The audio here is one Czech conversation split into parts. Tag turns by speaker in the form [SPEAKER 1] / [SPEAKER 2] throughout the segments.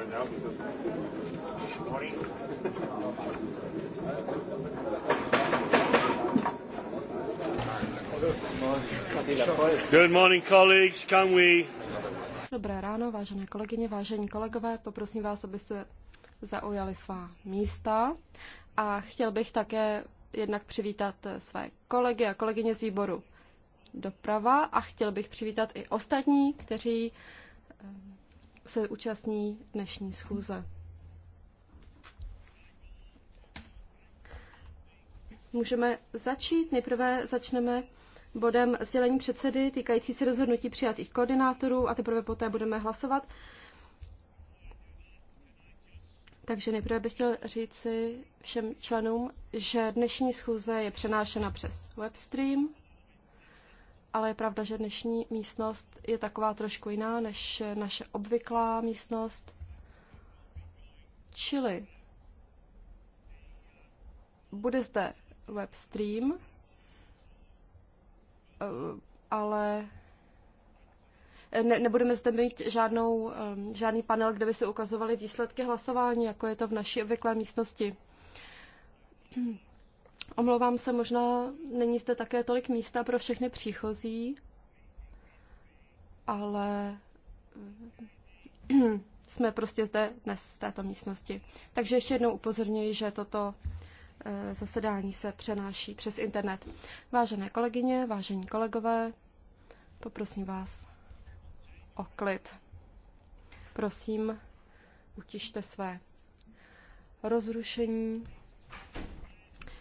[SPEAKER 1] right now because morning. Good morning, colleagues. Can we...
[SPEAKER 2] Dobré ráno, vážené kolegyně, vážení kolegové. Poprosím vás, abyste zaujali svá místa. A chtěl bych také jednak přivítat své kolegy a kolegyně z výboru doprava a chtěl bych přivítat i ostatní, kteří se účastní dnešní schůze. Můžeme začít. Nejprve začneme bodem sdělení předsedy týkající se rozhodnutí přijatých koordinátorů a teprve poté budeme hlasovat. Takže nejprve bych chtěl říci všem členům, že dnešní schůze je přenášena přes webstream ale je pravda, že dnešní místnost je taková trošku jiná než naše obvyklá místnost. Čili bude zde webstream, eh, ale ne, nebudeme zde mít žádnou, ehm, žádný panel, kde by se ukazovaly výsledky hlasování, jako je to v naší obvyklé místnosti. Omlouvám se, možná není zde také tolik místa pro všechny příchozí, ale jsme prostě zde dnes v této místnosti. Takže ještě jednou upozorňuji, že toto eh, zasedání se přenáší přes internet. Vážené kolegyně, vážení kolegové, poprosím vás o klid. Prosím, utište své rozrušení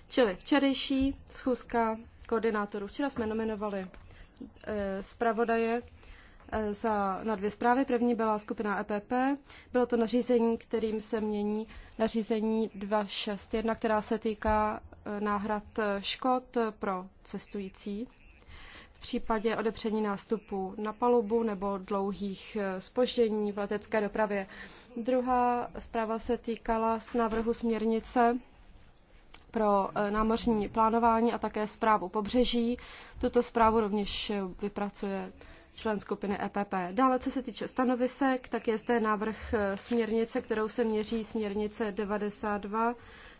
[SPEAKER 2] Čili včerejší schůzka koordinátorů. Včera jsme nominovali eh, zpravodaje eh, za, na dvě zprávy. První byla skupina EPP. Bylo to nařízení, kterým se mění nařízení 261, která se týká eh, náhrad škod pro cestující v případě odepření nástupu na palubu nebo dlouhých spoždění v letecké dopravě. Druhá zpráva se týkala z návrhu směrnice pro eh, námořní plánování a také zprávu pobřeží. Tuto zprávu rovněž eh, vypracuje člen skupiny EPP. Dále, co se týče stanovisek, tak je zde návrh eh, směrnice, kterou se měří směrnice 92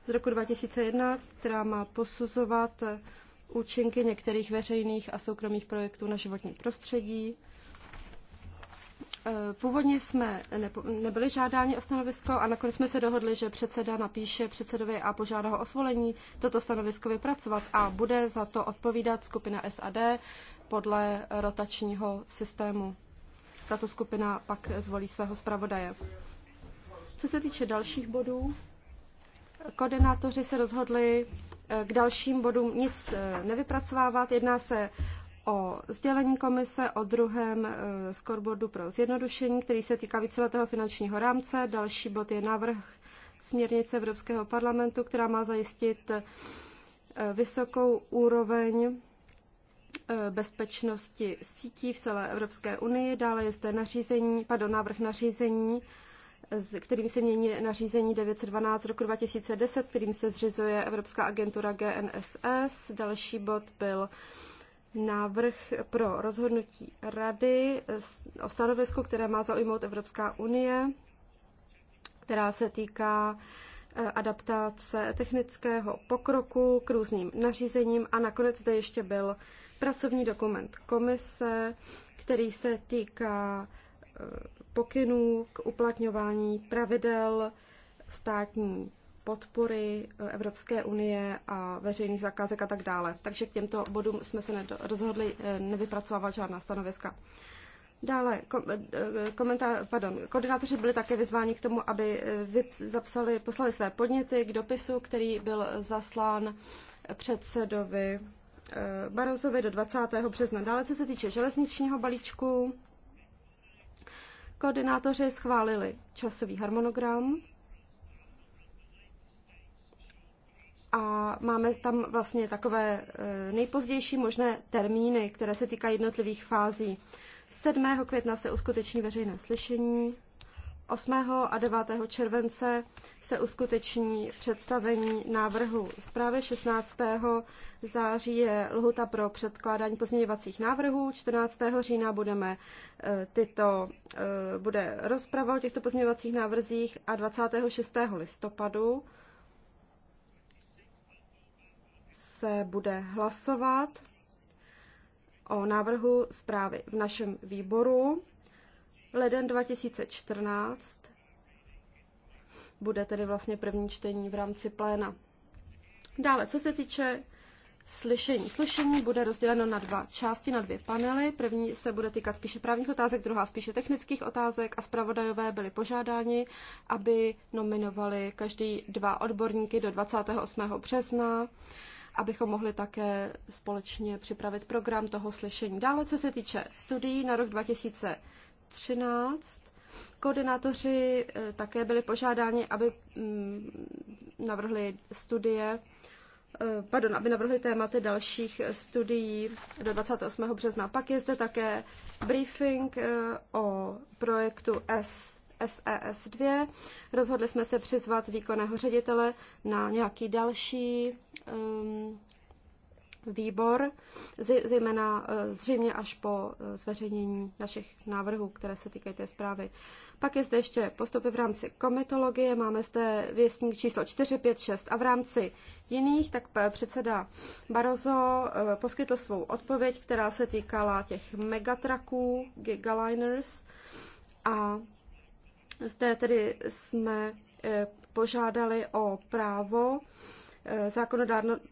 [SPEAKER 2] z roku 2011, která má posuzovat účinky některých veřejných a soukromých projektů na životní prostředí. Eh, původně jsme nebyli žádáni o stanovisko a nakonec jsme se dohodli, že předseda napíše předsedovi a požádá ho o svolení toto stanovisko vypracovat a bude za to odpovídat skupina SAD podle rotačního systému. Tato skupina pak zvolí svého zpravodaje. Co se týče dalších bodů, koordinátoři se rozhodli eh, k dalším bodům nic eh, nevypracovávat. Jedná se o sdělení komise, o druhém eh, scoreboardu pro zjednodušení, který se týká víceletého finančního rámce. Další bod je návrh směrnice Evropského parlamentu, která má zajistit eh, vysokou úroveň eh, bezpečnosti sítí v celé Evropské unii. Dále je zde nařízení, pardon, návrh nařízení, kterým se mění nařízení 912 roku 2010, kterým se zřizuje Evropská agentura GNSS. Další bod byl návrh pro rozhodnutí Rady o stanovisku, které má zaujmout Evropská unie, která se týká e, adaptace technického pokroku k různým nařízením a nakonec zde ještě byl pracovní dokument komise, který se týká e, pokynů k uplatňování pravidel státní podpory eh, Evropské unie a veřejných zakázek a tak dále. Takže k těmto bodům jsme se rozhodli eh, nevypracovávat žádná stanoviska. Dále, eh, komentá, pardon, koordinátoři byli také vyzváni k tomu, aby zapsali, poslali své podněty k dopisu, který byl zaslán předsedovi Barozovi do 20. března. Dále, co se týče železničního balíčku, koordinátoři schválili časový harmonogram a máme tam vlastně takové e, nejpozdější možné termíny, které se týkají jednotlivých fází. 7. května se uskuteční veřejné slyšení, 8. a 9. července se uskuteční představení návrhu zprávy 16. září je lhuta pro předkládání pozměňovacích návrhů. 14. října budeme e, tyto, e, bude rozprava o těchto pozměňovacích návrzích a 26. listopadu se bude hlasovat o návrhu zprávy v našem výboru. Leden 2014 bude tedy vlastně první čtení v rámci pléna. Dále, co se týče slyšení. Slyšení bude rozděleno na dva části, na dvě panely. První se bude týkat spíše právních otázek, druhá spíše technických otázek a zpravodajové byly požádáni, aby nominovali každý dva odborníky do 28. března abychom mohli také společně připravit program toho slyšení. Dále, co se týče studií na rok 2013, koordinátoři eh, také byli požádáni, aby mm, navrhli studie, eh, pardon, aby navrhli tématy dalších studií do 28. března. Pak je zde také briefing eh, o projektu S SES 2. E Rozhodli jsme se přizvat výkonného ředitele na nějaký další um, výbor, zejména eh, zřejmě až po eh, zveřejnění našich návrhů, které se týkají té zprávy. Pak je zde ještě postupy v rámci komitologie, máme zde věstník číslo 456 a v rámci jiných, tak eh, předseda Barozo poskytl svou odpověď, která se týkala těch megatraků, gigaliners a zde tedy jsme eh, požádali o právo eh,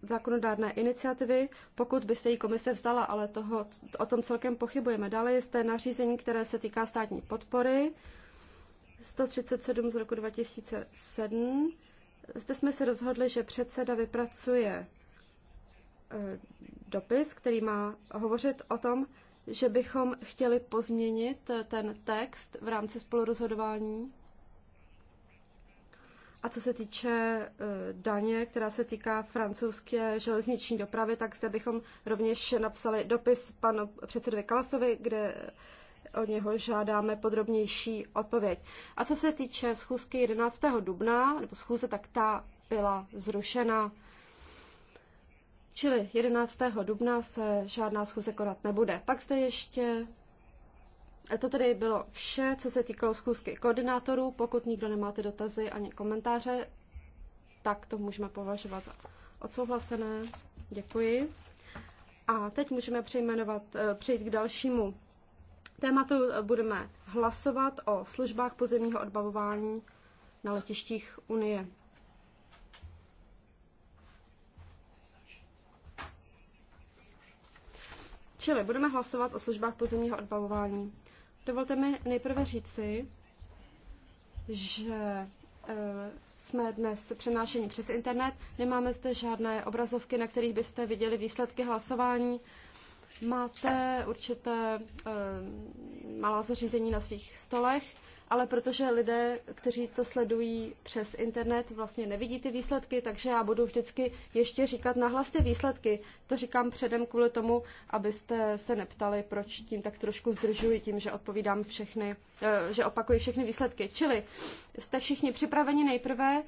[SPEAKER 2] zákonodárné iniciativy, pokud by se jí komise vzdala, ale toho, o tom celkem pochybujeme. Dále je zde nařízení, které se týká státní podpory, 137 z roku 2007. Zde jsme se rozhodli, že předseda vypracuje eh, dopis, který má hovořit o tom, že bychom chtěli pozměnit eh, ten text v rámci spolurozhodování. A co se týče eh, daně, která se týká francouzské železniční dopravy, tak zde bychom rovněž napsali dopis panu předsedovi Kalasovi, kde o něho žádáme podrobnější odpověď. A co se týče schůzky 11. dubna, nebo schůze, tak ta byla zrušena. Čili 11. dubna se žádná schůze konat nebude. Pak zde ještě a to tedy bylo vše, co se týkalo schůzky koordinátorů. Pokud nikdo nemáte dotazy ani komentáře, tak to můžeme považovat za odsouhlasené. Děkuji. A teď můžeme přejmenovat, eh, přejít k dalšímu tématu. Budeme hlasovat o službách pozemního odbavování na letištích Unie. Čili budeme hlasovat o službách pozemního odbavování. Dovolte mi nejprve říci, že eh, jsme dnes přenášeni přes internet. Nemáme zde žádné obrazovky, na kterých byste viděli výsledky hlasování. Máte určité eh, malá zařízení na svých stolech ale protože lidé, kteří to sledují přes internet, vlastně nevidí ty výsledky, takže já budu vždycky ještě říkat nahlas ty výsledky. To říkám předem kvůli tomu, abyste se neptali, proč tím tak trošku zdržuji, tím, že odpovídám všechny, eh, že opakuji všechny výsledky. Čili jste všichni připraveni nejprve,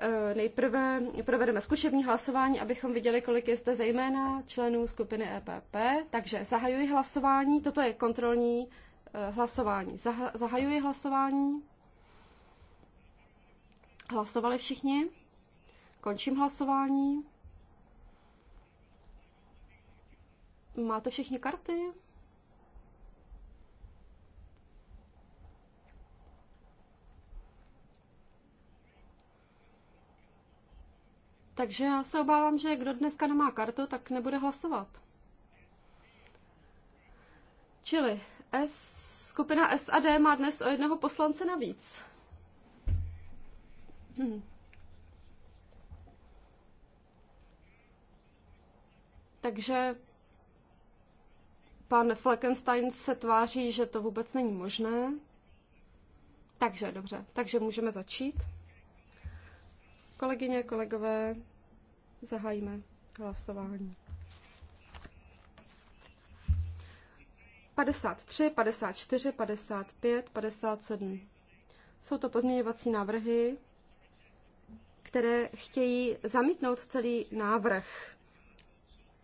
[SPEAKER 2] eh, Nejprve provedeme zkušební hlasování, abychom viděli, kolik je zde zejména členů skupiny EPP. Takže zahajuji hlasování. Toto je kontrolní Eh, hlasování. Zahajuji hlasování. Hlasovali všichni. Končím hlasování. Máte všichni karty? Takže já se obávám, že kdo dneska nemá kartu, tak nebude hlasovat. Čili s, skupina SAD má dnes o jednoho poslance navíc. Hmm. Takže pan Fleckenstein se tváří, že to vůbec není možné. Takže dobře, takže můžeme začít. Kolegyně, kolegové, zahájíme hlasování. 53, 54, 55, 57. Jsou to pozměňovací návrhy, které chtějí zamítnout celý návrh.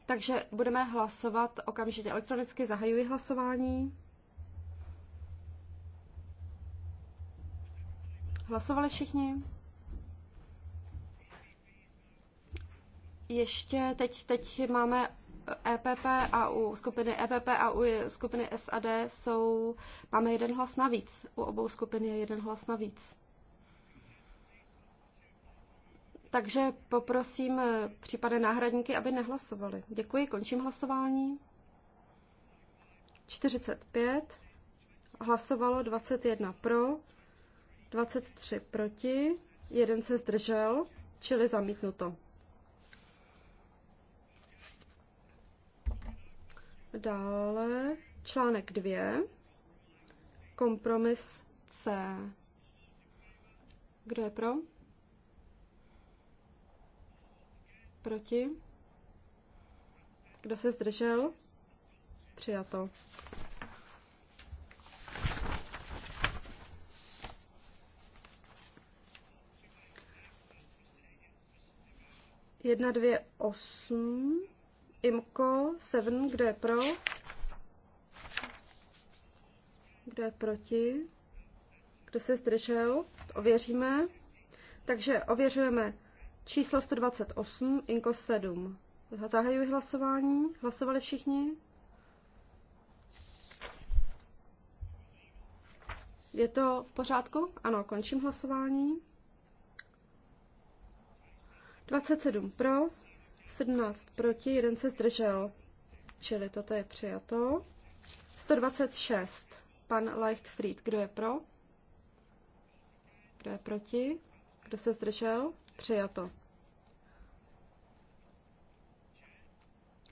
[SPEAKER 2] Takže budeme hlasovat okamžitě elektronicky. Zahajuji hlasování. Hlasovali všichni? Ještě teď, teď máme EPP a u skupiny EPP a u skupiny SAD jsou, máme jeden hlas navíc. U obou skupin je jeden hlas navíc. Takže poprosím eh, případné náhradníky, aby nehlasovali. Děkuji, končím hlasování. 45. Hlasovalo 21 pro, 23 proti, jeden se zdržel, čili zamítnuto. Dále článek 2, kompromis C. Kdo je pro? Proti? Kdo se zdržel? Přijato. Jedna, dvě, osm. IMCO 7, kdo je pro? Kdo je proti? Kdo se zdržel? Ověříme. Takže ověřujeme číslo 128, Inko 7. Zahajuji hlasování. Hlasovali všichni? Je to v pořádku? Ano, končím hlasování. 27 pro, 17 proti, jeden se zdržel, čili toto je přijato. 126, pan Leichtfried, kdo je pro? Kdo je proti? Kdo se zdržel? Přijato.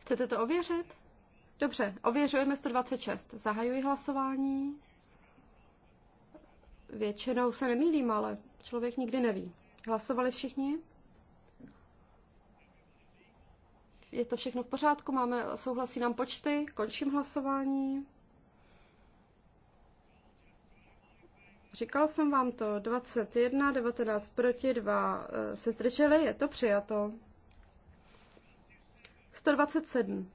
[SPEAKER 2] Chcete to ověřit? Dobře, ověřujeme 126. Zahajuji hlasování. Většinou se nemýlím, ale člověk nikdy neví. Hlasovali všichni? je to všechno v pořádku, máme, souhlasí nám počty, končím hlasování. Říkal jsem vám to, 21, 19 proti, 2 eh, se zdrželi, je to přijato. 127.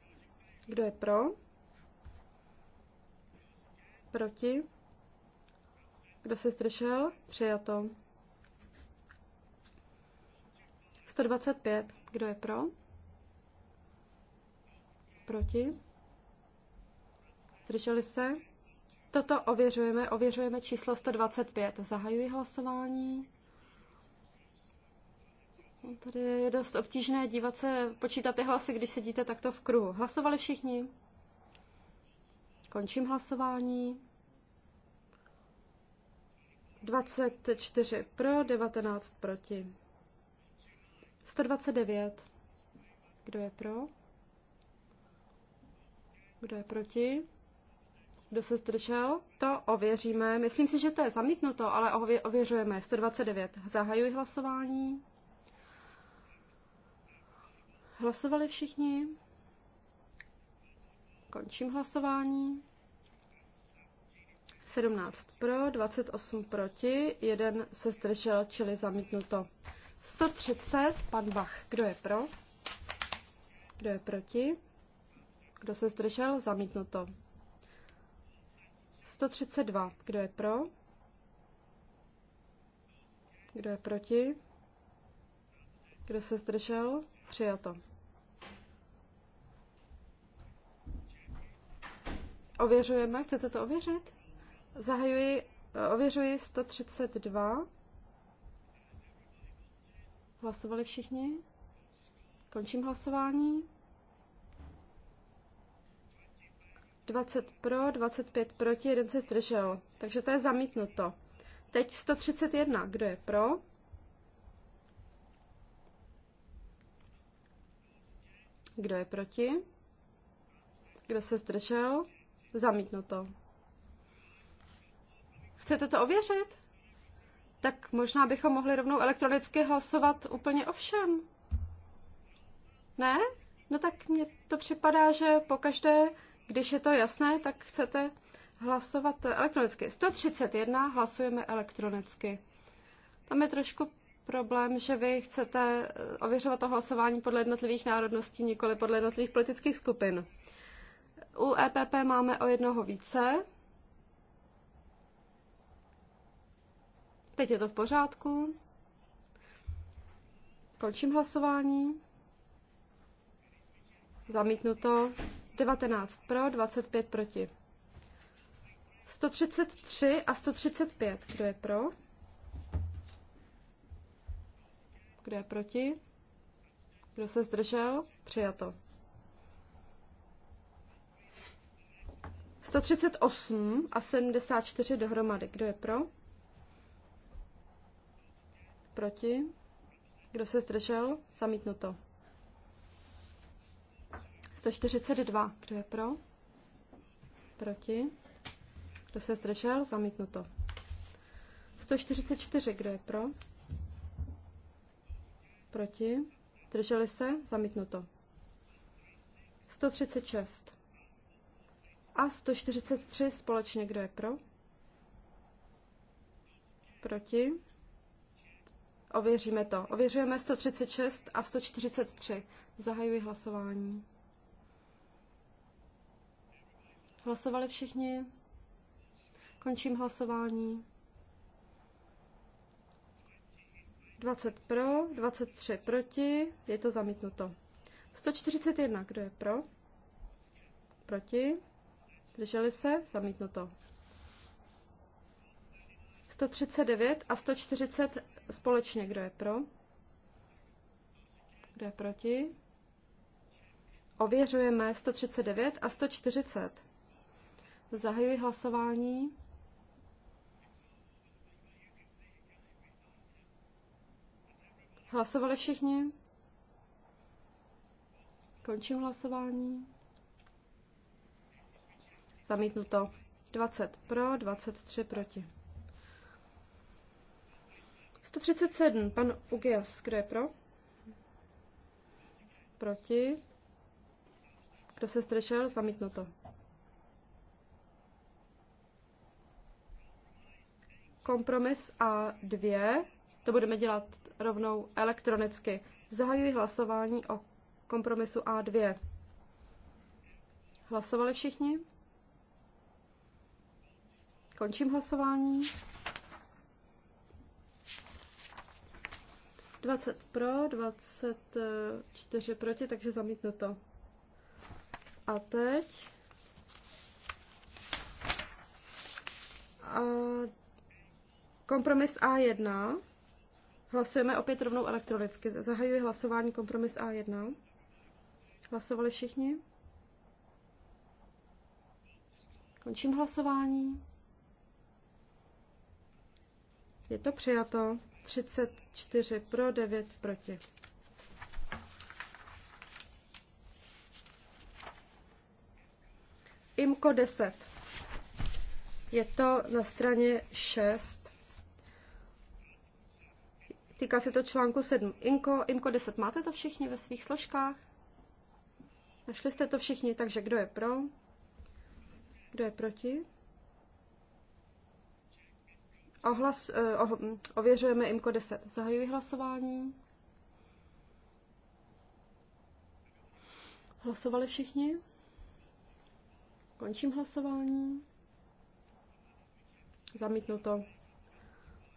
[SPEAKER 2] Kdo je pro? Proti? Kdo se zdržel? Přijato. 125. Kdo je pro? Proti? Zdrželi se? Toto ověřujeme. Ověřujeme číslo 125. Zahajuji hlasování. Tady je dost obtížné dívat se, počítat ty hlasy, když sedíte takto v kruhu. Hlasovali všichni? Končím hlasování. 24 pro, 19 proti. 129. Kdo je pro? Kdo je proti? Kdo se zdržel? To ověříme. Myslím si, že to je zamítnuto, ale ově- ověřujeme. 129. Zahajuji hlasování. Hlasovali všichni? Končím hlasování. 17 pro, 28 proti, jeden se zdržel, čili zamítnuto. 130, pan Bach, kdo je pro? Kdo je proti? Kdo se zdržel? Zamítnuto. 132. Kdo je pro? Kdo je proti? Kdo se zdržel? Přijato. Ověřujeme, chcete to ověřit? Zahajuji, ověřuji 132. Hlasovali všichni? Končím hlasování. 20 pro, 25 proti, jeden se zdržel. Takže to je zamítnuto. Teď 131. Kdo je pro? Kdo je proti? Kdo se zdržel? Zamítnuto. Chcete to ověřit? Tak možná bychom mohli rovnou elektronicky hlasovat úplně o všem. Ne? No tak mně to připadá, že po každé když je to jasné, tak chcete hlasovat elektronicky. 131 hlasujeme elektronicky. Tam je trošku problém, že vy chcete eh, ověřovat to hlasování podle jednotlivých národností, nikoli podle jednotlivých politických skupin. U EPP máme o jednoho více. Teď je to v pořádku. Končím hlasování. Zamítnuto. 19 pro, 25 proti. 133 a 135. Kdo je pro? Kdo je proti? Kdo se zdržel? Přijato. 138 a 74 dohromady. Kdo je pro? Proti? Kdo se zdržel? Zamítnuto. 142. Kdo je pro? Proti? Kdo se zdržel? Zamítnuto. 144. Kdo je pro? Proti? Drželi se? Zamítnuto. 136. A 143 společně. Kdo je pro? Proti? Ověříme to. Ověřujeme 136 a 143. Zahajuji hlasování. Hlasovali všichni? Končím hlasování. 20 pro, 23 proti, je to zamítnuto. 141, kdo je pro? Proti? Drželi se? Zamítnuto. 139 a 140 společně, kdo je pro? Kdo je proti? Ověřujeme 139 a 140. Zahajuji hlasování. Hlasovali všichni? Končím hlasování. Zamítnuto. 20 pro, 23 proti. 137. Pan Ugias, kdo je pro? Proti. Kdo se strešel? Zamítnuto. Kompromis A2, to budeme dělat rovnou elektronicky. Zahajuji hlasování o kompromisu A2. Hlasovali všichni? Končím hlasování. 20 pro, 24 eh, proti, takže zamítnu to. A teď a Kompromis A1. Hlasujeme opět rovnou elektronicky. Zahajuji hlasování kompromis A1. Hlasovali všichni? Končím hlasování. Je to přijato. 34 pro, 9 proti. IMKO 10. Je to na straně 6. Týká se to článku 7. IMKO, IMKO 10. Máte to všichni ve svých složkách? Našli jste to všichni, takže kdo je pro? Kdo je proti? Ohlas, oh, ověřujeme IMKO 10. Zahajuji hlasování. Hlasovali všichni? Končím hlasování. Zamítnuto.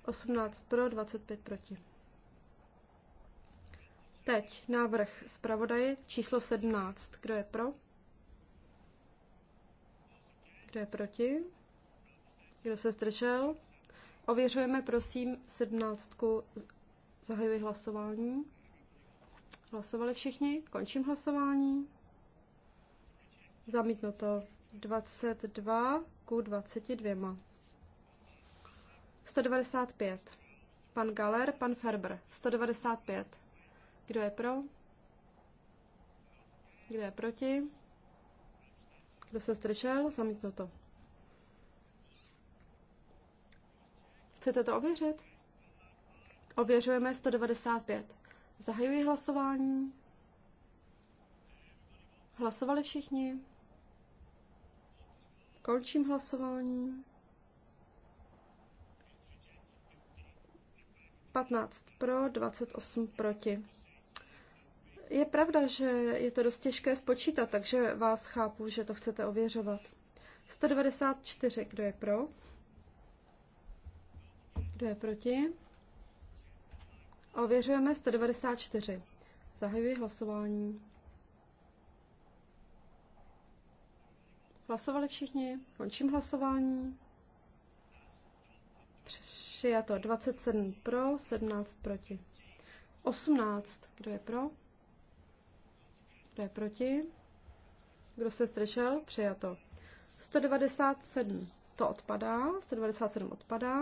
[SPEAKER 2] 18 pro, 25 proti. Teď návrh zpravodaje číslo 17. Kdo je pro? Kdo je proti? Kdo se zdržel? Ověřujeme, prosím, 17. Zahajuji hlasování. Hlasovali všichni? Končím hlasování. Zamítnuto 22 ku 22. 195. Pan Galer, pan Ferber. 195. Kdo je pro? Kdo je proti? Kdo se zdržel? Zamítnuto. Chcete to ověřit? Ověřujeme 195. Zahajuji hlasování. Hlasovali všichni? Končím hlasování. 15 pro, 28 proti. Je pravda, že je to dost těžké spočítat, takže vás chápu, že to chcete ověřovat. 194, kdo je pro? Kdo je proti? Ověřujeme 194. Zahajuji hlasování. Hlasovali všichni? Končím hlasování. Přijato 27 pro, 17 proti. 18. Kdo je pro? Kdo je proti? Kdo se zdržel? Přijato. 197 to odpadá, 197 odpadá.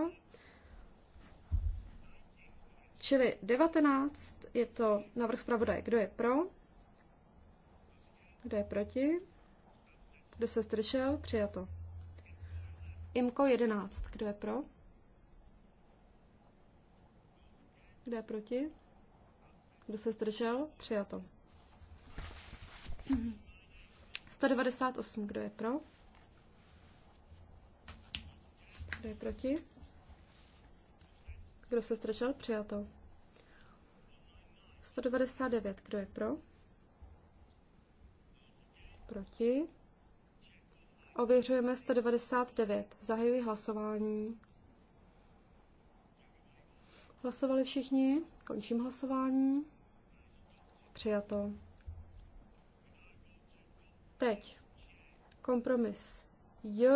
[SPEAKER 2] Čili 19 je to návrh zpravodaje. Kdo je pro? Kdo je proti? Kdo se zdržel? Přijato. Imko 11. Kdo je pro? Kdo je proti? Kdo se zdržel? Přijato. 198, kdo je pro? Kdo je proti? Kdo se zdržel? Přijato. 199, kdo je pro? Proti. Ověřujeme 199. Zahajuji hlasování. Hlasovali všichni? Končím hlasování. Přijato. Teď kompromis J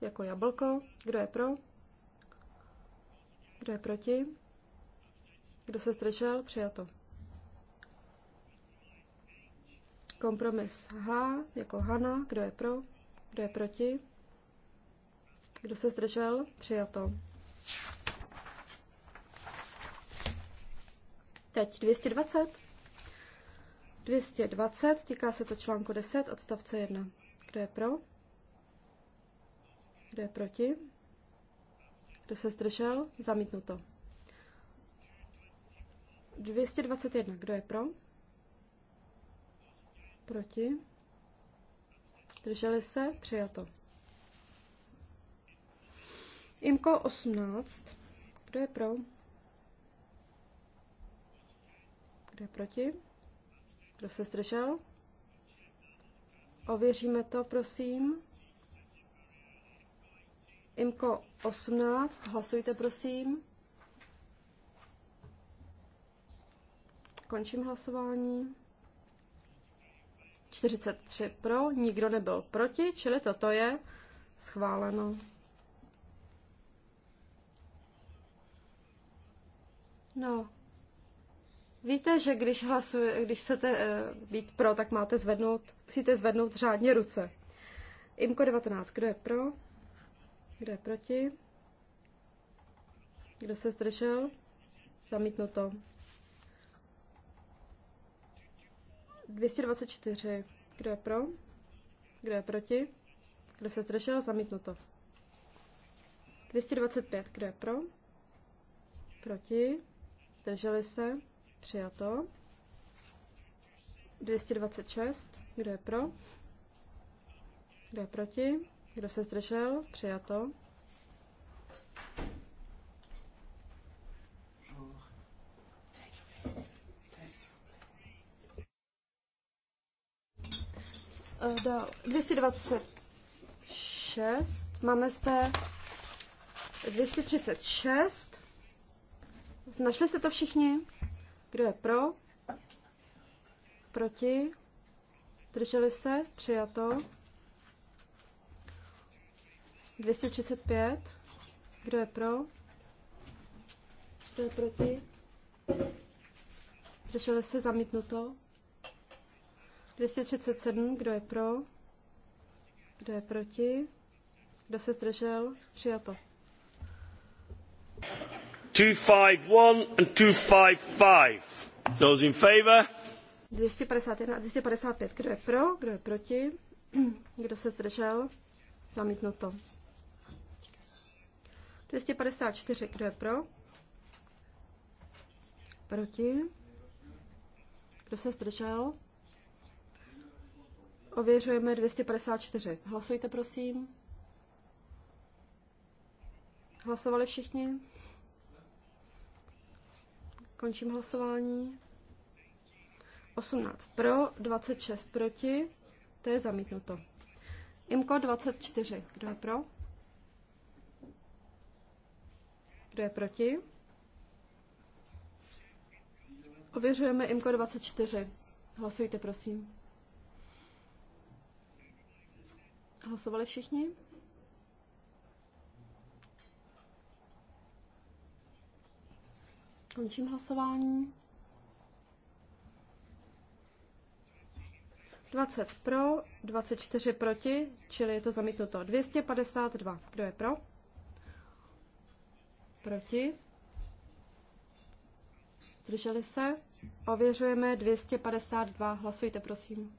[SPEAKER 2] jako jablko. Kdo je pro? Kdo je proti? Kdo se zdržel? Přijato. Kompromis H jako Hana. Kdo je pro? Kdo je proti? Kdo se zdržel? Přijato. Teď 220. 220, týká se to článku 10, odstavce 1. Kdo je pro? Kdo je proti? Kdo se zdržel? Zamítnuto. 221. Kdo je pro? Proti? Drželi se? Přijato. Imko 18. Kdo je pro? Kdo je proti? Kdo se zdržel? Ověříme to, prosím. IMKO 18, hlasujte, prosím. Končím hlasování. 43 pro, nikdo nebyl proti, čili toto je schváleno. No, Víte, že když, hlasuje, když chcete eh, být pro, tak máte zvednout, musíte zvednout řádně ruce. IMKO 19, kdo je pro? Kdo je proti? Kdo se zdržel? Zamítnuto. 224. Kdo je pro? Kdo je proti? Kdo se zdržel? Zamítnuto. 225. Kdo je pro? Proti? Zdrželi se? Přijato. 226. Kdo je pro? Kdo je proti? Kdo se zdržel? Přijato. Eh, Dál. 226. Máme zde 236. Našli jste to všichni? Kdo je pro? Proti? Drželi se? Přijato. 235. Kdo je pro? Kdo je proti? Drželi se? Zamítnuto. 237. Kdo je pro? Kdo je proti? Kdo se zdržel? Přijato.
[SPEAKER 1] 251 and 255. Those in favor?
[SPEAKER 2] 251 255. Kdo je pro? Kdo je proti? Kdo se zdržel? Zamítnuto. 254. Kdo je pro? Proti? Kdo se zdržel? Ověřujeme 254. Hlasujte, prosím. Hlasovali všichni? Končím hlasování. 18 pro, 26 proti. To je zamítnuto. Imko 24. Kdo je pro? Kdo je proti? Ověřujeme IMKO 24. Hlasujte, prosím. Hlasovali všichni? Končím hlasování. 20 pro, 24 proti, čili je to zamítnuto 252. Kdo je pro? Proti? Zdrželi se? Ověřujeme 252. Hlasujte, prosím.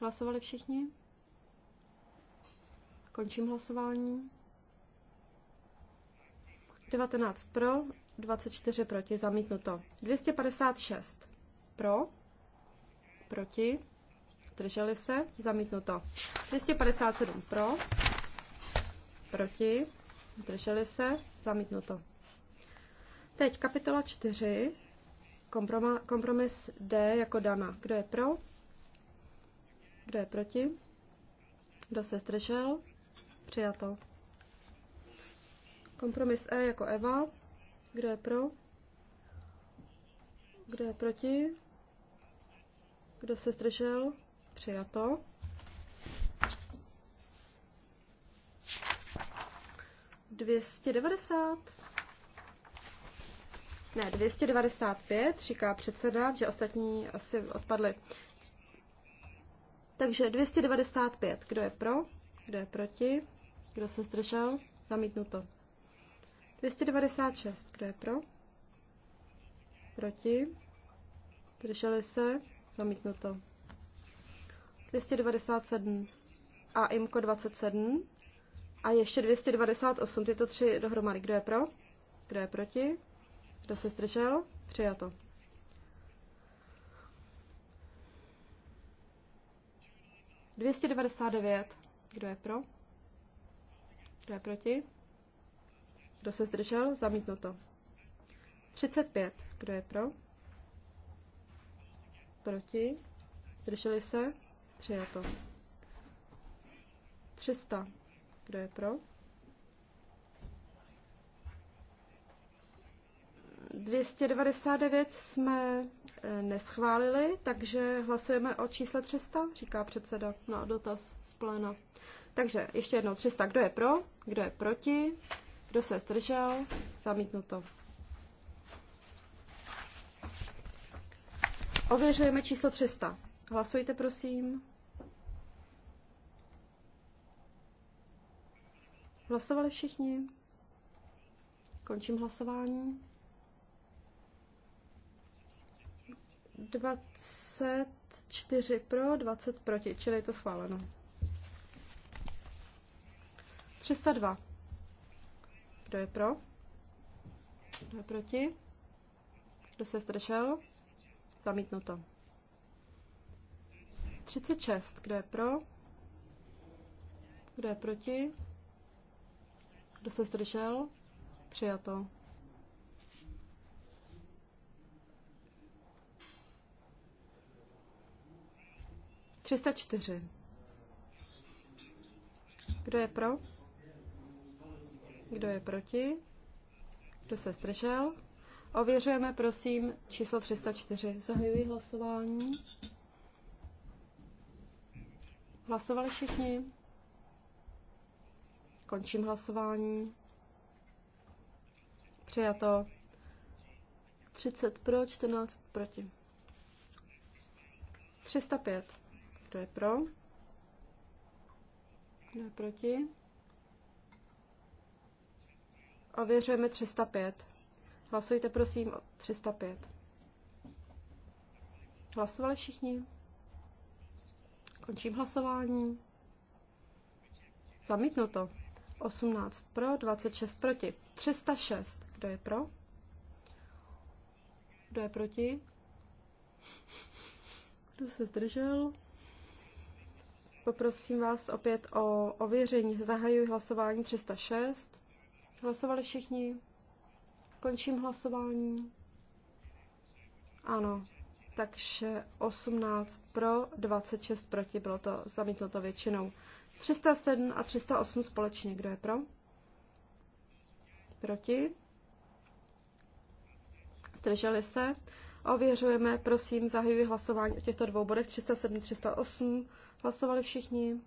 [SPEAKER 2] Hlasovali všichni? Končím hlasování. 19 pro, 24 proti, zamítnuto. 256 pro, proti, zdrželi se, zamítnuto. 257 pro, proti, zdrželi se, zamítnuto. Teď kapitola 4, kompromis D jako dana. Kdo je pro? Kdo je proti? Kdo se zdržel? Přijato. Kompromis E jako Eva. Kdo je pro? Kdo je proti? Kdo se zdržel? Přijato. Dvěstě devadesát. Ne, 295, říká předseda, že ostatní asi odpadly. Takže 295, kdo je pro, kdo je proti, kdo se zdržel, zamítnuto. 296. Kdo je pro? Proti? Drželi se? Zamítnuto. 297 a IMKO 27 a ještě 298, tyto tři dohromady. Kdo je pro? Kdo je proti? Kdo se zdržel? Přijato. Dvěstě devadesát devět. Kdo je pro? Kdo je proti? Kdo se zdržel? Zamítnuto. 35. Kdo je pro? Proti? Zdrželi se? Přijato. 300. Kdo je pro? 299 jsme eh, neschválili, takže hlasujeme o čísle 300, říká předseda na dotaz z pléna. Takže ještě jednou 300, kdo je pro, kdo je proti, kdo se zdržel? Zamítnuto. Ověřujeme číslo 300. Hlasujte, prosím. Hlasovali všichni? Končím hlasování. 24 pro, 20 proti, čili je to schváleno. 302. Kdo je pro? Kdo je proti? Kdo se zdržel? Zamítnuto. 36. Kdo je pro? Kdo je proti? Kdo se zdržel? Přijato. Třista čtyři. Kdo je pro? Kdo je proti? Kdo se zdržel? Ověřujeme, prosím, číslo 304. Zahajuji hlasování. Hlasovali všichni? Končím hlasování. Přijato 30 pro, 14 proti. 305. Kdo je pro? Kdo je proti? Ověřujeme 305. Hlasujte prosím o 305. Hlasovali všichni? Končím hlasování. Zamítnuto. 18 pro, 26 proti. 306. Kdo je pro? Kdo je proti? Kdo se zdržel? Poprosím vás opět o ověření. Zahajuji hlasování 306. Hlasovali všichni? Končím hlasování. Ano, takže 18 pro, 26 proti, bylo to zamítnuto většinou. 307 a 308 společně, kdo je pro? Proti? Zdrželi se? Ověřujeme, prosím, zahajuji hlasování o těchto dvou bodech 307, 308. Hlasovali všichni?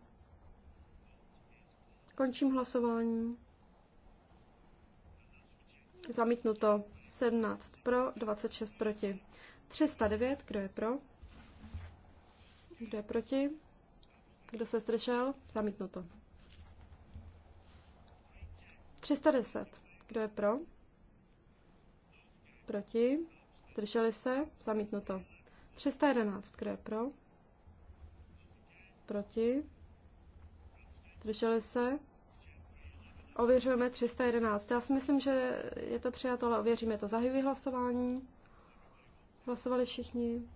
[SPEAKER 2] Končím hlasování. Zamítnuto 17 pro, 26 proti. 309, kdo je pro? Kdo je proti? Kdo se zdržel? Zamítnuto. 310, kdo je pro? Proti? Zdrželi se? Zamítnuto. 311, kdo je pro? Proti? Zdrželi se? Ověřujeme 311. Já si myslím, že je to přijato, ale ověříme to. Zahajuji hlasování. Hlasovali všichni.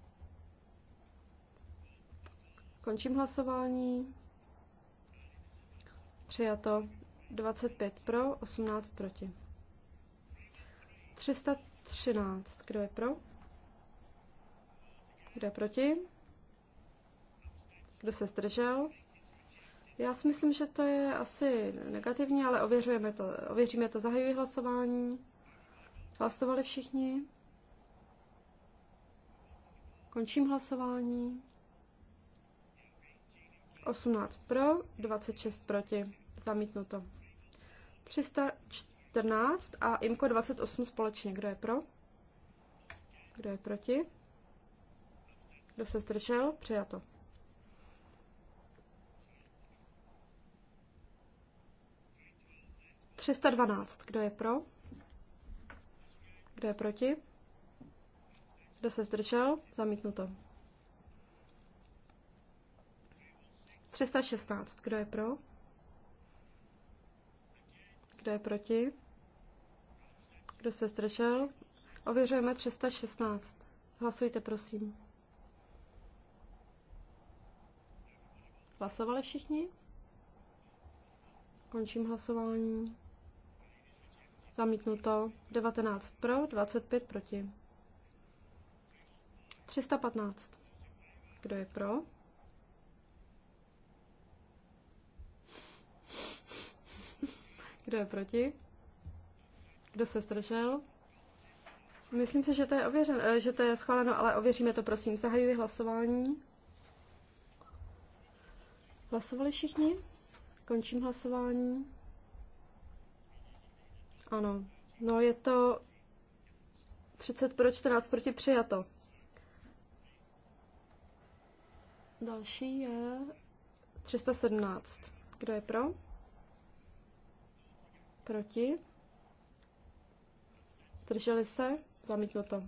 [SPEAKER 2] Končím hlasování. Přijato 25 pro, 18 proti. 313. Kdo je pro? Kdo je proti? Kdo se zdržel? Já si myslím, že to je asi negativní, ale ověřujeme to. Ověříme to. Zahajuji hlasování. Hlasovali všichni? Končím hlasování. 18 pro, 26 proti. Zamítnuto. 314 a IMKO 28 společně. Kdo je pro? Kdo je proti? Kdo se zdržel? Přijato. 312. Kdo je pro? Kdo je proti? Kdo se zdržel? Zamítnuto. 316. Kdo je pro? Kdo je proti? Kdo se zdržel? Ověřujeme 316. Hlasujte, prosím. Hlasovali všichni? Končím hlasování. Zamítnuto 19 pro, 25 proti. 315. Kdo je pro? Kdo je proti? Kdo se zdržel? Myslím si, že to je, ověřen, eh, že to je schváleno, ale ověříme to, prosím. Zahajuji hlasování. Hlasovali všichni? Končím hlasování. Ano, no je to 30 pro 14 proti přijato. Další je 317. Kdo je pro? Proti? Drželi se? Zamítlo to.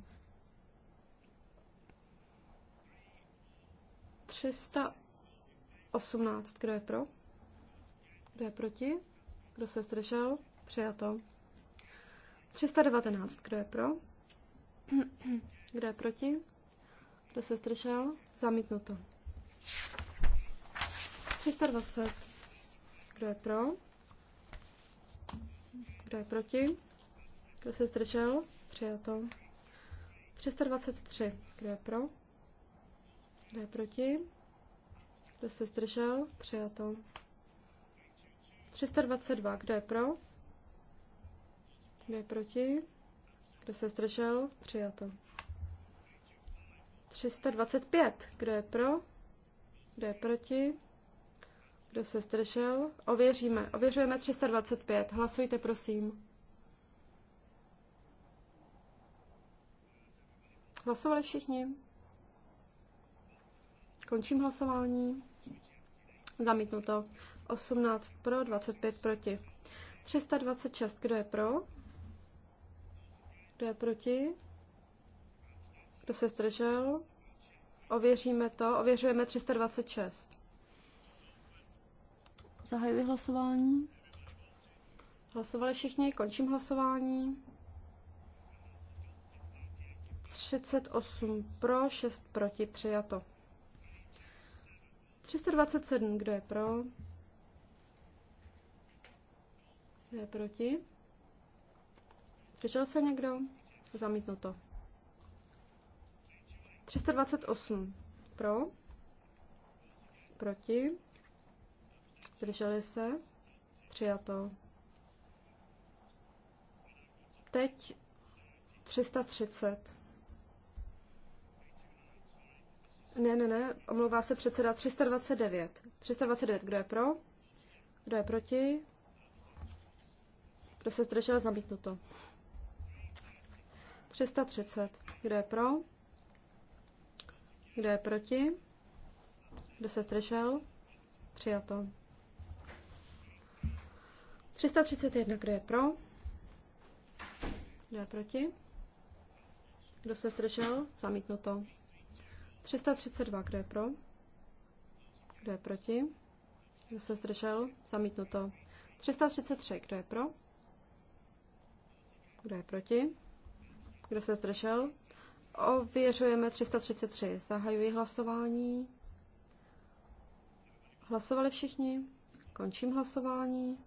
[SPEAKER 2] 318. Kdo je pro? Kdo je proti? Kdo se zdržel? Přijato. 319, kdo je pro? Kdo je proti? Kdo se zdržel? Zamítnuto. 320. Kdo je pro? Kdo je proti? Kdo se zdržel? Přijato. 323. Kdo je pro? Kdo je proti? Kdo se zdržel? Přijato. 322. Kdo je pro? Kdo je proti? Kdo se zdržel? Přijato. 325. Kdo je pro? Kdo je proti? Kdo se zdržel? Ověříme. Ověřujeme 325. Hlasujte, prosím. Hlasovali všichni? Končím hlasování. Zamítnuto. 18 pro, 25 proti. 326. Kdo je pro? Kdo je proti? Kdo se zdržel? Ověříme to. Ověřujeme 326. Zahajuji hlasování. Hlasovali všichni, končím hlasování. 38 pro, 6 proti, přijato. 327, kdo je pro? Kdo je proti? Zdržel se někdo? Zamítnu to. 328 pro, proti, zdrželi se, přijato. Teď 330. Ne, ne, ne, omlouvá se předseda 329. 329, kdo je pro? Kdo je proti? Kdo se zdržel, to. 330. Kdo je pro? Kdo je proti? Kdo se zdržel? Přijato. 331. Kdo je pro? Kdo je proti? Kdo se zdržel? Zamítnuto. 332. Kdo je pro? Kdo je proti? Kdo se zdržel? Zamítnuto. 333. Kdo je pro? Kdo je proti? Kdo se zdržel? Ověřujeme 333. Zahajuji hlasování. Hlasovali všichni? Končím hlasování.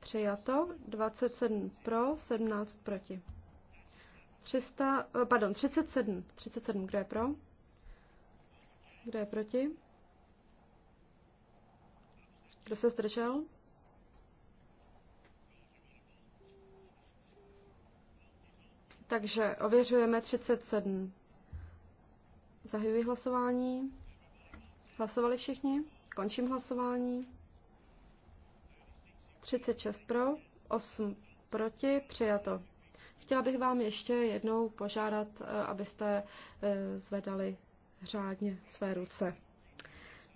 [SPEAKER 2] Přijato 27 pro, 17 proti. 300, eh, pardon, 37. 37, kdo je pro? Kdo je proti? Kdo se zdržel? Takže ověřujeme 37. Zahajuji hlasování. Hlasovali všichni? Končím hlasování. 36 pro, 8 proti, přijato. Chtěla bych vám ještě jednou požádat, eh, abyste eh, zvedali řádně své ruce.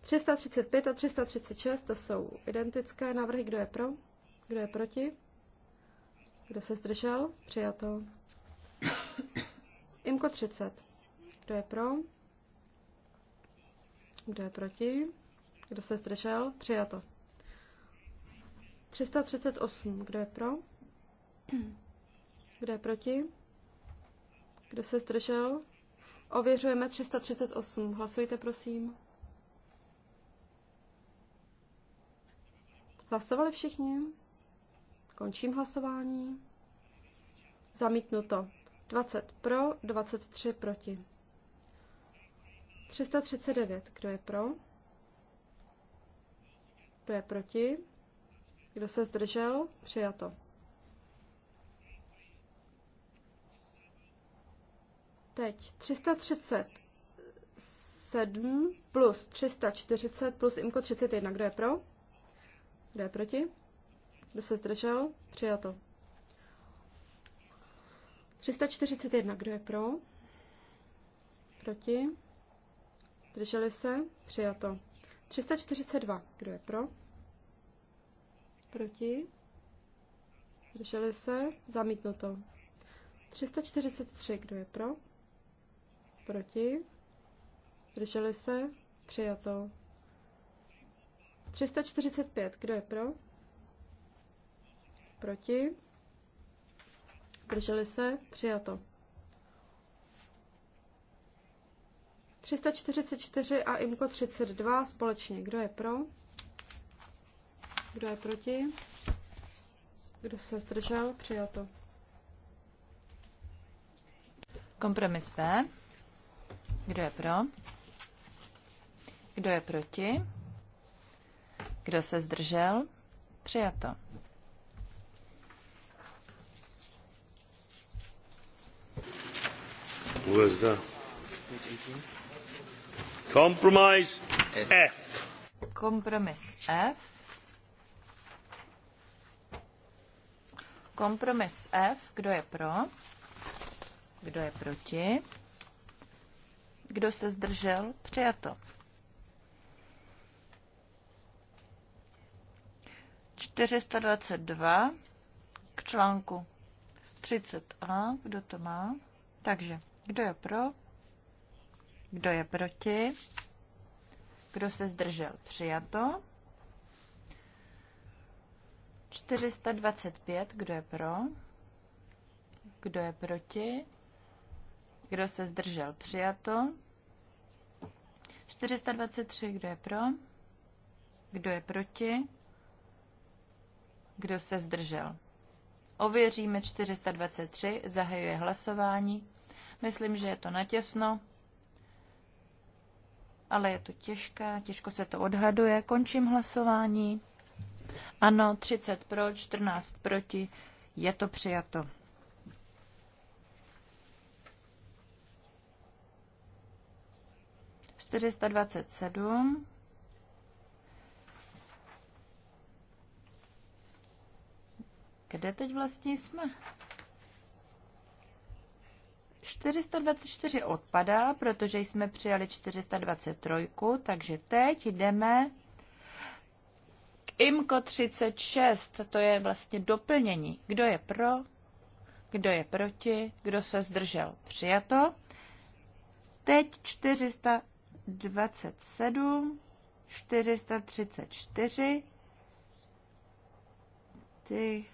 [SPEAKER 2] 335 a 336 to jsou identické návrhy. Kdo je pro? Kdo je proti? Kdo se zdržel? Přijato. Imko 30. Kdo je pro? Kdo je proti? Kdo se zdržel? Přijato. 338. Kdo je pro? Kdo je proti? Kdo se zdržel? Ověřujeme 338. Hlasujte, prosím. Hlasovali všichni? Končím hlasování. Zamítnuto. 20 pro, 23 proti. 339. Kdo je pro? Kdo je proti? Kdo se zdržel? Přijato. Teď 337 plus 340 plus IMKO 31. Kdo je pro? Kdo je proti? Kdo se zdržel? Přijato. 341, kdo je pro? Proti? Drželi se? Přijato. 342, kdo je pro? Proti? Drželi se? Zamítnuto. 343, kdo je pro? Proti? Drželi se? Přijato. 345, kdo je pro? Proti? zdrželi se, přijato. 344 a IMKO 32 společně. Kdo je pro? Kdo je proti? Kdo se zdržel? Přijato.
[SPEAKER 3] Kompromis B. Kdo je pro? Kdo je proti? Kdo se zdržel? Přijato.
[SPEAKER 4] Where's that?
[SPEAKER 1] F.
[SPEAKER 4] Kompromis
[SPEAKER 3] F. Kompromis F. Kdo je pro? Kdo je proti? Kdo se zdržel? Přijato. 422 k článku 30a. Kdo to má? Takže kdo je pro? Kdo je proti? Kdo se zdržel? Přijato. 425. Kdo je pro? Kdo je proti? Kdo se zdržel? Přijato. 423. Kdo je pro? Kdo je proti? Kdo se zdržel? Ověříme 423. Zahajuje hlasování. Myslím, že je to natěsno, ale je to těžké, těžko se to odhaduje. Končím hlasování. Ano, 30 pro, 14 proti, je to přijato. Čtyřista dvacet sedm. Kde teď vlastně jsme? 424 odpadá, protože jsme přijali 423, takže teď jdeme k IMCO 36, to je vlastně doplnění. Kdo je pro, kdo je proti, kdo se zdržel. Přijato. Teď 427, 434, ty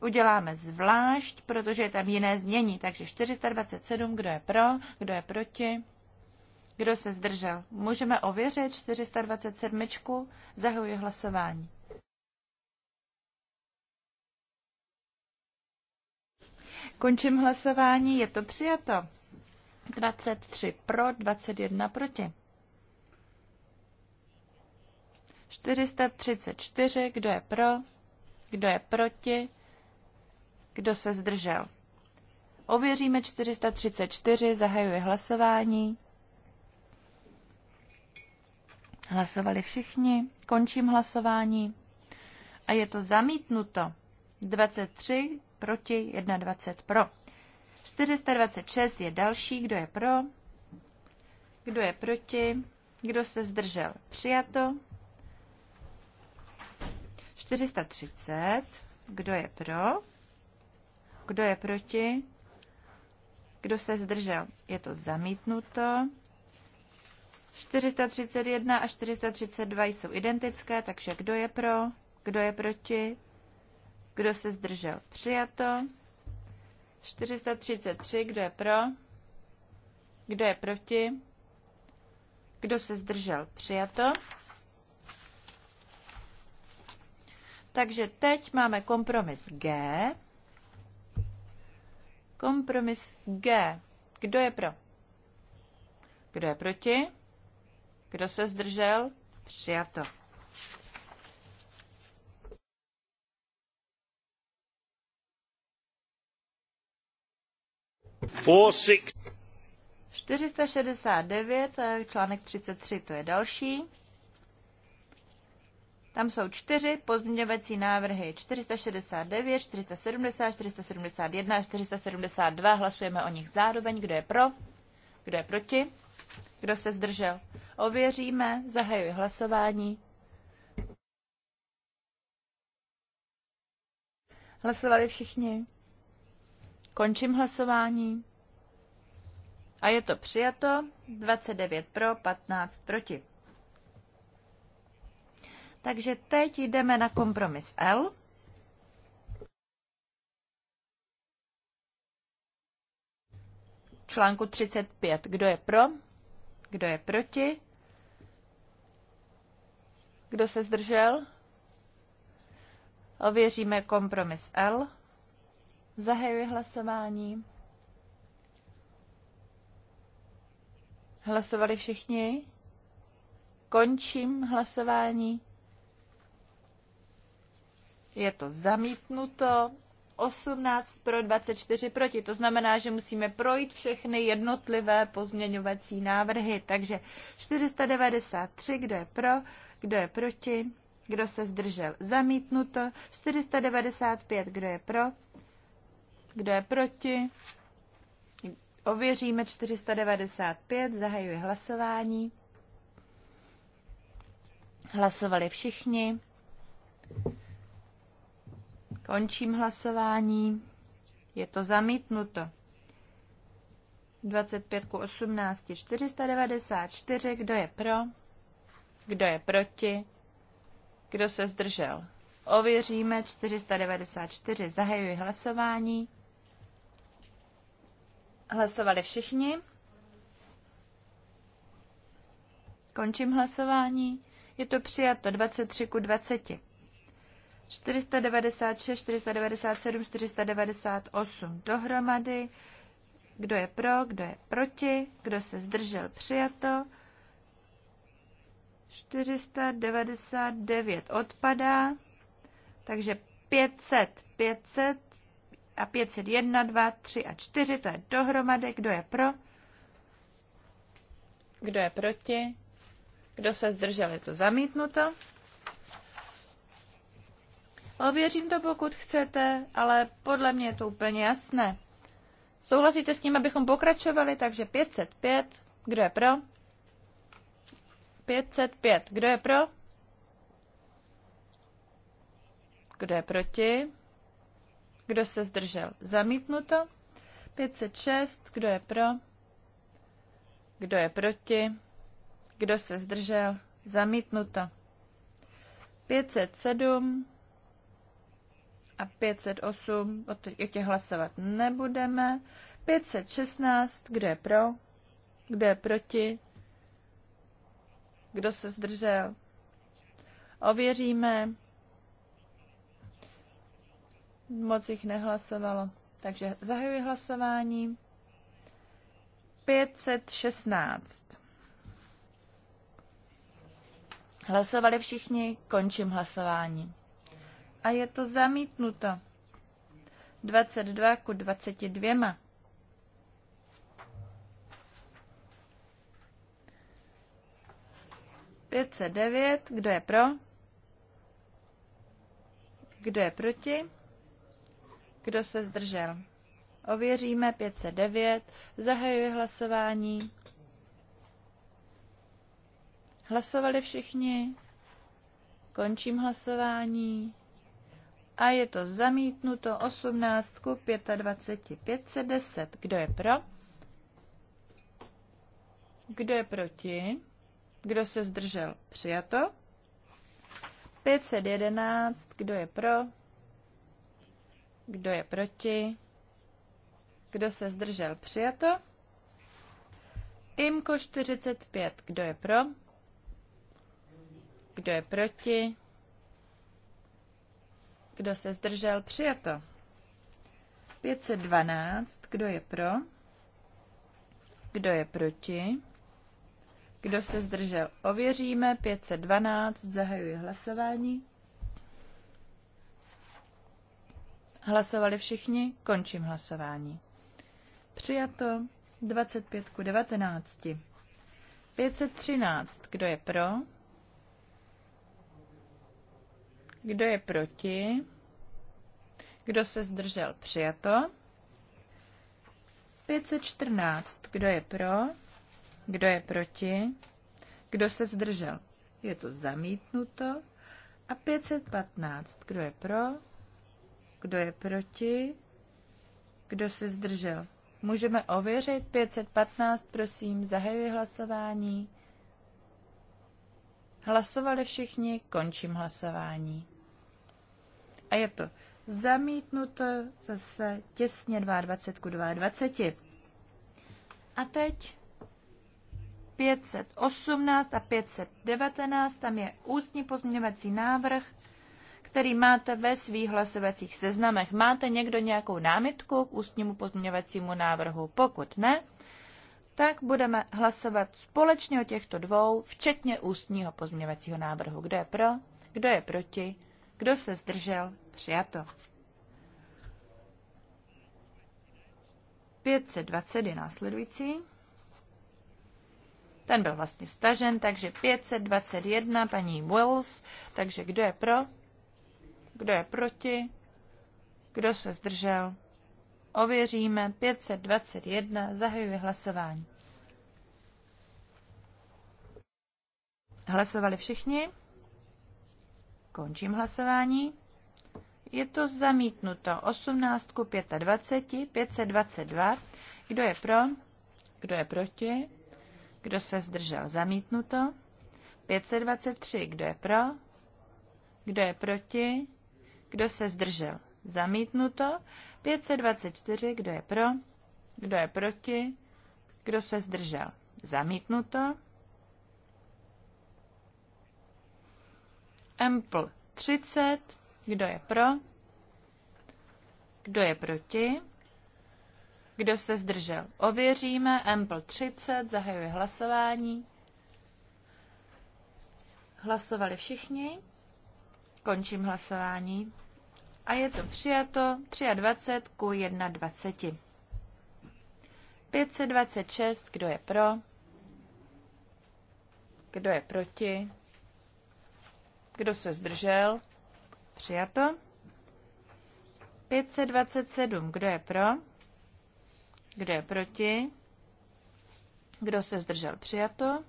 [SPEAKER 3] uděláme zvlášť, protože je tam jiné znění. Takže 427, kdo je pro, kdo je proti, kdo se zdržel. Můžeme ověřit 427. zahuji hlasování. Končím hlasování, je to přijato. 23 pro, 21 proti. 434, kdo je pro, kdo je proti, kdo se zdržel? Ověříme 434, zahajuje hlasování. Hlasovali všichni, končím hlasování a je to zamítnuto. 23 proti, 21 pro. 426 je další, kdo je pro, kdo je proti, kdo se zdržel. Přijato. 430, kdo je pro, kdo je proti? Kdo se zdržel? Je to zamítnuto. 431 a 432 jsou identické, takže kdo je pro? Kdo je proti? Kdo se zdržel? Přijato. 433, kdo je pro? Kdo je proti? Kdo se zdržel? Přijato. Takže teď máme kompromis G. Kompromis G. Kdo je pro? Kdo je proti? Kdo se zdržel? Přijato.
[SPEAKER 1] Four,
[SPEAKER 2] six.
[SPEAKER 3] 469, eh, článek 33, to je další. Tam jsou čtyři pozměňovací návrhy 469, 470, 471 a 472. Hlasujeme o nich zároveň. Kdo je pro? Kdo je proti? Kdo se zdržel? Ověříme. Zahajuji hlasování. Hlasovali všichni. Končím hlasování. A je to přijato. 29 pro, 15 proti. Takže teď jdeme na kompromis L. Článku 35. Kdo je pro? Kdo je proti? Kdo se zdržel? Ověříme kompromis L. Zahajuji hlasování. Hlasovali všichni? Končím hlasování je to zamítnuto. 18 pro 24 proti. To znamená, že musíme projít všechny jednotlivé pozměňovací návrhy. Takže 493, kdo je pro, kdo je proti, kdo se zdržel. Zamítnuto. 495, kdo je pro, kdo je proti. Ověříme 495, zahajuji hlasování. Hlasovali všichni. Končím hlasování. Je to zamítnuto. 25 ku 18, 494. Kdo je pro? Kdo je proti? Kdo se zdržel? Ověříme 494. Zahajuji hlasování. Hlasovali všichni. Končím hlasování. Je to přijato 23 ku 20. 496, 497, 498 dohromady. Kdo je pro, kdo je proti, kdo se zdržel, přijato. 499 odpadá, takže 500, 500 a 501, 2, 3 a 4, to je dohromady. Kdo je pro? Kdo je proti? Kdo se zdržel, je to zamítnuto. Ověřím to, pokud chcete, ale podle mě je to úplně jasné. Souhlasíte s tím, abychom pokračovali, takže 505. Kdo je pro? 505. Kdo je pro? Kdo je proti? Kdo se zdržel? Zamítnuto. 506. Kdo je pro? Kdo je proti? Kdo se zdržel? Zamítnuto. 507 a 508, o těch hlasovat nebudeme. 516, kdo je pro, kdo je proti, kdo se zdržel. Ověříme. Moc jich nehlasovalo. Takže zahajuji hlasování. 516. Hlasovali všichni, končím hlasování a je to zamítnuto. 22 ku 22. Pětset devět, kdo je pro? Kdo je proti? Kdo se zdržel? Ověříme 509, zahajuji hlasování. Hlasovali všichni? Končím hlasování a je to zamítnuto 18 ku 25 510. Kdo je pro? Kdo je proti? Kdo se zdržel? Přijato. 511. Kdo je pro? Kdo je proti? Kdo se zdržel? Přijato. IMKO 45. Kdo je pro? Kdo je proti? Kdo se zdržel? Přijato. 512. Kdo je pro? Kdo je proti? Kdo se zdržel? Ověříme. 512. Zahajuji hlasování. Hlasovali všichni? Končím hlasování. Přijato 25 ku 19. 513. Kdo je pro? Kdo je proti? Kdo se zdržel? Přijato. 514. Kdo je pro? Kdo je proti? Kdo se zdržel? Je to zamítnuto. A 515. Kdo je pro? Kdo je proti? Kdo se zdržel? Můžeme ověřit 515, prosím, zahajuji hlasování. Hlasovali všichni, končím hlasování a je to zamítnuto zase těsně 22 k 22. A teď 518 a 519, tam je ústní pozměňovací návrh, který máte ve svých hlasovacích seznamech. Máte někdo nějakou námitku k ústnímu pozměňovacímu návrhu? Pokud ne, tak budeme hlasovat společně o těchto dvou, včetně ústního pozměňovacího návrhu. Kdo je pro? Kdo je proti? Kdo se zdržel? Přijato. 520 je následující. Ten byl vlastně stažen, takže 521 paní Wills. Takže kdo je pro? Kdo je proti? Kdo se zdržel? Ověříme 521, zahajuji hlasování. Hlasovali všichni? Končím hlasování. Je to zamítnuto 18 ku 25, 522. Kdo je pro? Kdo je proti? Kdo se zdržel? Zamítnuto. 523. Kdo je pro? Kdo je proti? Kdo se zdržel? Zamítnuto. 524. Kdo je pro? Kdo je proti? Kdo se zdržel? Zamítnuto. Ample 30. Kdo je pro? Kdo je proti? Kdo se zdržel? Ověříme. Ample 30. Zahajuje hlasování. Hlasovali všichni. Končím hlasování. A je to přijato 23 ku 21. 526. Kdo je pro? Kdo je proti? Kdo se zdržel? Přijato. 527. Kdo je pro? Kdo je proti? Kdo se zdržel? Přijato.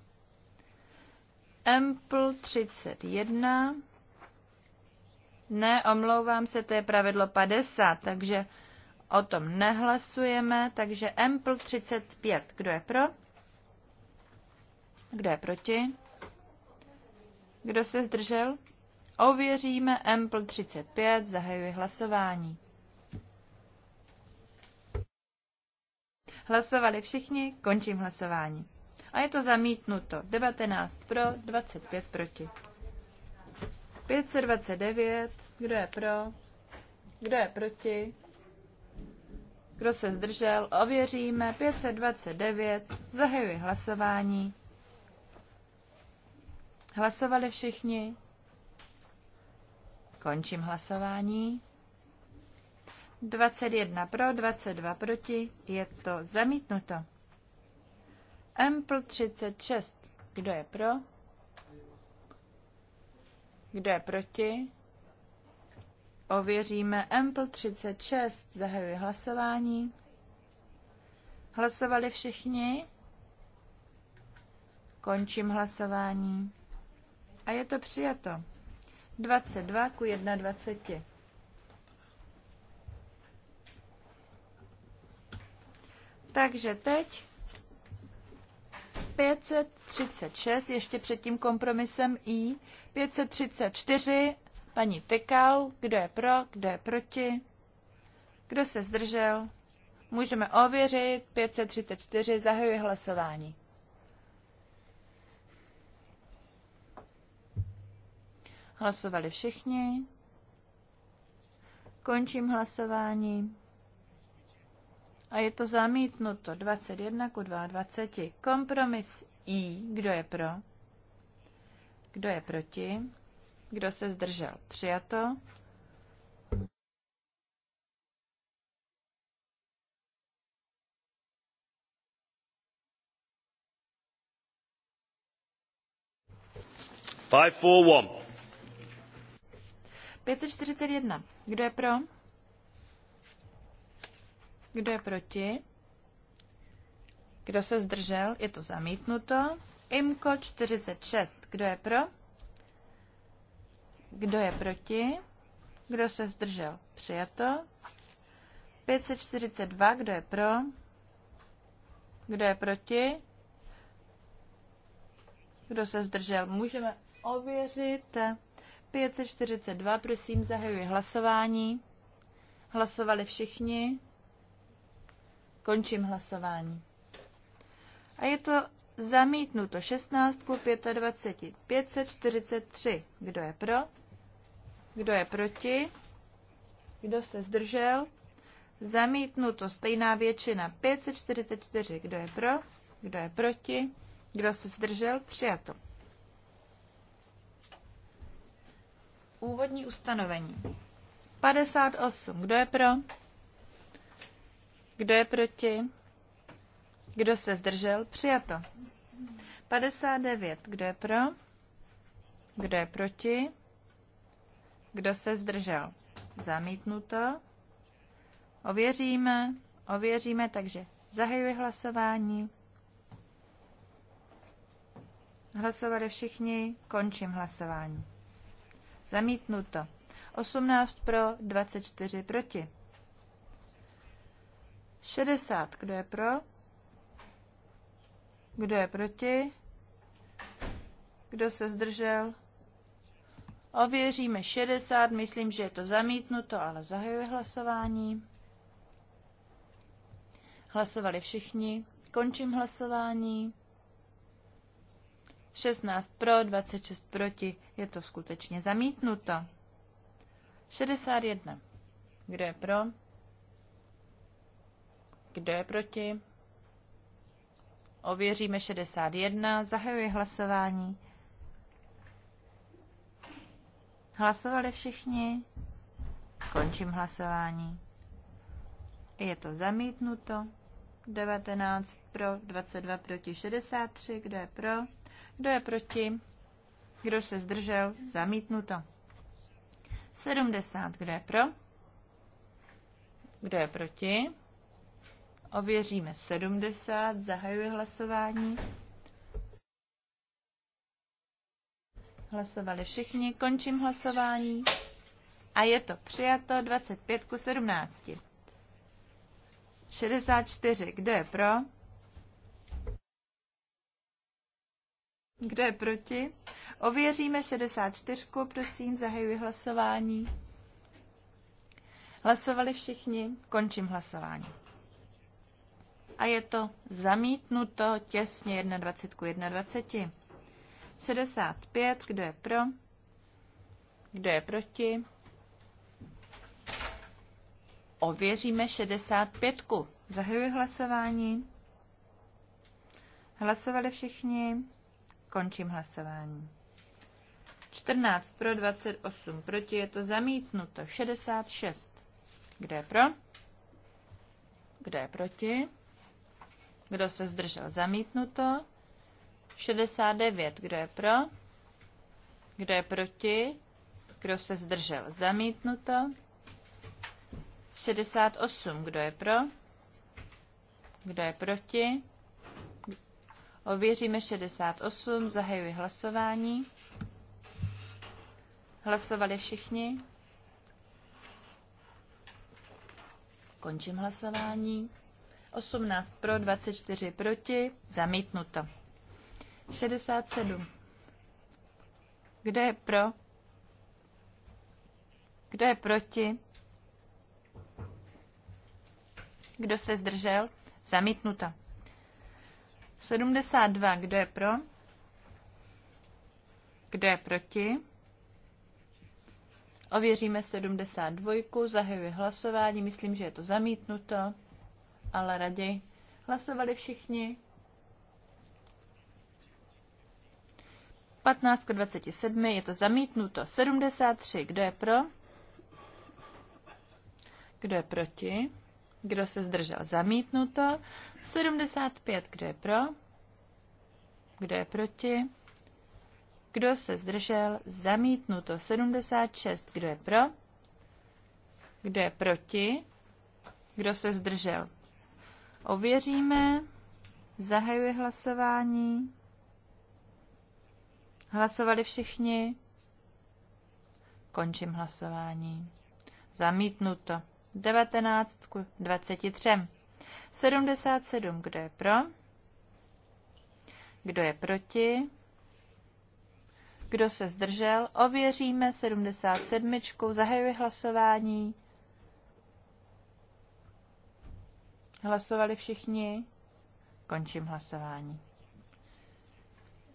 [SPEAKER 3] Empl 31. Ne, omlouvám se, to je pravidlo 50, takže o tom nehlasujeme. Takže Empl 35. Kdo je pro? Kdo je proti? Kdo se zdržel? Ověříme Ample 35, zahajuji hlasování. Hlasovali všichni, končím hlasování. A je to zamítnuto. 19 pro, 25 proti. 529, kdo je pro, kdo je proti, kdo se zdržel, ověříme. 529, zahajuji hlasování. Hlasovali všichni? Končím hlasování. 21 pro, 22 proti, je to zamítnuto. Ample 36. Kdo je pro? Kdo je proti? Ověříme Ample 36. Zahajuji hlasování. Hlasovali všichni? Končím hlasování. A je to přijato. 22 ku 21. Takže teď 536, ještě před tím kompromisem I, 534, paní Tykal, kdo je pro, kdo je proti, kdo se zdržel, můžeme ověřit, 534, zahajuji hlasování. Hlasovali všichni. Končím hlasování. A je to zamítnuto 21 ku 22. Kompromis I. Kdo je pro? Kdo je proti? Kdo se zdržel? Přijato.
[SPEAKER 2] Five, four, one.
[SPEAKER 3] 541. Kdo je pro? Kdo je proti? Kdo se zdržel? Je to zamítnuto. IMKO 46. Kdo je pro? Kdo je proti? Kdo se zdržel? Přijato. 542. Kdo je pro? Kdo je proti? Kdo se zdržel? Můžeme ověřit. 542, prosím, zahajuji hlasování. Hlasovali všichni. Končím hlasování. A je to zamítnuto 16 po 25. 543. Kdo je pro? Kdo je proti? Kdo se zdržel? Zamítnuto stejná většina 544. Kdo je pro? Kdo je proti? Kdo se zdržel? Přijato. Úvodní ustanovení. 58. Kdo je pro? Kdo je proti? Kdo se zdržel? Přijato. 59. Kdo je pro? Kdo je proti? Kdo se zdržel? Zamítnuto. Ověříme. Ověříme, takže zahajuji hlasování. Hlasovali všichni, končím hlasování. Zamítnuto. 18 pro, 24 proti. 60. Kdo je pro? Kdo je proti? Kdo se zdržel? Ověříme 60. Myslím, že je to zamítnuto, ale zahajuje hlasování. Hlasovali všichni. Končím hlasování. 16 pro, 26 proti. Je to skutečně zamítnuto. 61. Kdo je pro? Kdo je proti? Ověříme 61. Zahajuji hlasování. Hlasovali všichni? Končím hlasování. Je to zamítnuto. 19 pro, 22 proti 63. Kdo je pro? Kdo je proti? Kdo se zdržel? Zamítnuto. 70. Kdo je pro? Kdo je proti? Ověříme 70. Zahajuji hlasování. Hlasovali všichni. Končím hlasování. A je to přijato 25 ku 17. 64. Kdo je pro? Kdo je proti? Ověříme 64, prosím, zahajuji hlasování. Hlasovali všichni, končím hlasování. A je to zamítnuto těsně 21 k 21. 65, kdo je pro? Kdo je proti? Ověříme 65. Zahajuji hlasování. Hlasovali všichni. Končím hlasování. 14 pro, 28 proti, je to zamítnuto. 66. Kdo je pro? Kdo je proti? Kdo se zdržel? Zamítnuto. 69. Kdo je pro? Kdo je proti? Kdo se zdržel? Zamítnuto. 68. Kdo je pro? Kdo je proti? Ověříme 68, zahajuji hlasování. Hlasovali všichni. Končím hlasování. 18 pro, 24 proti, zamítnuto. 67. Kdo je pro? Kdo je proti? Kdo se zdržel? Zamítnuto. 72. Kdo je pro? Kdo je proti? Ověříme 72. Zahajuji hlasování. Myslím, že je to zamítnuto, ale raději hlasovali všichni. 15 k 27 je to zamítnuto. 73. Kdo je pro? Kdo je proti? Kdo se zdržel? Zamítnuto. 75. Kdo je pro? Kdo je proti? Kdo se zdržel? Zamítnuto. 76. Kdo je pro? Kdo je proti? Kdo se zdržel? Ověříme. Zahajuje hlasování. Hlasovali všichni? Končím hlasování. Zamítnuto. 19 k 23. 77, kdo je pro? Kdo je proti? Kdo se zdržel? Ověříme 77. Zahajuji hlasování. Hlasovali všichni? Končím hlasování.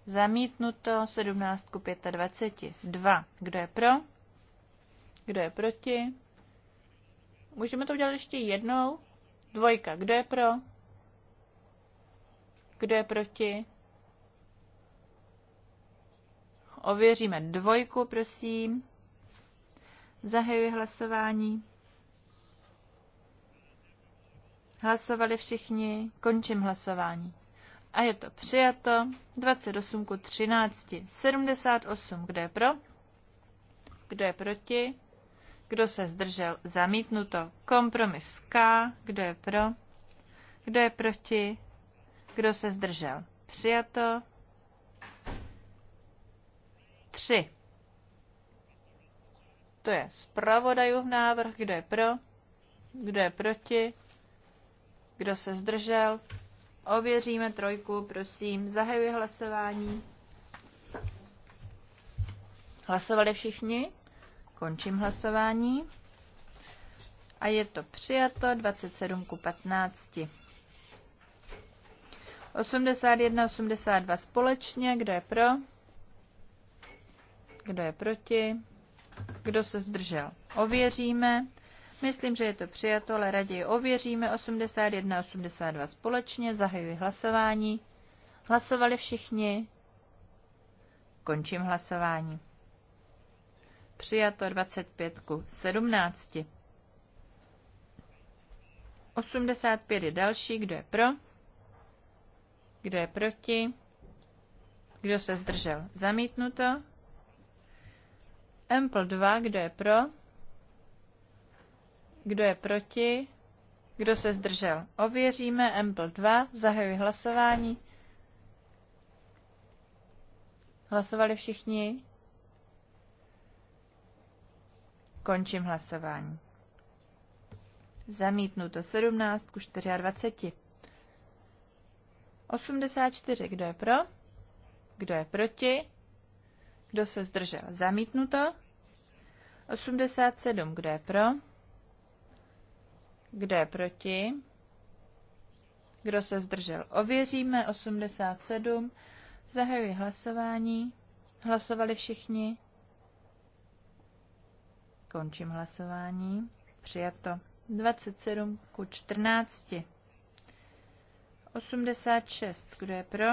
[SPEAKER 3] Zamítnuto 17 ku 25. 2. Kdo je pro? Kdo je proti? Můžeme to udělat ještě jednou. Dvojka. Kdo je pro? Kdo je proti? Ověříme dvojku, prosím. Zahajuji hlasování. Hlasovali všichni, končím hlasování. A je to přijato 28 ku 13, 78, kdo je pro, kdo je proti, kdo se zdržel? Zamítnuto. Kompromis K. Kdo je pro? Kdo je proti? Kdo se zdržel? Přijato. Tři. To je v návrh. Kdo je pro? Kdo je proti? Kdo se zdržel? Ověříme trojku, prosím. Zahajuji hlasování. Hlasovali všichni? Končím hlasování. A je to přijato 27 ku 15. 81, 82 společně. Kdo je pro? Kdo je proti? Kdo se zdržel? Ověříme. Myslím, že je to přijato, ale raději ověříme. 81, 82 společně. Zahajuji hlasování. Hlasovali všichni. Končím hlasování přijato 25 ku 17. 85 je další, kdo je pro, kdo je proti, kdo se zdržel, zamítnuto. Empl 2, kdo je pro, kdo je proti, kdo se zdržel, ověříme. Empl 2, zahajuji hlasování. Hlasovali všichni? Končím hlasování. Zamítnuto 17 ku 24. 84. Kdo je pro? Kdo je proti? Kdo se zdržel? Zamítnuto. 87. Kdo je pro? Kdo je proti? Kdo se zdržel? Ověříme 87. Zahajuji hlasování. Hlasovali všichni. Končím hlasování. Přijato 27 ku 14. 86. Kdo je pro?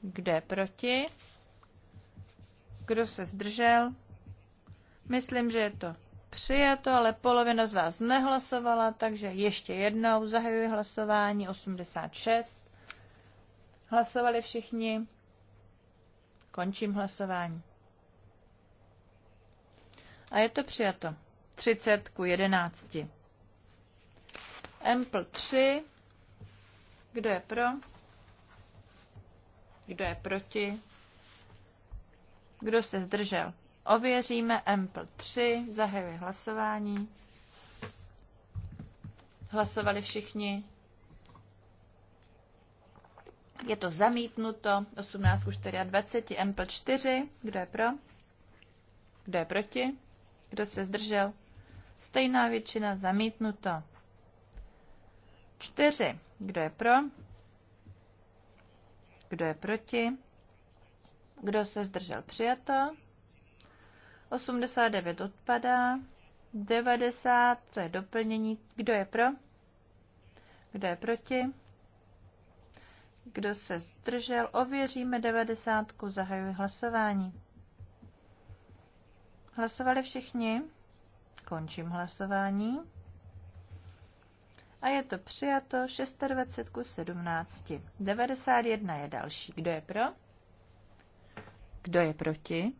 [SPEAKER 3] Kdo je proti? Kdo se zdržel? Myslím, že je to přijato, ale polovina z vás nehlasovala, takže ještě jednou zahajuji hlasování 86. Hlasovali všichni. Končím hlasování. A je to přijato. 30 ku 11. Empl 3. Kdo je pro? Kdo je proti? Kdo se zdržel? Ověříme Empl 3. Zahajuji hlasování. Hlasovali všichni. Je to zamítnuto. 18 ku 24. Empl 4. Kdo je pro? Kdo je proti? Kdo se zdržel? Stejná většina zamítnuto. 4. Kdo je pro? Kdo je proti? Kdo se zdržel? Přijato. 89 odpadá. 90, to je doplnění. Kdo je pro? Kdo je proti? Kdo se zdržel? Ověříme 90. Zahajuji hlasování. Hlasovali všichni? Končím hlasování. A je to přijato 26 ku 17. 91 je další. Kdo je pro? Kdo je proti?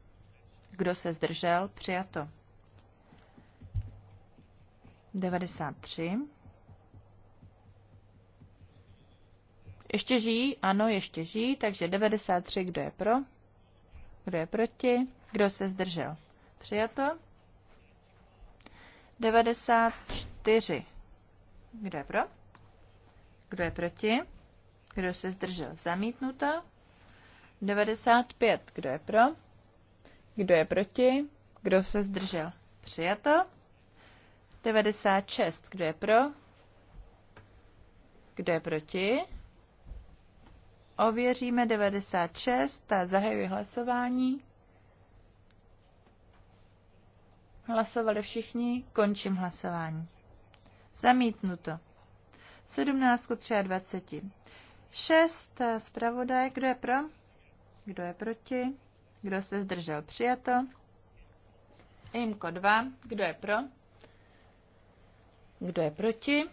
[SPEAKER 3] Kdo se zdržel? Přijato. 93. Ještě žijí? Ano, ještě žijí. Takže 93, kdo je pro? Kdo je proti? Kdo se zdržel? Přijato. 94. Kdo je pro? Kdo je proti? Kdo se zdržel? Zamítnuto. 95. Kdo je pro? Kdo je proti? Kdo se zdržel? Přijato. 96. Kdo je pro? Kdo je proti? Ověříme 96 a zahajuji hlasování. Hlasovali všichni, končím hlasování. Zamítnuto. 17 k 23. 6 zpravodaj, kdo je pro? Kdo je proti? Kdo se zdržel? Přijato. Imko 2, kdo je pro? Kdo je proti?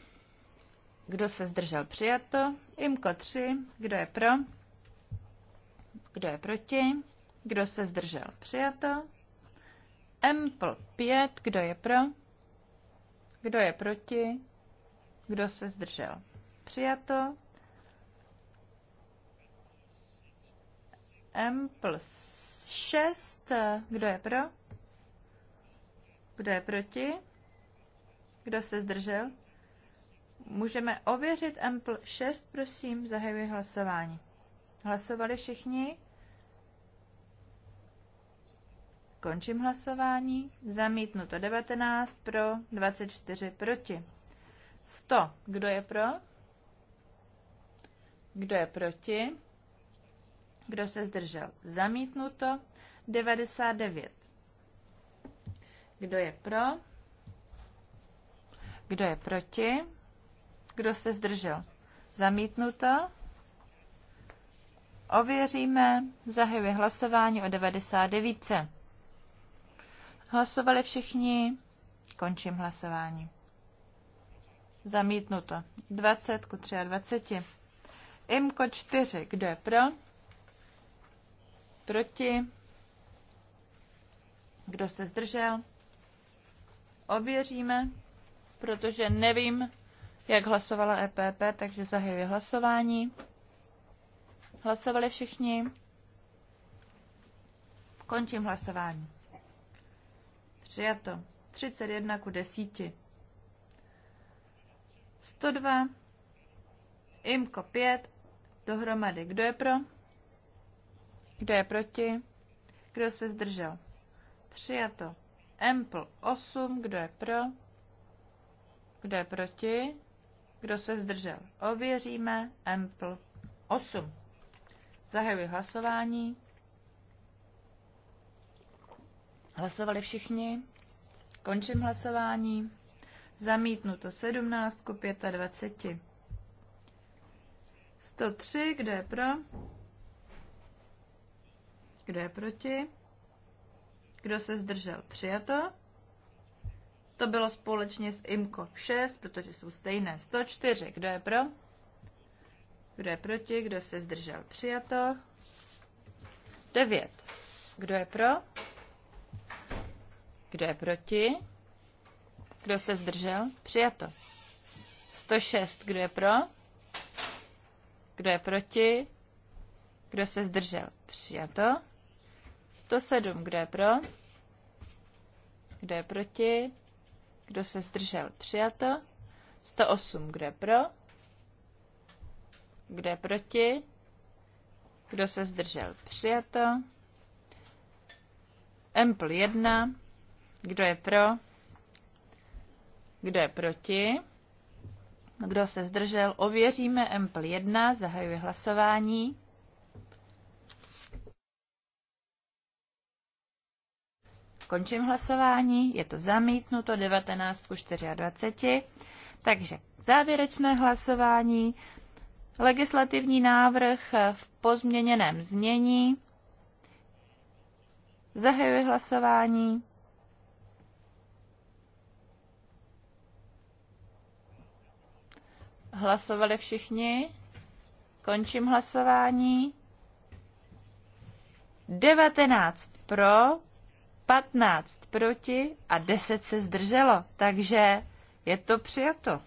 [SPEAKER 3] Kdo se zdržel? Přijato. Imko 3, kdo je pro? Kdo je proti? Kdo se zdržel? Přijato. Ample 5, kdo je pro? Kdo je proti? Kdo se zdržel? Přijato. Ample 6, kdo je pro? Kdo je proti? Kdo se zdržel? Můžeme ověřit Ample 6, prosím, zahajuji hlasování. Hlasovali všichni? Končím hlasování. Zamítnuto 19 pro, 24 proti. 100. Kdo je pro? Kdo je proti? Kdo se zdržel? Zamítnuto 99. Kdo je pro? Kdo je proti? Kdo se zdržel? Zamítnuto. Ověříme. Zahajuji hlasování o 99. Hlasovali všichni? Končím hlasování. Zamítnuto. 20 ku 23. IMKO 4. Kdo je pro? Proti? Kdo se zdržel? Ověříme, protože nevím, jak hlasovala EPP, takže zahajuji hlasování. Hlasovali všichni? Končím hlasování. Přijato. 31 ku 10. 102. Imko 5. Dohromady. Kdo je pro? Kdo je proti? Kdo se zdržel? Přijato. Empl 8. Kdo je pro? Kdo je proti? Kdo se zdržel? Ověříme. Empl 8. Zahajuji hlasování. Hlasovali všichni? Končím hlasování. Zamítnuto 17 ku 25. 103, kdo je pro? Kdo je proti? Kdo se zdržel? Přijato. To bylo společně s IMKO 6, protože jsou stejné. 104, kdo je pro? Kdo je proti? Kdo se zdržel? Přijato. 9. Kdo je pro? Kdo je proti? Kdo se zdržel? Přijato. 106. Kdo je pro? Kdo je proti? Kdo se zdržel? Přijato. 107. Kdo je pro? Kdo je proti? Kdo se zdržel? Přijato. 108. Kdo je pro? Kdo je proti? Kdo se zdržel? Přijato. Empl 1. Kdo je pro? Kdo je proti? Kdo se zdržel? Ověříme Ample 1, zahajuje hlasování. Končím hlasování, je to zamítnuto 19 ku 24. Takže závěrečné hlasování, legislativní návrh v pozměněném znění, zahajuji hlasování. Hlasovali všichni? Končím hlasování. 19 pro, 15 proti a 10 se zdrželo, takže je to přijato.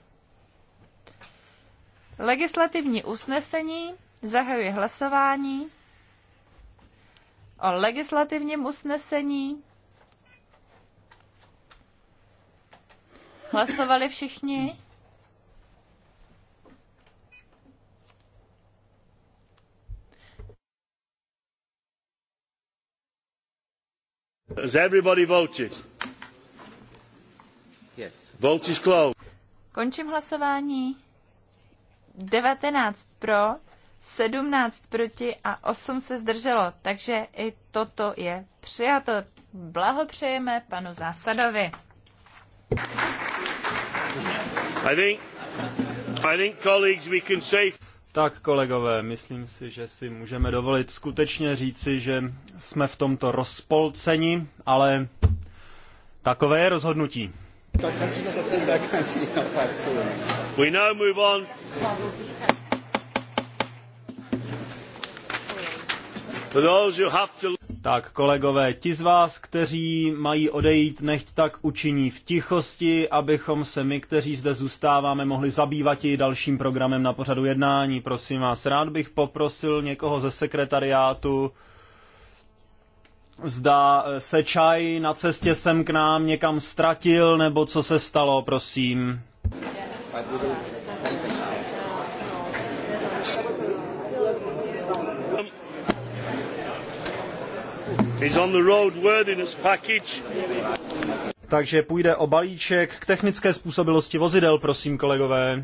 [SPEAKER 3] Legislativní usnesení zahajuje hlasování o legislativním usnesení. Hlasovali všichni?
[SPEAKER 2] Has everybody voted? Yes. Vote is closed.
[SPEAKER 3] Končím hlasování. 19 pro, 17 proti a 8 se zdrželo, takže i toto je přijato. Blahopřejeme panu Zásadovi.
[SPEAKER 1] I think, I think colleagues we can say... Tak kolegové, myslím si, že si můžeme dovolit skutečně říci, že jsme v tomto rozpolceni, ale takové je rozhodnutí. We now move on. For those who have to... Tak, kolegové, ti z vás, kteří mají odejít, nechť tak učiní v tichosti, abychom se my, kteří zde zůstáváme, mohli zabývat i dalším programem na pořadu jednání. Prosím vás, rád bych poprosil někoho ze sekretariátu, zda eh, se čaj na cestě sem k nám někam ztratil, nebo co se stalo, prosím.
[SPEAKER 2] Yeah.
[SPEAKER 1] is on the road
[SPEAKER 4] worthiness package.
[SPEAKER 1] Takže půjde o balíček k technické způsobilosti vozidel, prosím kolegové.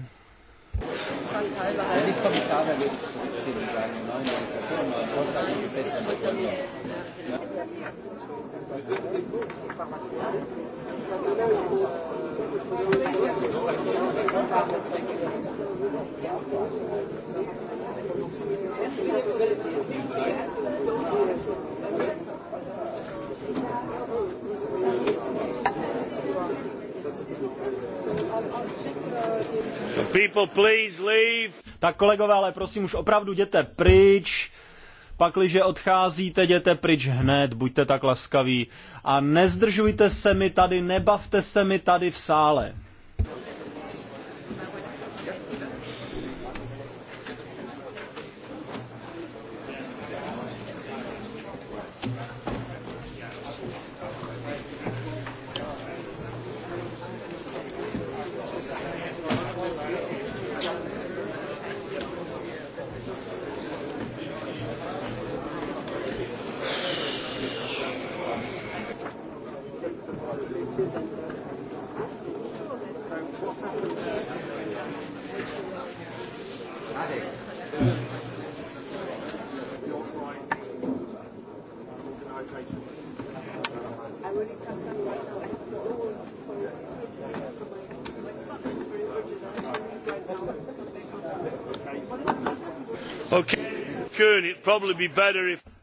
[SPEAKER 1] Tak kolegové, ale prosím už opravdu jděte pryč. Pakliže odcházíte, jděte pryč hned, buďte tak laskaví. A nezdržujte se mi tady, nebavte se mi tady v sále.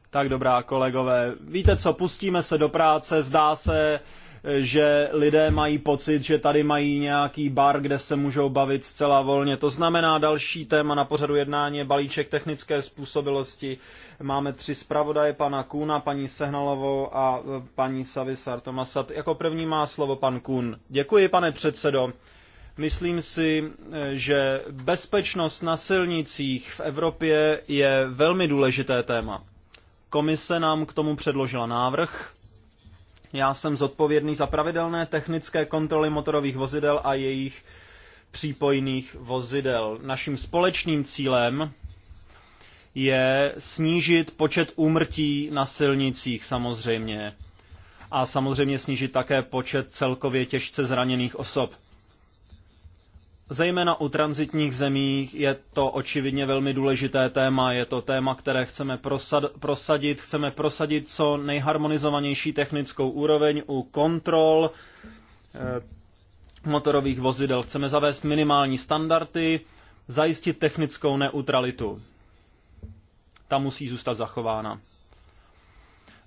[SPEAKER 1] Tak dobrá, kolegové. Víte co, pustíme se do práce. Zdá se, že lidé mají pocit, že tady mají nějaký bar, kde se můžou bavit zcela volně. To znamená, další téma na pořadu jednání je balíček technické způsobilosti. Máme tři zpravodaje, pana Kuna, paní Sehnalovou a e, paní Savisar Tomasat. Jako první má slovo pan Kun. Děkuji, pane předsedo. Myslím si, eh, že bezpečnost na silnicích v Evropě je velmi důležité téma. Komise nám k tomu předložila návrh. Já jsem zodpovědný za pravidelné technické kontroly motorových vozidel a jejich přípojných vozidel. Naším společným cílem je snížit počet úmrtí na silnicích samozřejmě a samozřejmě snížit také počet celkově těžce zraněných osob. Zejména u transitních zemí je to očividně velmi důležité téma. Je to téma, které chceme prosadit. Chceme prosadit co nejharmonizovanější technickou úroveň u kontrol eh, motorových vozidel. Chceme zavést minimální standardy, zajistit technickou neutralitu. Ta musí zůstat zachována.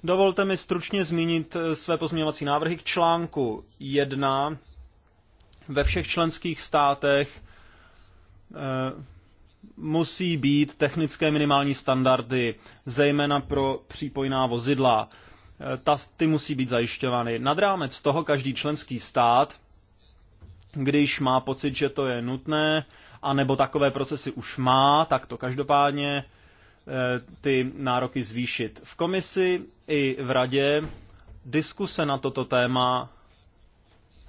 [SPEAKER 1] Dovolte mi stručně zmínit eh, své pozměňovací návrhy k článku 1 ve všech členských státech eh, musí být technické minimální standardy, zejména pro přípojná vozidla. Eh, ta, ty musí být zajišťovány. Nad rámec toho každý členský stát, když má pocit, že to je nutné, anebo takové procesy už má, tak to každopádně eh, ty nároky zvýšit. V komisi i v radě diskuse na toto téma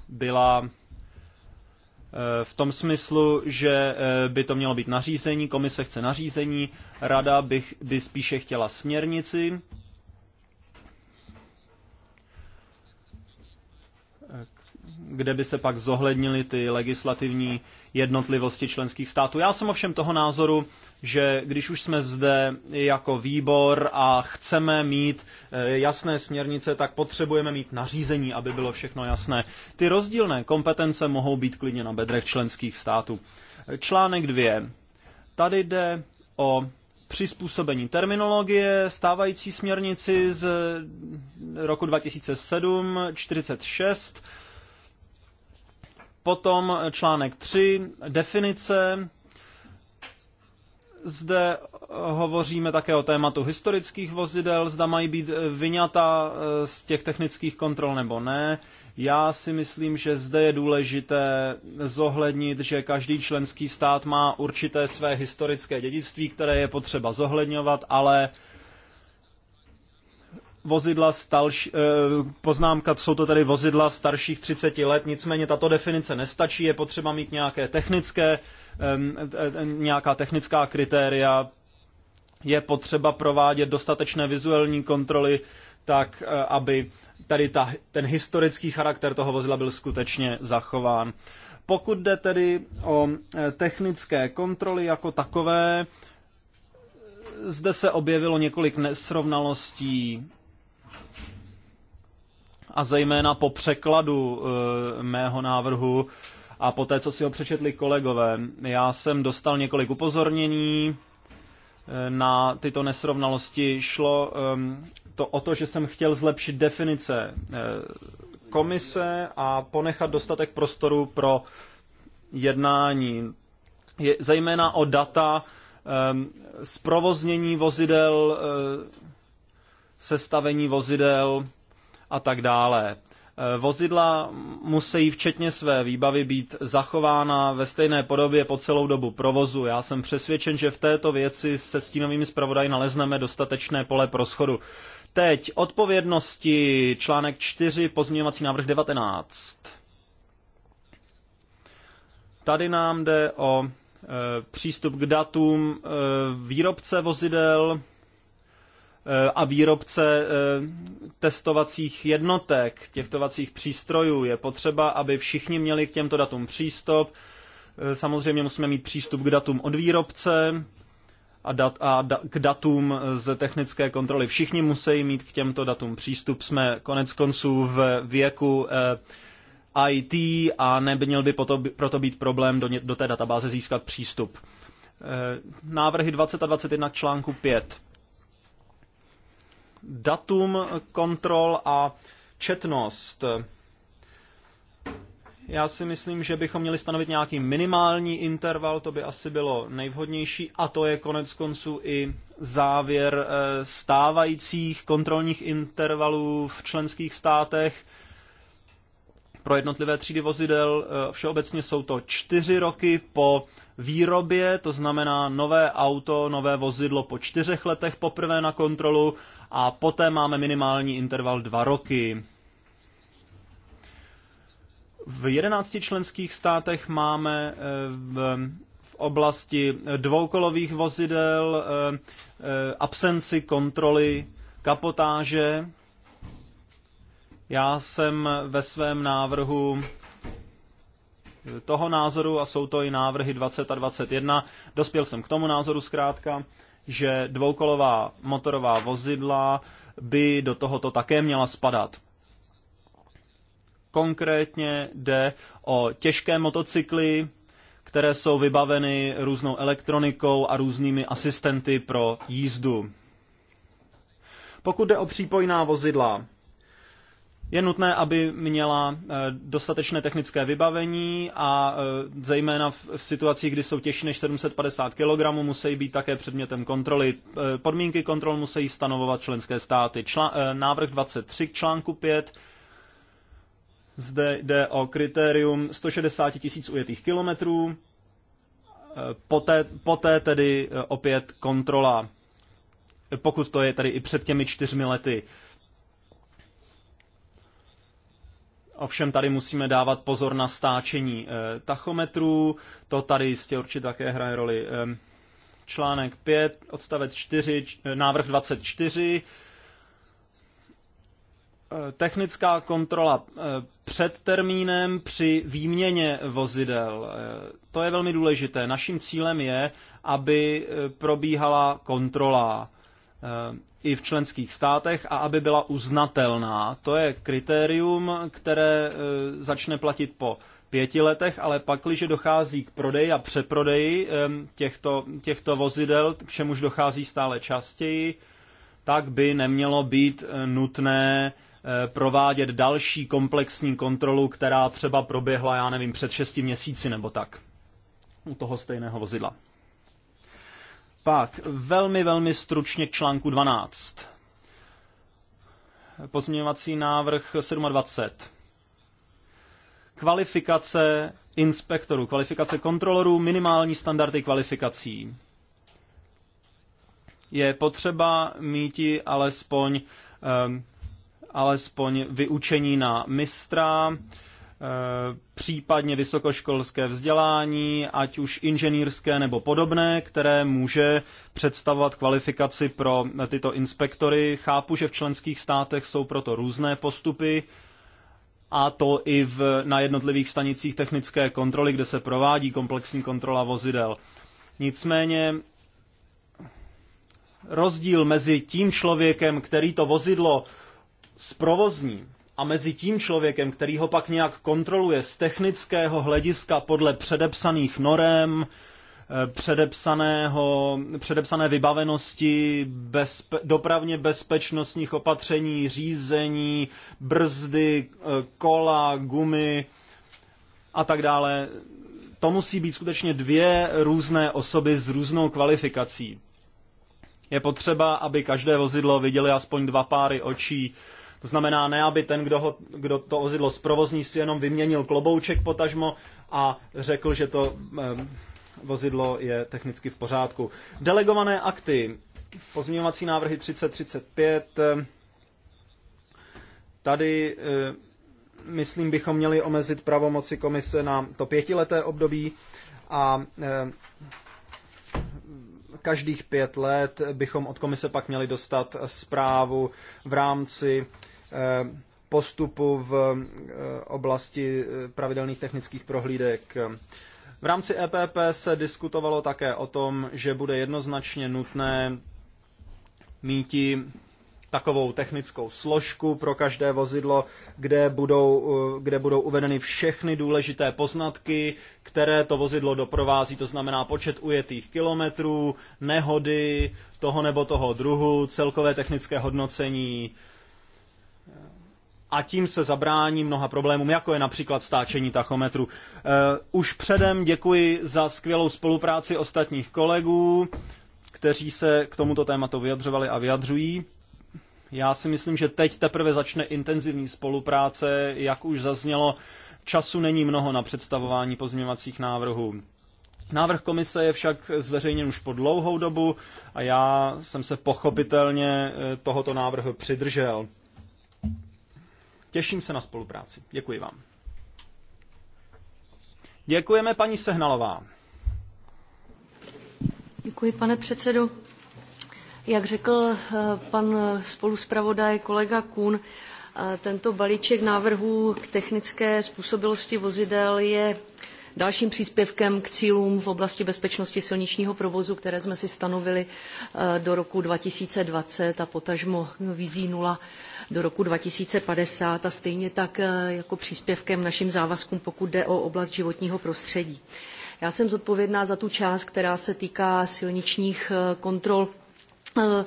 [SPEAKER 1] byla Eh, v tom smyslu, že eh, by to mělo být nařízení, komise chce nařízení, rada bych, by spíše chtěla směrnici kde by se pak zohlednily ty legislativní jednotlivosti členských států. Já jsem ovšem toho názoru, že když už jsme zde jako výbor a chceme mít eh, jasné směrnice, tak potřebujeme mít nařízení, aby bylo všechno jasné. Ty rozdílné kompetence mohou být klidně na bedrech členských států. Eh, článek 2. Tady jde o přizpůsobení terminologie stávající směrnici z roku 2007 46 Potom článek 3, definice. Zde hovoříme také o tématu historických vozidel, zda mají být vyňata eh, z těch technických kontrol nebo ne. Já si myslím, že zde je důležité zohlednit, že každý členský stát má určité své historické dědictví, které je potřeba zohledňovat, ale vozidla starší, eh, poznámka, jsou to tedy vozidla starších 30 let, nicméně tato definice nestačí, je potřeba mít nějaké technické, eh, eh, nějaká technická kritéria, je potřeba provádět dostatečné vizuální kontroly, tak aby tady ta, ten historický charakter toho vozidla byl skutečně zachován. Pokud jde tedy o technické kontroly jako takové, zde se objevilo několik nesrovnalostí a zejména po překladu e, mého návrhu a po té, co si ho přečetli kolegové. Já jsem dostal několik upozornění e, na tyto nesrovnalosti. Šlo e, to o to, že jsem chtěl zlepšit definice eh, komise a ponechat dostatek prostoru pro jednání. Je, zejména o data ehm, zprovoznění vozidel sestavení vozidel a tak dále. E, vozidla musí včetně své výbavy být zachována ve stejné podobě po celou dobu provozu. Já jsem přesvědčen, že v této věci se stínovými zpravodaji nalezneme dostatečné pole pro schodu. Teď odpovědnosti článek 4 pozměňovací návrh 19. Tady nám jde o e, přístup k datům e, výrobce vozidel, Eh, a výrobce eh, testovacích jednotek, těchtovacích přístrojů. Je potřeba, aby všichni měli k těmto datům přístup. Eh, samozřejmě musíme mít přístup k datům od výrobce a, dat, a da, k datům z technické kontroly. Všichni musí mít k těmto datům přístup. Jsme konec konců v věku IT a neměl by proto, proto být problém do, do té databáze získat přístup. Návrhy 20 a 21 článku 5 datum kontrol a četnost. Já si myslím, že bychom měli stanovit nějaký minimální interval, to by asi bylo nejvhodnější, a to je konec konců i závěr eh, stávajících kontrolních intervalů v členských státech pro jednotlivé třídy vozidel. Eh, všeobecně jsou to čtyři roky po výrobě, to znamená nové auto, nové vozidlo po čtyřech letech poprvé na kontrolu a poté máme minimální interval dva roky. V jedenácti členských státech máme eh, v oblasti dvoukolových vozidel eh, absenci kontroly kapotáže já jsem ve svém návrhu toho názoru, a jsou to i návrhy 20 a 21, dospěl jsem k tomu názoru zkrátka, že dvoukolová motorová vozidla by do tohoto také měla spadat. Konkrétně jde o těžké motocykly, které jsou vybaveny různou elektronikou a různými asistenty pro jízdu. Pokud jde o přípojná vozidla, je nutné, aby měla eh, dostatečné technické vybavení a eh, zejména v situacích, kdy jsou těžší než 750 kg, musí být také předmětem kontroly. Eh, podmínky kontrol musí stanovovat členské státy. Člán, návrh 23 k článku 5 zde jde o kritérium 160 tisíc ujetých kilometrů, poté, poté tedy opět kontrola, pokud to je tady i před těmi čtyřmi lety. Ovšem tady musíme dávat pozor na stáčení eh, tachometrů, to tady jistě určitě také hraje roli. Eh, článek 5, odstavec 4, eh, návrh 24. Technická kontrola před termínem při výměně vozidel. To je velmi důležité. Naším cílem je, aby probíhala kontrola i v členských státech a aby byla uznatelná. To je kritérium, které e, začne platit po pěti letech, ale pak, když dochází k prodeji a přeprodeji e, těchto, těchto vozidel, k čemuž dochází stále častěji, tak by nemělo být e, nutné provádět další komplexní kontrolu, která třeba proběhla, já nevím, před šesti měsíci nebo tak, u toho stejného vozidla. Pak velmi, velmi stručně k článku 12. Pozměňovací návrh 27. Kvalifikace inspektorů, kvalifikace kontrolorů, minimální standardy kvalifikací. Je potřeba mít alespoň, um, alespoň vyučení na mistra, případně vysokoškolské vzdělání, ať už inženýrské nebo podobné, které může představovat kvalifikaci pro tyto inspektory. Chápu, že v členských státech jsou proto různé postupy, a to i v, na jednotlivých stanicích technické kontroly, kde se provádí komplexní kontrola vozidel. Nicméně rozdíl mezi tím člověkem, který to vozidlo zprovozní, a mezi tím člověkem, který ho pak nějak kontroluje z technického hlediska podle předepsaných norem, eh, předepsaného, předepsané vybavenosti, bezpe, dopravně bezpečnostních opatření, řízení, brzdy, eh, kola, gumy a tak dále. To musí být skutečně dvě různé osoby s různou kvalifikací. Je potřeba, aby každé vozidlo viděli aspoň dva páry očí, to znamená ne, aby ten, kdo, ho, kdo to vozidlo zprovozní, si jenom vyměnil klobouček potažmo a řekl, že to eh, vozidlo je technicky v pořádku. Delegované akty, pozměňovací návrhy 3035, tady eh, myslím, bychom měli omezit pravomoci komise na to pětileté období a každých pět let bychom od komise pak měli dostat zprávu v rámci Eh, postupu v eh, oblasti eh, pravidelných technických prohlídek. V rámci EPP se diskutovalo také o tom, že bude jednoznačně nutné mít takovou technickou složku pro každé vozidlo, kde budou, kde budou uvedeny všechny důležité poznatky, které to vozidlo doprovází, to znamená počet ujetých kilometrů, nehody toho nebo toho druhu, celkové technické hodnocení, a tím se zabrání mnoha problémům, jako je například stáčení tachometru. E, už předem děkuji za skvělou spolupráci ostatních kolegů, kteří se k tomuto tématu vyjadřovali a vyjadřují. Já si myslím, že teď teprve začne intenzivní spolupráce, jak už zaznělo, času není mnoho na představování pozměňovacích návrhů. Návrh komise je však zveřejněn už po dlouhou dobu a já jsem se pochopitelně e, tohoto návrhu přidržel. Těším se na spolupráci. Děkuji vám. Děkujeme paní Sehnalová.
[SPEAKER 4] Děkuji, pane předsedo. Jak řekl eh, pan spoluspravodaj kolega Kuhn, eh, tento balíček návrhů k technické způsobilosti vozidel je dalším příspěvkem k cílům v oblasti bezpečnosti silničního provozu, které jsme si stanovili eh, do roku 2020 a potažmo vizí nula do roku 2050 a stejně tak eh, jako příspěvkem našim závazkům, pokud jde o oblast životního prostředí. Já jsem zodpovědná za tu část, která se týká silničních eh, kontrol eh,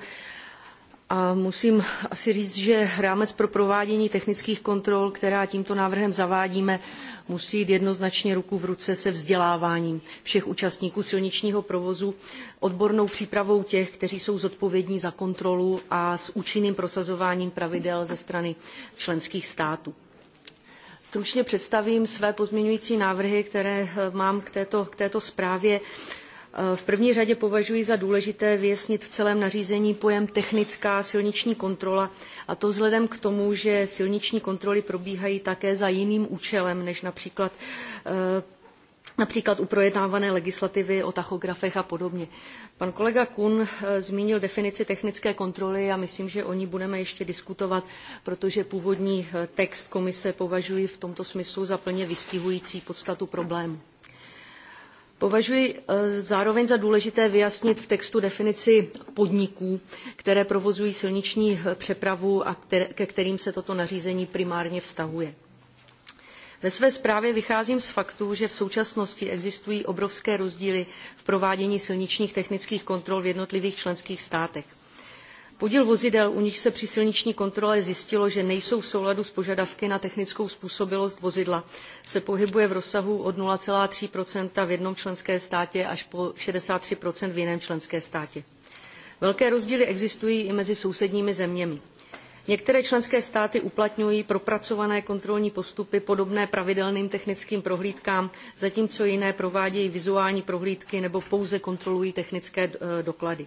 [SPEAKER 4] a musím asi říct, že rámec pro provádění technických kontrol, která tímto návrhem zavádíme, musí jít jednoznačně ruku v ruce se vzděláváním všech účastníků silničního provozu, odbornou přípravou těch, kteří jsou zodpovědní za kontrolu a s účinným prosazováním pravidel ze strany členských států. Stručně představím své pozměňující návrhy, které eh, mám k této, k této zprávě. Eh, v první řadě považuji za důležité vyjasnit v celém nařízení pojem technická silniční kontrola, a to vzhledem k tomu, že silniční kontroly probíhají také za jiným účelem než například eh, například u projednávané legislativy o tachografech a podobně. Pan kolega Kuhn eh, zmínil definici technické kontroly a myslím, že o ní budeme ještě diskutovat, protože původní text komise považuji v tomto smyslu za plně vystihující podstatu problému. Považuji eh, zároveň za důležité vyjasnit v textu definici podniků, které provozují silniční eh, přepravu a ke kterým se toto nařízení primárně vztahuje. Ve své zprávě vycházím z faktu, že v současnosti existují obrovské rozdíly v provádění silničních technických kontrol v jednotlivých členských státech. Podíl vozidel, u nich se při silniční kontrole zjistilo, že nejsou v souladu s požadavky na technickou způsobilost vozidla, se pohybuje v rozsahu od 0,3 v jednom členském státě až po 63 v jiném členském státě. Velké rozdíly existují i mezi sousedními zeměmi. Některé členské státy uplatňují propracované kontrolní postupy podobné pravidelným technickým prohlídkám, zatímco jiné provádějí vizuální prohlídky nebo pouze kontrolují technické eh, doklady.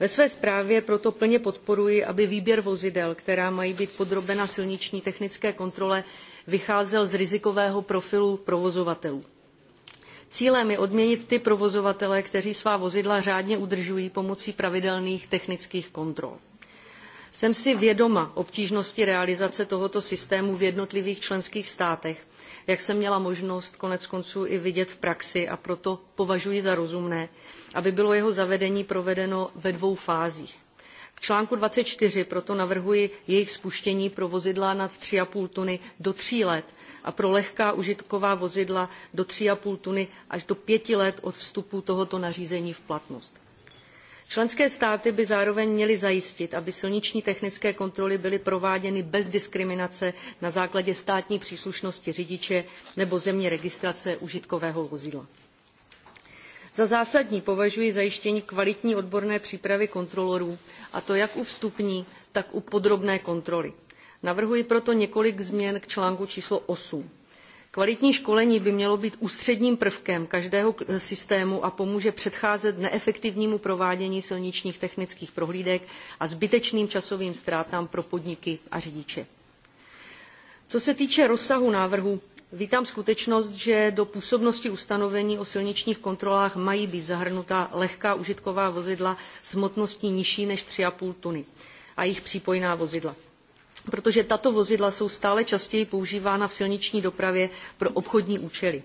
[SPEAKER 4] Ve své zprávě proto plně podporuji, aby výběr vozidel, která mají být podrobena silniční technické kontrole, vycházel z rizikového profilu provozovatelů. Cílem je odměnit ty provozovatele, kteří svá vozidla řádně udržují pomocí pravidelných technických kontrol. Jsem si vědoma obtížnosti realizace tohoto systému v jednotlivých členských státech jak jsem měla možnost konec konců i vidět v praxi a proto považuji za rozumné, aby bylo jeho zavedení provedeno ve dvou fázích. V článku 24 proto navrhuji jejich spuštění pro vozidla nad 3,5 tuny do 3 let a pro lehká užitková vozidla do 3,5 tuny až do 5 let od vstupu tohoto nařízení v platnost. Členské státy by zároveň měly zajistit, aby silniční technické kontroly byly prováděny bez diskriminace na základě státní příslušnosti řidiče nebo země registrace užitkového vozidla. Za zásadní považuji zajištění kvalitní odborné přípravy kontrolorů, a to jak u vstupní, tak u podrobné kontroly. Navrhuji proto několik změn k článku číslo 8. Kvalitní školení by mělo být ústředním prvkem každého systému a pomůže předcházet neefektivnímu provádění silničních technických prohlídek a zbytečným časovým ztrátám pro podniky a řidiče. Co se týče rozsahu návrhu, vítám skutečnost, že do působnosti ustanovení o silničních kontrolách mají být zahrnuta lehká užitková vozidla s hmotností nižší než 3,5 tuny a jejich přípojná vozidla protože tato vozidla jsou stále častěji používána v silniční dopravě pro obchodní účely.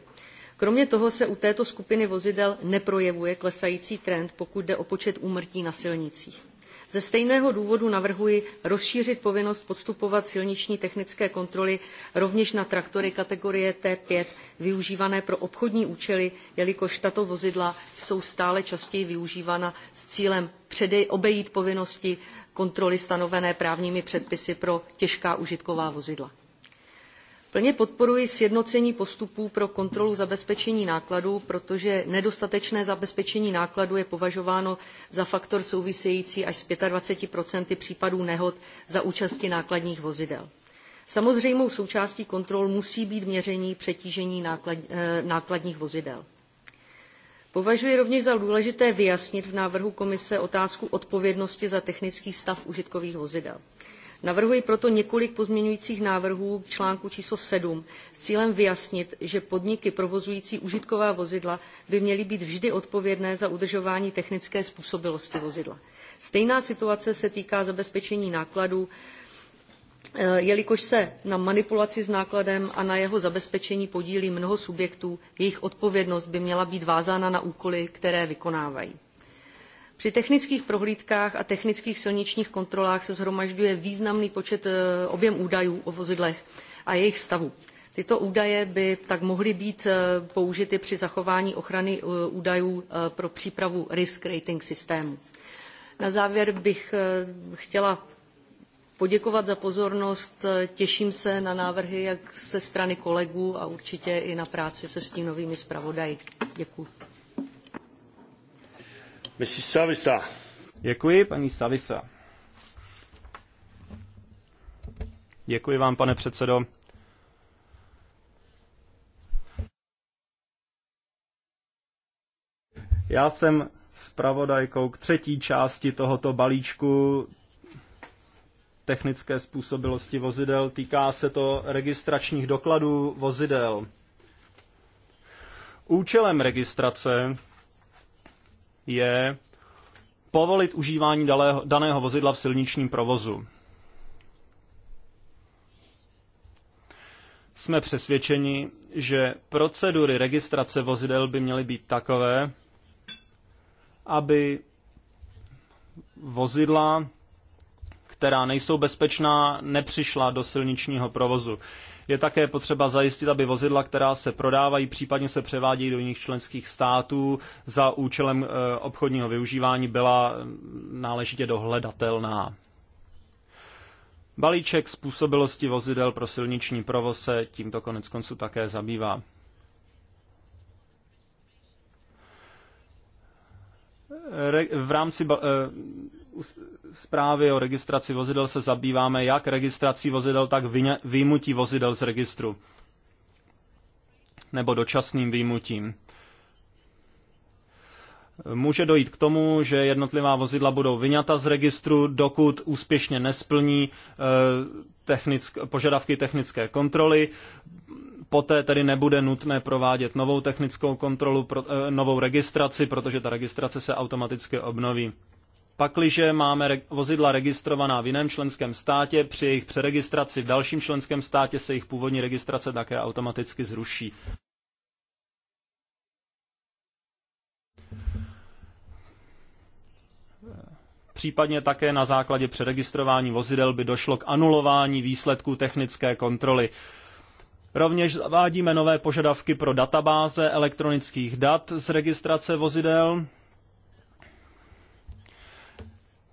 [SPEAKER 4] Kromě toho se u této skupiny vozidel neprojevuje klesající trend, pokud jde o počet úmrtí na silnicích. Ze stejného důvodu navrhuji rozšířit povinnost podstupovat silniční technické kontroly rovněž na traktory kategorie T5 využívané pro obchodní účely, jelikož tato vozidla jsou stále častěji využívána s cílem předej, obejít povinnosti kontroly stanovené právními předpisy pro těžká užitková vozidla. Plně podporuji sjednocení postupů pro kontrolu zabezpečení nákladů, protože nedostatečné zabezpečení nákladů je považováno za faktor související až s 25 případů nehod za účasti nákladních vozidel. Samozřejmou součástí kontrol musí být měření přetížení náklad, eh, nákladních vozidel. Považuji rovněž za důležité vyjasnit v návrhu komise otázku odpovědnosti za technický stav užitkových vozidel. Navrhuji proto několik pozměňujících návrhů k článku číslo 7 s cílem vyjasnit, že podniky provozující užitková vozidla by měly být vždy odpovědné za udržování technické způsobilosti vozidla. Stejná situace se týká zabezpečení nákladů Eh, jelikož se na manipulaci s nákladem a na jeho zabezpečení podílí mnoho subjektů, jejich odpovědnost by měla být vázána na úkoly, které vykonávají. Při technických prohlídkách a technických silničních kontrolách se shromažďuje významný počet eh, objem údajů o vozidlech a jejich stavu. Tyto údaje by tak mohly být eh, použity při zachování ochrany údajů pro přípravu risk rating systému. Na závěr bych chtěla poděkovat za pozornost. Těším se na návrhy jak ze strany kolegů a určitě i na práci se stínovými zpravodaji. Děkuji.
[SPEAKER 1] Mrs. Savisa. Děkuji, paní Savisa. Děkuji vám, pane předsedo. Já jsem zpravodajkou k třetí části tohoto balíčku technické způsobilosti vozidel, týká se to registračních dokladů vozidel. Účelem registrace je povolit užívání daného vozidla v silničním provozu. Jsme přesvědčeni, že procedury registrace vozidel by měly být takové, aby vozidla která nejsou bezpečná, nepřišla do silničního provozu. Je také potřeba zajistit, aby vozidla, která se prodávají, případně se převádějí do jiných členských států za účelem eh, obchodního využívání, byla mm, náležitě dohledatelná. Balíček způsobilosti vozidel pro silniční provoz se tímto konec konců také zabývá. v rámci eh, zprávy o registraci vozidel se zabýváme jak registrací vozidel, tak výjimutí vozidel z registru nebo dočasným výjimutím. Může dojít k tomu, že jednotlivá vozidla budou vyňata z registru, dokud úspěšně nesplní eh, technick, požadavky technické kontroly. Poté tedy nebude nutné provádět novou technickou kontrolu, eh, novou registraci, protože ta registrace se automaticky obnoví. Pakliže máme vozidla registrovaná v jiném členském státě, při jejich přeregistraci v dalším členském státě se jejich původní registrace také automaticky zruší. Případně také na základě přeregistrování vozidel by došlo k anulování výsledků technické kontroly. Rovněž zavádíme nové požadavky pro databáze elektronických dat z registrace vozidel,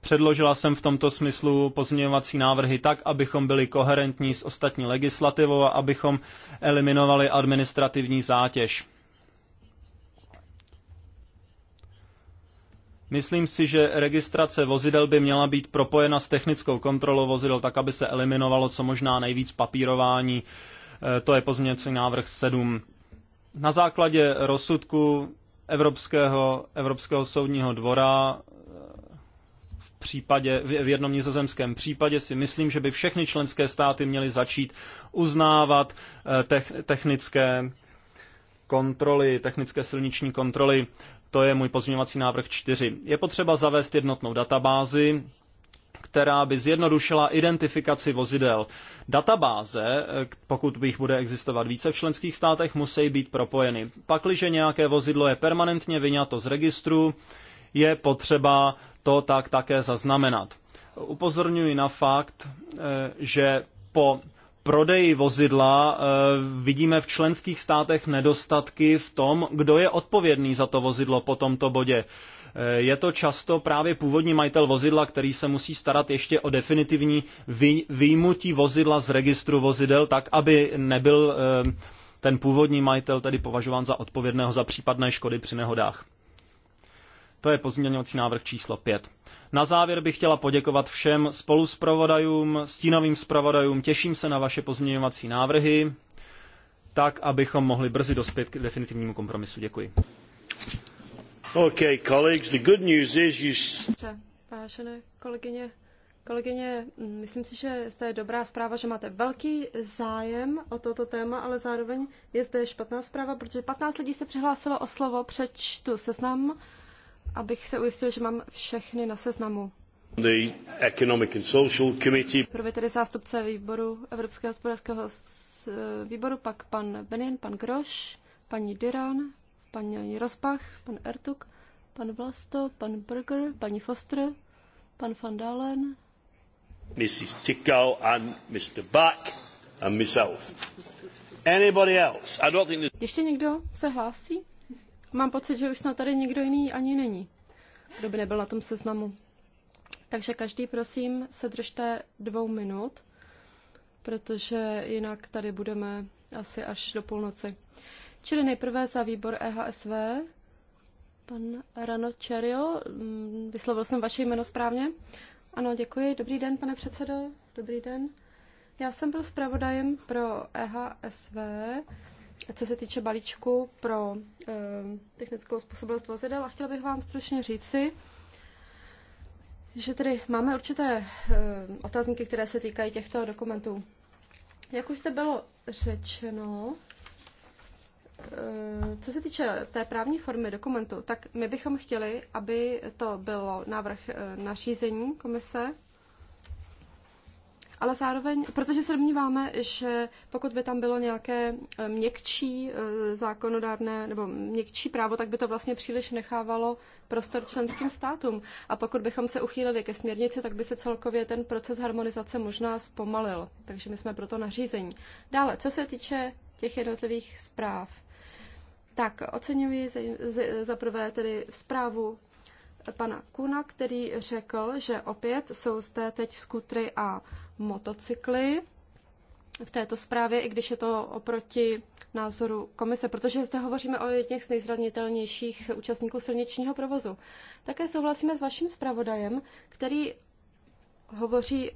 [SPEAKER 1] Předložila jsem v tomto smyslu pozměňovací návrhy tak, abychom byli koherentní s ostatní legislativou a abychom eliminovali administrativní zátěž. Myslím si, že registrace vozidel by měla být propojena s technickou kontrolou vozidel, tak aby se eliminovalo co možná nejvíc papírování. E, to je pozměňovací návrh 7. Na základě rozsudku Evropského, Evropského soudního dvora případě, v jednom nizozemském případě si myslím, že by všechny členské státy měly začít uznávat eh, technické kontroly, technické silniční kontroly. To je můj pozměňovací návrh 4. Je potřeba zavést jednotnou databázi, která by zjednodušila identifikaci vozidel. Databáze, eh, pokud bych bude existovat více v členských státech, musí být propojeny. Pakliže nějaké vozidlo je permanentně vyňato z registru, je potřeba to tak také zaznamenat. Upozorňuji na fakt, eh, že po prodeji vozidla eh, vidíme v členských státech nedostatky v tom, kdo je odpovědný za to vozidlo po tomto bodě. Eh, je to často právě původní majitel vozidla, který se musí starat ještě o definitivní výjimutí vozidla z registru vozidel, tak aby nebyl ten původní majitel tedy považován za odpovědného za případné škody při nehodách. To je pozměňovací návrh číslo 5. Na závěr bych chtěla poděkovat všem spoluzpravodajům, stínovým zpravodajům. Těším se na vaše pozměňovací návrhy, tak abychom mohli brzy dospět k definitivnímu kompromisu. Děkuji. Okay, colleagues, the good news is you...
[SPEAKER 2] Dobře, vážené kolegyně, kolegyně, myslím si, že to je dobrá zpráva, že máte velký zájem o toto téma, ale zároveň je zde špatná zpráva, protože 15 lidí se přihlásilo o slovo, přečtu seznam abych se ujistil, že mám všechny na seznamu.
[SPEAKER 1] The Economic and Social Committee.
[SPEAKER 2] tedy zástupce výboru Evropského hospodářského eh, výboru, pak pan Benin, pan Groš, paní Diran, paní Rozpach, pan Ertuk, pan Vlasto, pan Berger, paní Foster, pan van Dalen,
[SPEAKER 1] Mrs. Tickow and Mr. Back and myself. Anybody else? I don't think Ještě
[SPEAKER 2] někdo se hlásí? Mám pocit, že už snad tady nikdo jiný ani není, kdo by nebyl na tom seznamu. Takže každý, prosím, se držte dvou minut, protože jinak tady budeme asi až do půlnoci. Čili nejprve za výbor EHSV, pan Rano Čerio, mm, vyslovil jsem vaše jméno správně. Ano, děkuji. Dobrý den, pane předsedo. Dobrý den. Já jsem byl zpravodajem pro EHSV co se týče balíčku pro eh, technickou způsobilost vozidel a chtěla bych vám stručně říci, že tedy máme určité eh, otázníky, které se týkají těchto dokumentů. Jak už zde bylo řečeno, eh, co se týče té právní formy dokumentu, tak my bychom chtěli, aby to bylo návrh nařízení komise, ale zároveň, protože se domníváme, že pokud by tam bylo nějaké eh, měkčí eh, zákonodárné nebo měkčí právo, tak by to vlastně příliš nechávalo prostor členským státům. A pokud bychom se uchýlili ke směrnici, tak by se celkově ten proces harmonizace možná zpomalil. Takže my jsme proto nařízení. Dále, co se týče těch jednotlivých zpráv. Tak, oceňuji za prvé tedy zprávu pana Kuna, který řekl, že opět jsou zde teď skutry a motocykly v této zprávě, i když je to oproti názoru komise, protože zde hovoříme o jedněch z nejzranitelnějších účastníků silničního provozu. Také souhlasíme s vaším zpravodajem, který hovoří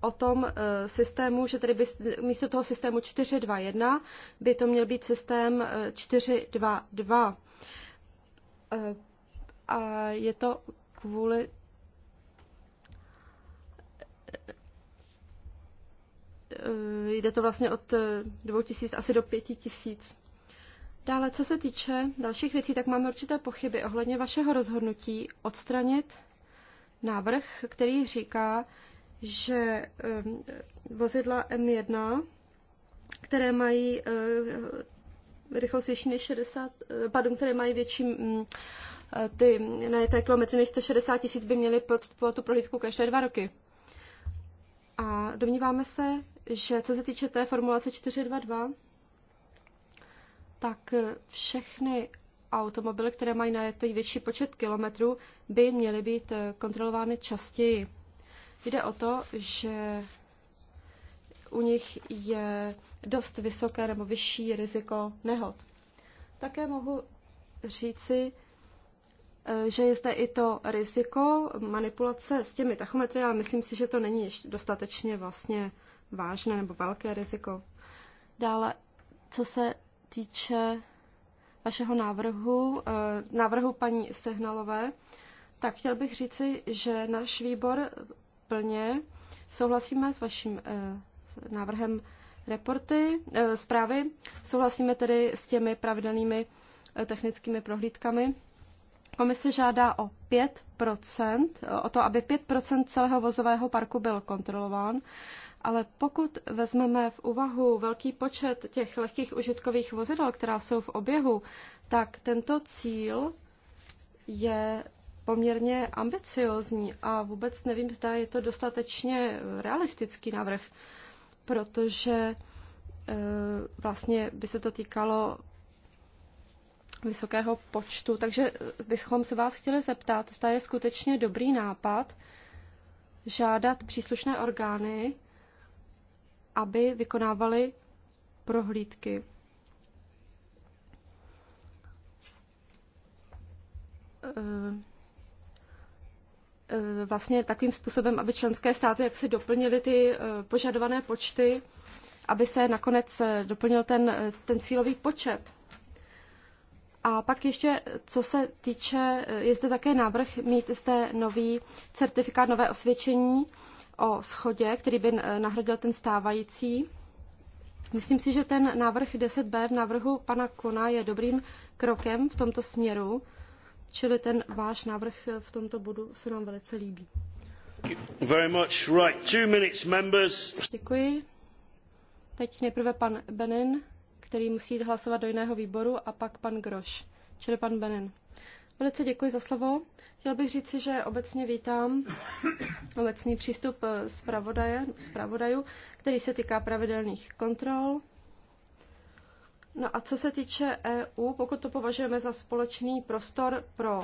[SPEAKER 2] o tom e, systému, že tedy by místo toho systému 4.2.1 by to měl být systém 4.2.2. Eh, e, eh, a je to kvůli Eh, jde to vlastně od 2000 eh, asi do 5000. Dále, co se týče dalších věcí, tak máme určité pochyby ohledně vašeho rozhodnutí odstranit návrh, který říká, že eh, vozidla M1, které mají rychlost větší než 60, pardon, které mají větší mm, ty najeté kilometry než 160 tisíc by měly pod, pod tu prohlídku každé dva roky. A domníváme se, že co se týče té formulace 422, tak všechny automobily, které mají najetý větší počet kilometrů, by měly být eh, kontrolovány častěji. Jde o to, že u nich je dost vysoké nebo vyšší riziko nehod. Také mohu říci, eh, že je zde i to riziko manipulace s těmi tachometry, ale myslím si, že to není ještě dostatečně vlastně vážné nebo velké riziko. Dále, co se týče vašeho návrhu, eh, návrhu paní Sehnalové, tak chtěl bych říci, že náš výbor plně souhlasíme s vaším eh, návrhem reporty, eh, zprávy. Souhlasíme tedy s těmi pravidelnými technickými prohlídkami. Komise žádá o 5 o to, aby 5 celého vozového parku byl kontrolován. Ale pokud vezmeme v úvahu velký počet těch lehkých užitkových vozidel, která jsou v oběhu, tak tento cíl je poměrně ambiciozní a vůbec nevím, zda je to dostatečně realistický návrh, protože e, vlastně by se to týkalo vysokého počtu. Takže bychom se vás chtěli zeptat, zda je skutečně dobrý nápad žádat příslušné orgány, aby vykonávali prohlídky. Eh, eh, vlastně takovým způsobem, aby členské státy jak doplnili doplnily ty eh, požadované počty, aby se nakonec doplnil ten, ten cílový počet. A pak ještě, co se týče, je zde také návrh mít zde nový certifikát, nové osvědčení, o schodě, který by eh, nahradil ten stávající. Myslím si, že ten návrh 10b v návrhu pana Kona je dobrým krokem v tomto směru, čili ten váš návrh eh, v tomto bodu se nám velice líbí. Very much. Right. Two minutes, members. Děkuji. Teď nejprve pan Benin, který musí hlasovat do jiného výboru, a pak pan Groš, čili pan Benin. Velice děkuji za slovo. Chtěl bych říci, že obecně vítám obecný přístup eh, zpravodaje, který se týká pravidelných kontrol. No a co se týče EU, pokud to považujeme za společný prostor pro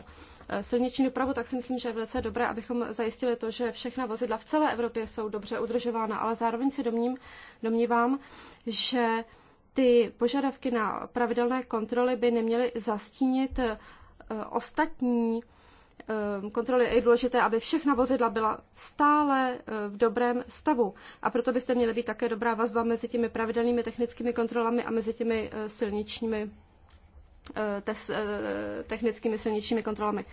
[SPEAKER 2] eh, silniční dopravu, tak si myslím, že je velice dobré, abychom zajistili to, že všechna vozidla v celé Evropě jsou dobře udržována, ale zároveň si domním, domnívám, že ty požadavky na pravidelné kontroly by neměly zastínit eh, Eh, ostatní eh, kontroly je důležité, aby všechna vozidla byla stále eh, v dobrém stavu. A proto byste měli být také dobrá vazba mezi těmi pravidelnými technickými kontrolami a mezi těmi silničními technickými silničními kontrolami.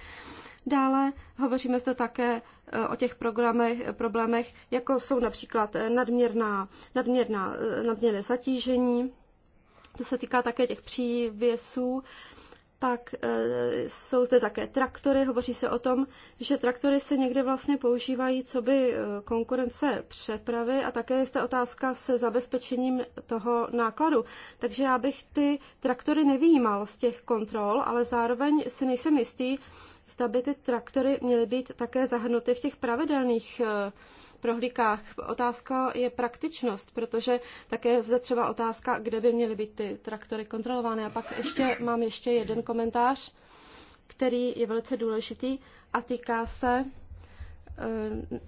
[SPEAKER 2] Dále hovoříme zde také o těch programech, problémech, jako jsou například nadměrná, nadměrná, nadměrné zatížení, to se týká také těch přívěsů, pak e, jsou zde také traktory, hovoří se o tom, že traktory se někde vlastně používají co by e, konkurence přepravy a také je zde otázka se zabezpečením toho nákladu. Takže já bych ty traktory nevýjímal z těch kontrol, ale zároveň si nejsem jistý, zda by ty traktory měly být také zahrnuty v těch pravidelných e, prohlíkách. Otázka je praktičnost, protože také je zde třeba otázka, kde by měly být ty traktory kontrolovány. A pak ještě mám ještě jeden komentář, který je velice důležitý a týká se eh,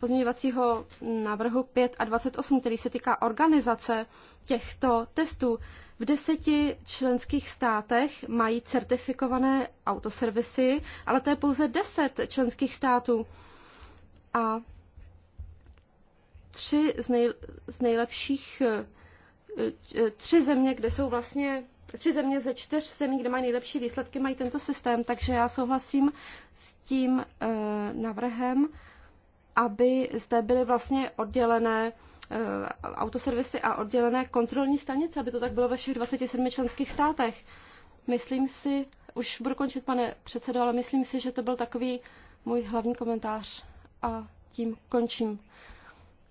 [SPEAKER 2] pozměňovacího návrhu 5 a 28, který se týká organizace těchto testů. V deseti členských státech mají certifikované autoservisy, ale to je pouze deset členských států. A tři z, nej, z nejlepších, eh, eh, tři země, kde jsou vlastně tři země ze čtyř zemí, kde mají nejlepší výsledky, mají tento systém, takže já souhlasím s tím e, eh, navrhem, aby zde byly vlastně oddělené e, autoservisy a oddělené kontrolní stanice, aby to tak bylo ve všech 27 členských státech. Myslím si, už budu končit, pane předsedo, ale myslím si, že to byl takový můj hlavní komentář a tím končím.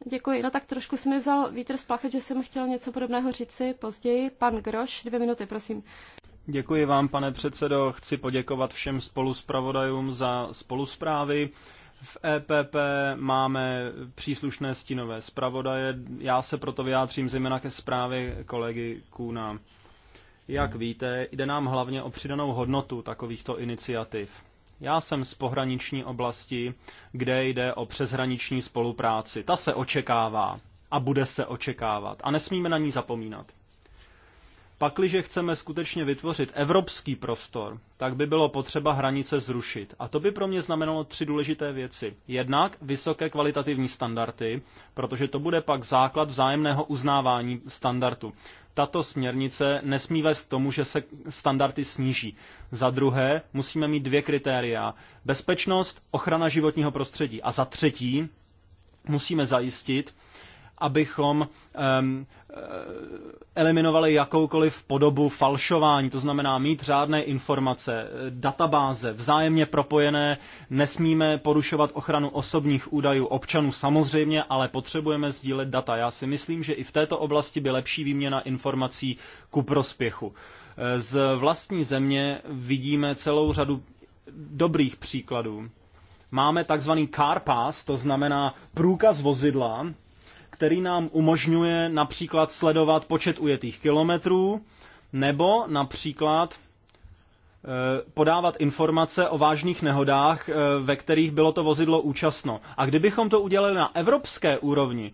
[SPEAKER 2] Děkuji. No tak trošku jsem mi vzal vítr z plachet, že jsem chtěl něco podobného říci později. Pan Groš, dvě minuty, prosím.
[SPEAKER 1] Děkuji vám, pane předsedo. Chci poděkovat všem spoluspravodajům za spolusprávy. V EPP máme příslušné stínové zpravodaje. Já se proto vyjádřím zejména ke zprávě kolegy Kůna. Jak víte, jde nám hlavně o přidanou hodnotu takovýchto iniciativ. Já jsem z pohraniční oblasti, kde jde o přeshraniční spolupráci. Ta se očekává a bude se očekávat a nesmíme na ní zapomínat. Pakliže chceme skutečně vytvořit evropský prostor, tak by bylo potřeba hranice zrušit. A to by pro mě znamenalo tři důležité věci. Jednak vysoké kvalitativní standardy, protože to bude pak základ vzájemného uznávání standardu tato směrnice nesmí vést k tomu, že se standardy sníží. Za druhé, musíme mít dvě kritéria. Bezpečnost, ochrana životního prostředí. A za třetí, musíme zajistit, abychom um, eliminovali jakoukoliv podobu falšování, to znamená mít řádné informace, eh, databáze, vzájemně propojené, nesmíme porušovat ochranu osobních údajů občanů samozřejmě, ale potřebujeme sdílet data. Já si myslím, že i v této oblasti by lepší výměna informací ku prospěchu. Eh, z vlastní země vidíme celou řadu dobrých příkladů. Máme takzvaný car pass, to znamená průkaz vozidla, který nám umožňuje například sledovat počet ujetých kilometrů nebo například e, podávat informace o vážných nehodách, e, ve kterých bylo to vozidlo účastno. A kdybychom to udělali na evropské úrovni,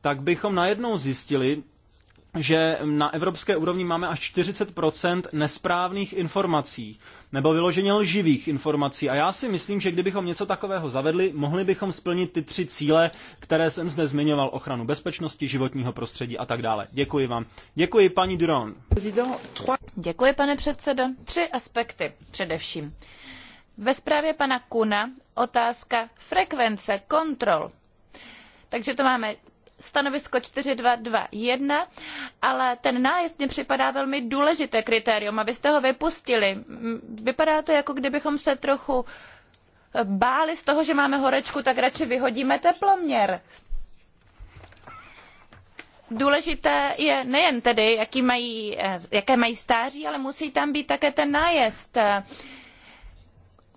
[SPEAKER 1] tak bychom najednou zjistili, že na evropské úrovni máme až 40% nesprávných informací nebo vyloženě lživých informací. A já si myslím, že kdybychom něco takového zavedli, mohli bychom splnit ty tři cíle, které jsem zde zmiňoval, ochranu bezpečnosti, životního prostředí a tak dále. Děkuji vám. Děkuji, paní Duron.
[SPEAKER 3] Děkuji, pane předsedo. Tři aspekty především. Ve zprávě pana Kuna otázka frekvence kontrol. Takže to máme stanovisko 4221, ale ten nájezd mě připadá velmi důležité kritérium, abyste ho vypustili. Vypadá to, jako kdybychom se trochu báli z toho, že máme horečku, tak radši vyhodíme teploměr. Důležité je nejen tedy, jaký mají, eh, jaké mají stáří, ale musí tam být také ten nájezd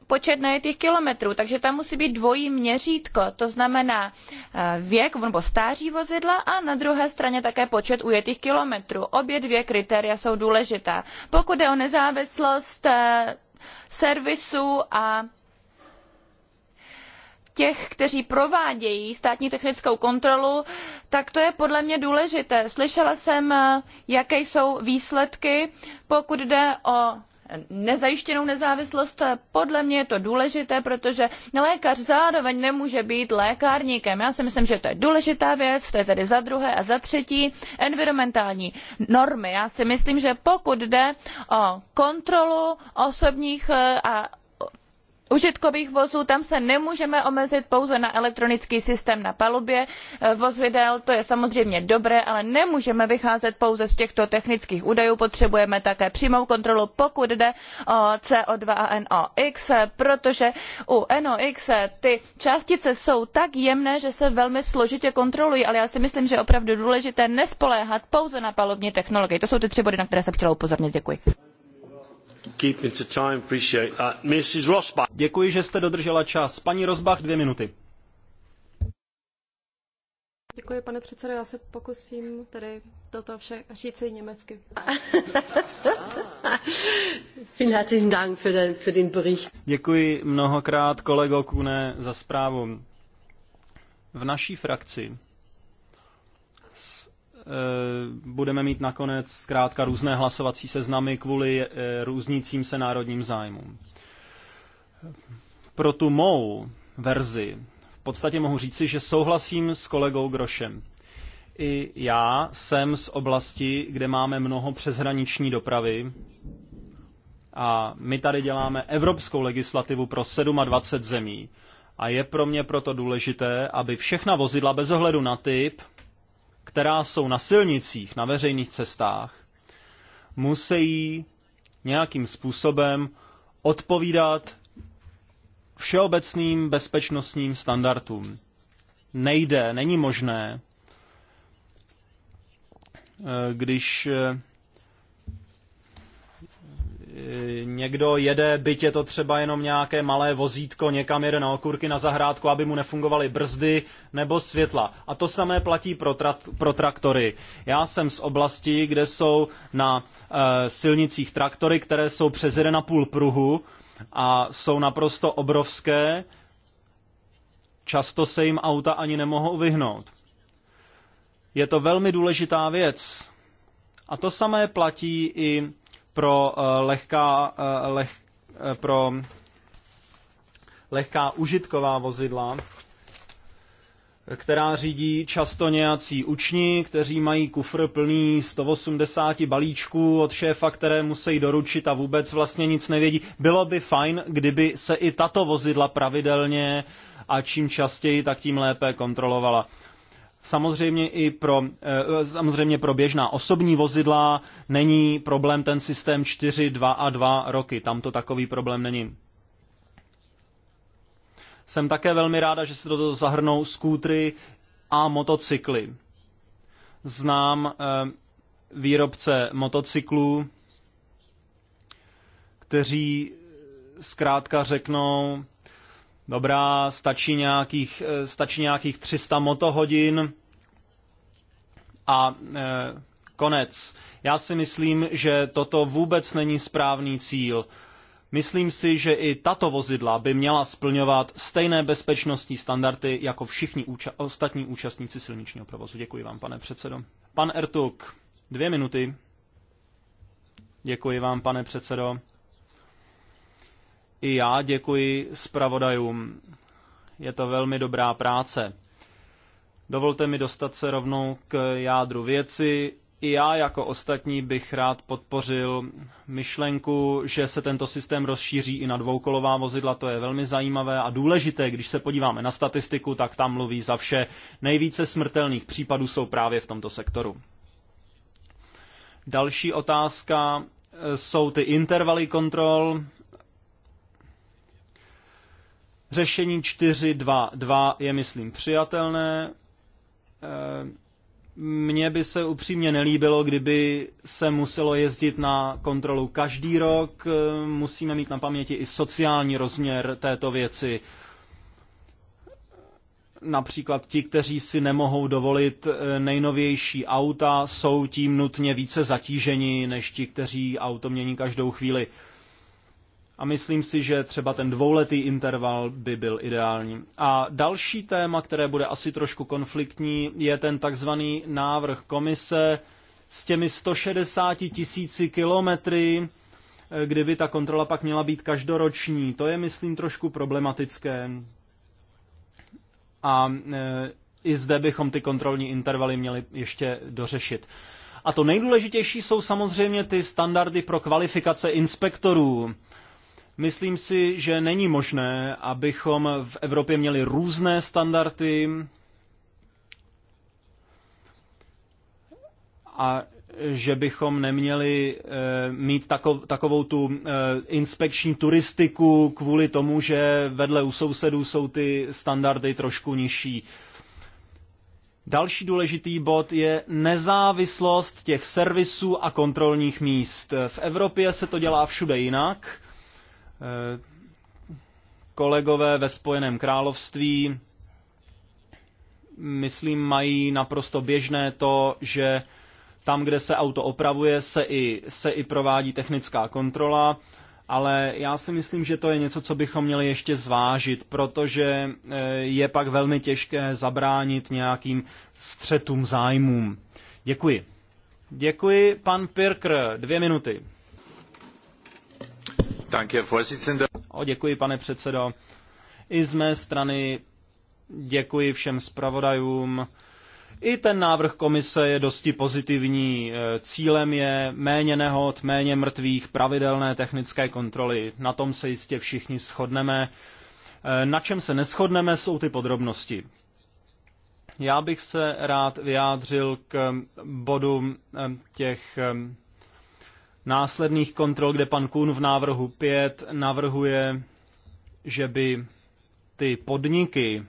[SPEAKER 3] počet najetých kilometrů, takže tam musí být dvojí měřítko, to znamená eh, věk nebo stáří vozidla a na druhé straně také počet ujetých kilometrů. Obě dvě kritéria jsou důležitá. Pokud je o nezávislost eh, servisu a těch, kteří provádějí státní technickou kontrolu, tak to je podle mě důležité. Slyšela jsem, eh, jaké jsou výsledky, pokud jde o nezajištěnou nezávislost. Podle mě je to důležité, protože lékař zároveň nemůže být lékárníkem. Já si myslím, že to je důležitá věc, to je tedy za druhé a za třetí environmentální normy. Já si myslím, že pokud jde o kontrolu osobních eh, a užitkových vozů tam se nemůžeme omezit pouze na elektronický systém na palubě eh, vozidel to je samozřejmě dobré ale nemůžeme vycházet pouze z těchto technických údajů potřebujeme také přímou kontrolu pokud jde o co two a nox protože u nox ty částice jsou tak jemné že se velmi složitě kontrolují ale já si myslím že je opravdu důležité nespoléhat pouze na palubní technologii. to jsou ty tři body na které jsem chtěla upozornit.
[SPEAKER 1] Děkuji, že jste dodržela čas. Paní Rozbach, dvě minuty.
[SPEAKER 2] Děkuji, pane předsedo. Já se pokusím tady toto vše říci německy.
[SPEAKER 1] Vielen herzlichen Dank für den, für den Bericht. Děkuji mnohokrát kolego Kune za zprávu. V naší frakci Eh, budeme mít nakonec zkrátka různé hlasovací seznamy kvůli eh, různícím se národním zájmům. Pro tu mou verzi v podstatě mohu říci, že souhlasím s kolegou Grošem. I já jsem z oblasti, kde máme mnoho přeshraniční dopravy a my tady děláme evropskou legislativu pro 27 zemí. A je pro mě proto důležité, aby všechna vozidla bez ohledu na typ která jsou na silnicích, na veřejných cestách, musí nějakým způsobem odpovídat všeobecným bezpečnostním standardům. Nejde, není možné, eh, když eh, E, někdo jede, byť je to třeba jenom nějaké malé vozítko, někam jede na okurky na zahrádku, aby mu nefungovaly brzdy nebo světla. A to samé platí pro, tra- pro traktory. Já jsem z oblasti, kde jsou na e, silnicích traktory, které jsou přes 1,5 pruhu a jsou naprosto obrovské. Často se jim auta ani nemohou vyhnout. Je to velmi důležitá věc. A to samé platí i pro eh, lehká, eh, leh, eh, pro lehká užitková vozidla, která řídí často nějací uční, kteří mají kufr plný 180 balíčků od šéfa, které musí doručit a vůbec vlastně nic nevědí. Bylo by fajn, kdyby se i tato vozidla pravidelně a čím častěji, tak tím lépe kontrolovala. Samozřejmě i pro, eh, samozřejmě pro běžná osobní vozidla není problém ten systém 4, 2 a 2 roky. Tam to takový problém není. Jsem také velmi ráda, že se do toho zahrnou skútry a motocykly. Znám eh, výrobce motocyklů, kteří zkrátka řeknou, Dobrá, stačí nějakých, eh, stačí nějakých 300 motohodin a e, konec. Já si myslím, že toto vůbec není správný cíl. Myslím si, že i tato vozidla by měla splňovat stejné bezpečnostní standardy jako všichni úča- ostatní účastníci silničního provozu. Děkuji vám, pane předsedo. Pan Ertuk, dvě minuty. Děkuji vám, pane předsedo. I já děkuji zpravodajům. Je to velmi dobrá práce. Dovolte mi dostat se rovnou k jádru věci. I já jako ostatní bych rád podpořil myšlenku, že se tento systém rozšíří i na dvoukolová vozidla. To je velmi zajímavé a důležité. Když se podíváme na statistiku, tak tam mluví za vše. Nejvíce smrtelných případů jsou právě v tomto sektoru. Další otázka e, jsou ty intervaly kontrol. Řešení 4.2.2 je, myslím, přijatelné. Eh, mně by se upřímně nelíbilo, kdyby se muselo jezdit na kontrolu každý rok. Eh, musíme mít na paměti i sociální rozměr této věci. Například ti, kteří si nemohou dovolit eh, nejnovější auta, jsou tím nutně více zatíženi než ti, kteří auto mění každou chvíli a myslím si, že třeba ten dvouletý interval by byl ideální. A další téma, které bude asi trošku konfliktní, je ten takzvaný návrh komise s těmi 160 tisíci kilometry, kdyby ta kontrola pak měla být každoroční. To je, myslím, trošku problematické. A e, i zde bychom ty kontrolní intervaly měli ještě dořešit. A to nejdůležitější jsou samozřejmě ty standardy pro kvalifikace inspektorů. Myslím si, že není možné, abychom v Evropě měli různé standardy a že bychom neměli e, mít tako, takovou tu e, inspekční turistiku kvůli tomu, že vedle u sousedů jsou ty standardy trošku nižší. Další důležitý bod je nezávislost těch servisů a kontrolních míst. V Evropě se to dělá všude jinak Kolegové ve Spojeném království, myslím, mají naprosto běžné to, že tam, kde se auto opravuje, se i, se i provádí technická kontrola, ale já si myslím, že to je něco, co bychom měli ještě zvážit, protože eh, je pak velmi těžké zabránit nějakým střetům zájmům. Děkuji. Děkuji, pan Pirkr. Dvě minuty. O, děkuji, pane předsedo. I z mé strany děkuji všem zpravodajům. I ten návrh komise je dosti pozitivní. E, cílem je méně nehod, méně mrtvých, pravidelné technické kontroly. Na tom se jistě všichni shodneme. E, na čem se neschodneme, jsou ty podrobnosti. Já bych se rád vyjádřil k bodu e, těch následných kontrol, kde pan Kuhn v návrhu 5 navrhuje, že by ty podniky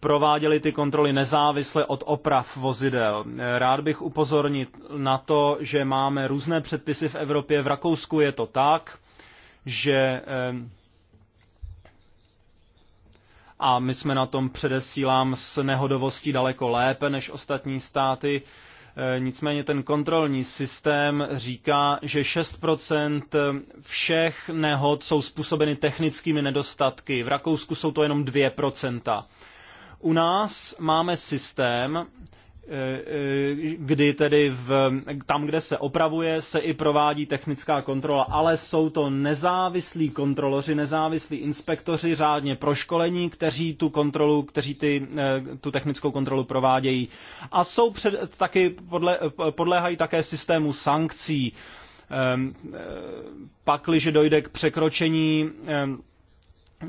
[SPEAKER 1] prováděly ty kontroly nezávisle od oprav vozidel. Rád bych upozornit na to, že máme různé předpisy v Evropě. V Rakousku je to tak, že eh, a my jsme na tom předesílám s nehodovostí daleko lépe než ostatní státy. E, nicméně ten kontrolní systém říká, že 6% všech nehod jsou způsobeny technickými nedostatky. V Rakousku jsou to jenom 2%. U nás máme systém, Eh, eh, kdy tedy v, tam, kde se opravuje, se i provádí technická kontrola, ale jsou to nezávislí kontroloři, nezávislí inspektoři řádně proškolení, kteří tu kontrolu, kteří ty, eh, tu technickou kontrolu provádějí. A jsou před, taky podle, podléhají také systému sankcí. Ehm, pakliže dojde k překročení ehm,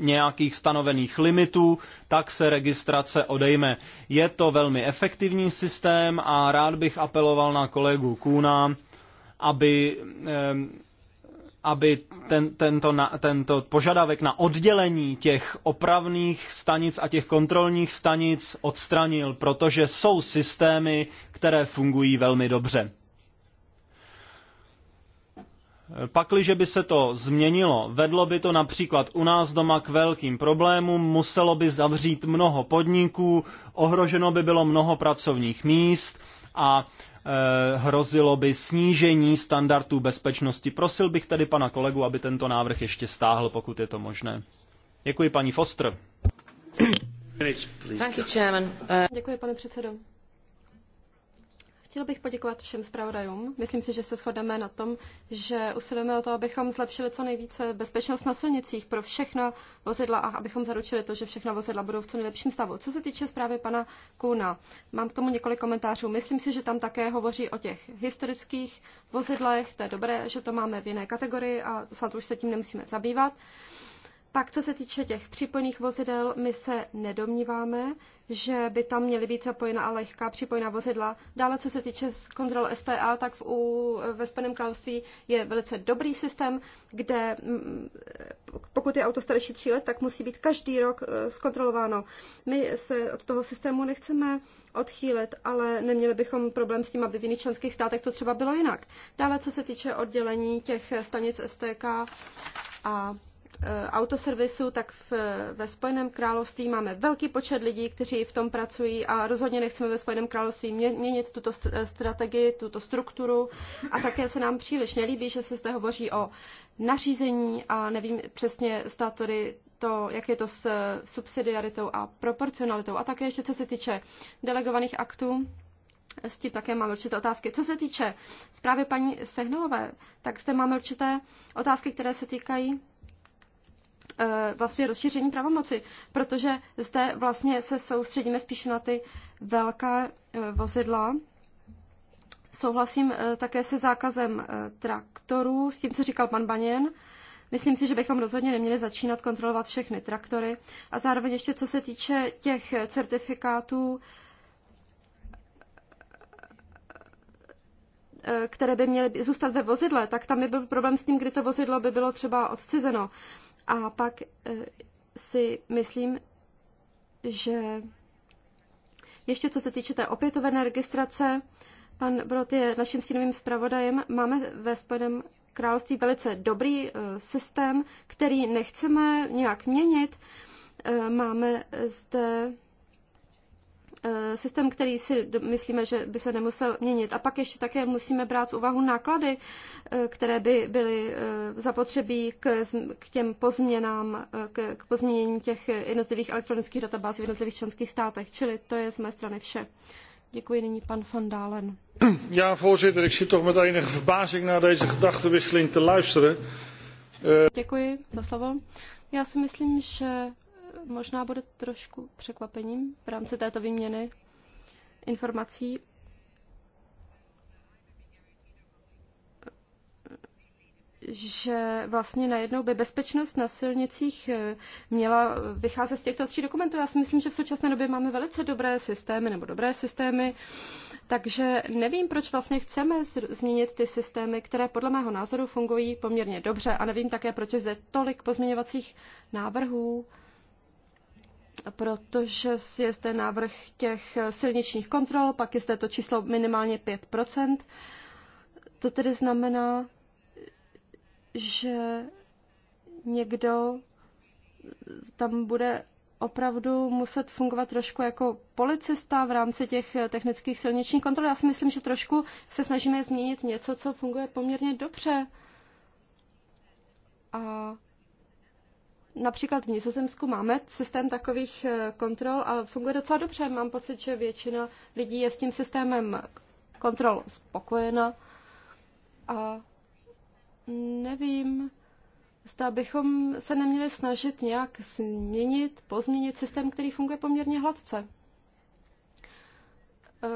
[SPEAKER 1] nějakých stanovených limitů, tak se registrace odejme. Je to velmi efektivní systém a rád bych apeloval na kolegu Kůna, aby, aby ten, tento, na, tento požadavek na oddělení těch opravných stanic a těch kontrolních stanic odstranil, protože jsou systémy, které fungují velmi dobře. Pakliže by se to změnilo, vedlo by to například u nás doma k velkým problémům, muselo by zavřít mnoho podniků, ohroženo by bylo mnoho pracovních míst a e, hrozilo by snížení standardů bezpečnosti. Prosil bych tedy pana kolegu, aby tento návrh ještě stáhl, pokud je to možné. Děkuji, paní Foster. Uh,
[SPEAKER 2] Děkuji, pane předsedo. Chtěl bych poděkovat všem zpravodajům. Myslím si, že se shodneme na tom, že usilujeme o to, abychom zlepšili co nejvíce bezpečnost na silnicích pro všechna vozidla a abychom zaručili to, že všechna vozidla budou v co nejlepším stavu. Co se týče zprávy pana Kuna, mám k tomu několik komentářů. Myslím si, že tam také hovoří o těch historických vozidlech. To je dobré, že to máme v jiné kategorii a snad už se tím nemusíme zabývat. Uh, pak, co se týče těch připojných vozidel, my se nedomníváme, že by tam měly být zapojena a lehká připojná vozidla. Dále, co se týče kontrol STA, tak v, u, ve Spojeném království je velice dobrý systém, kde mm, pokud je auto starší tří let, tak musí být každý rok eh, zkontrolováno. My se od toho systému nechceme odchýlit, ale neměli bychom problém s tím, aby v jiných členských státech to třeba bylo jinak. Dále, co se týče oddělení těch stanic STK a Eh, autoservisů, tak v, ve Spojeném království máme velký počet lidí, kteří v tom pracují a rozhodně nechceme ve Spojeném království měnit tuto eh, strategii, tuto strukturu a také se nám příliš nelíbí, že se zde hovoří o nařízení a nevím přesně státory to, jak je to s eh, subsidiaritou a proporcionalitou a také ještě co se týče delegovaných aktů, s tím také máme určité otázky. Co se týče zprávy paní Sehnalové, tak zde máme určité otázky, které se týkají Eh, vlastně rozšíření pravomoci, protože zde vlastně se soustředíme spíše na ty velká eh, vozidla. Souhlasím eh, také se zákazem traktorů, s tím, co říkal pan Baněn. Myslím si, že bychom rozhodně neměli začínat kontrolovat všechny traktory. A zároveň ještě, co se týče těch certifikátů, které by měly zůstat ve vozidle, tak tam by byl problém s tím, kdy to vozidlo by bylo třeba odcizeno. Uh, a pak eh, si myslím, že ještě co se týče té opětovné registrace, pan Brod je naším stínovým zpravodajem. Máme ve Spojeném království velice dobrý eh, systém, který nechceme nějak měnit. Eh, máme zde Eh, systém, který si myslíme, že by se nemusel měnit. A pak ještě také musíme brát v úvahu náklady, eh, které by byly eh, zapotřebí k, k těm pozměnám, k, k pozměnění těch jednotlivých elektronických databází v jednotlivých členských státech. Čili to je z mé strany vše. Děkuji nyní pan van Dalen.
[SPEAKER 1] Já, Ja, voorzitter, ik zit toch met enige verbazing na deze gedachtenwisseling te luisteren.
[SPEAKER 2] Děkuji za slovo. Já si myslím, že možná bude trošku překvapením v rámci této výměny informací. že vlastně najednou by bezpečnost na silnicích eh, měla vycházet z těchto tří dokumentů. Já si myslím, že v současné době máme velice dobré systémy nebo dobré systémy, takže nevím, proč vlastně chceme změnit ty systémy, které podle mého názoru fungují poměrně dobře a nevím také, proč je zde tolik pozměňovacích návrhů protože je zde návrh těch silničních kontrol, pak je zde to číslo minimálně 5%. To tedy znamená, že někdo tam bude opravdu muset fungovat trošku jako policista v rámci těch technických silničních kontrol. Já si myslím, že trošku se snažíme změnit něco, co funguje poměrně dobře. A Například v Nizozemsku máme systém takových eh, kontrol a funguje docela dobře. Mám pocit, že většina lidí je s tím systémem kontrol spokojena. A nevím, zda bychom se neměli snažit nějak změnit, pozměnit systém, který funguje poměrně hladce. Eh,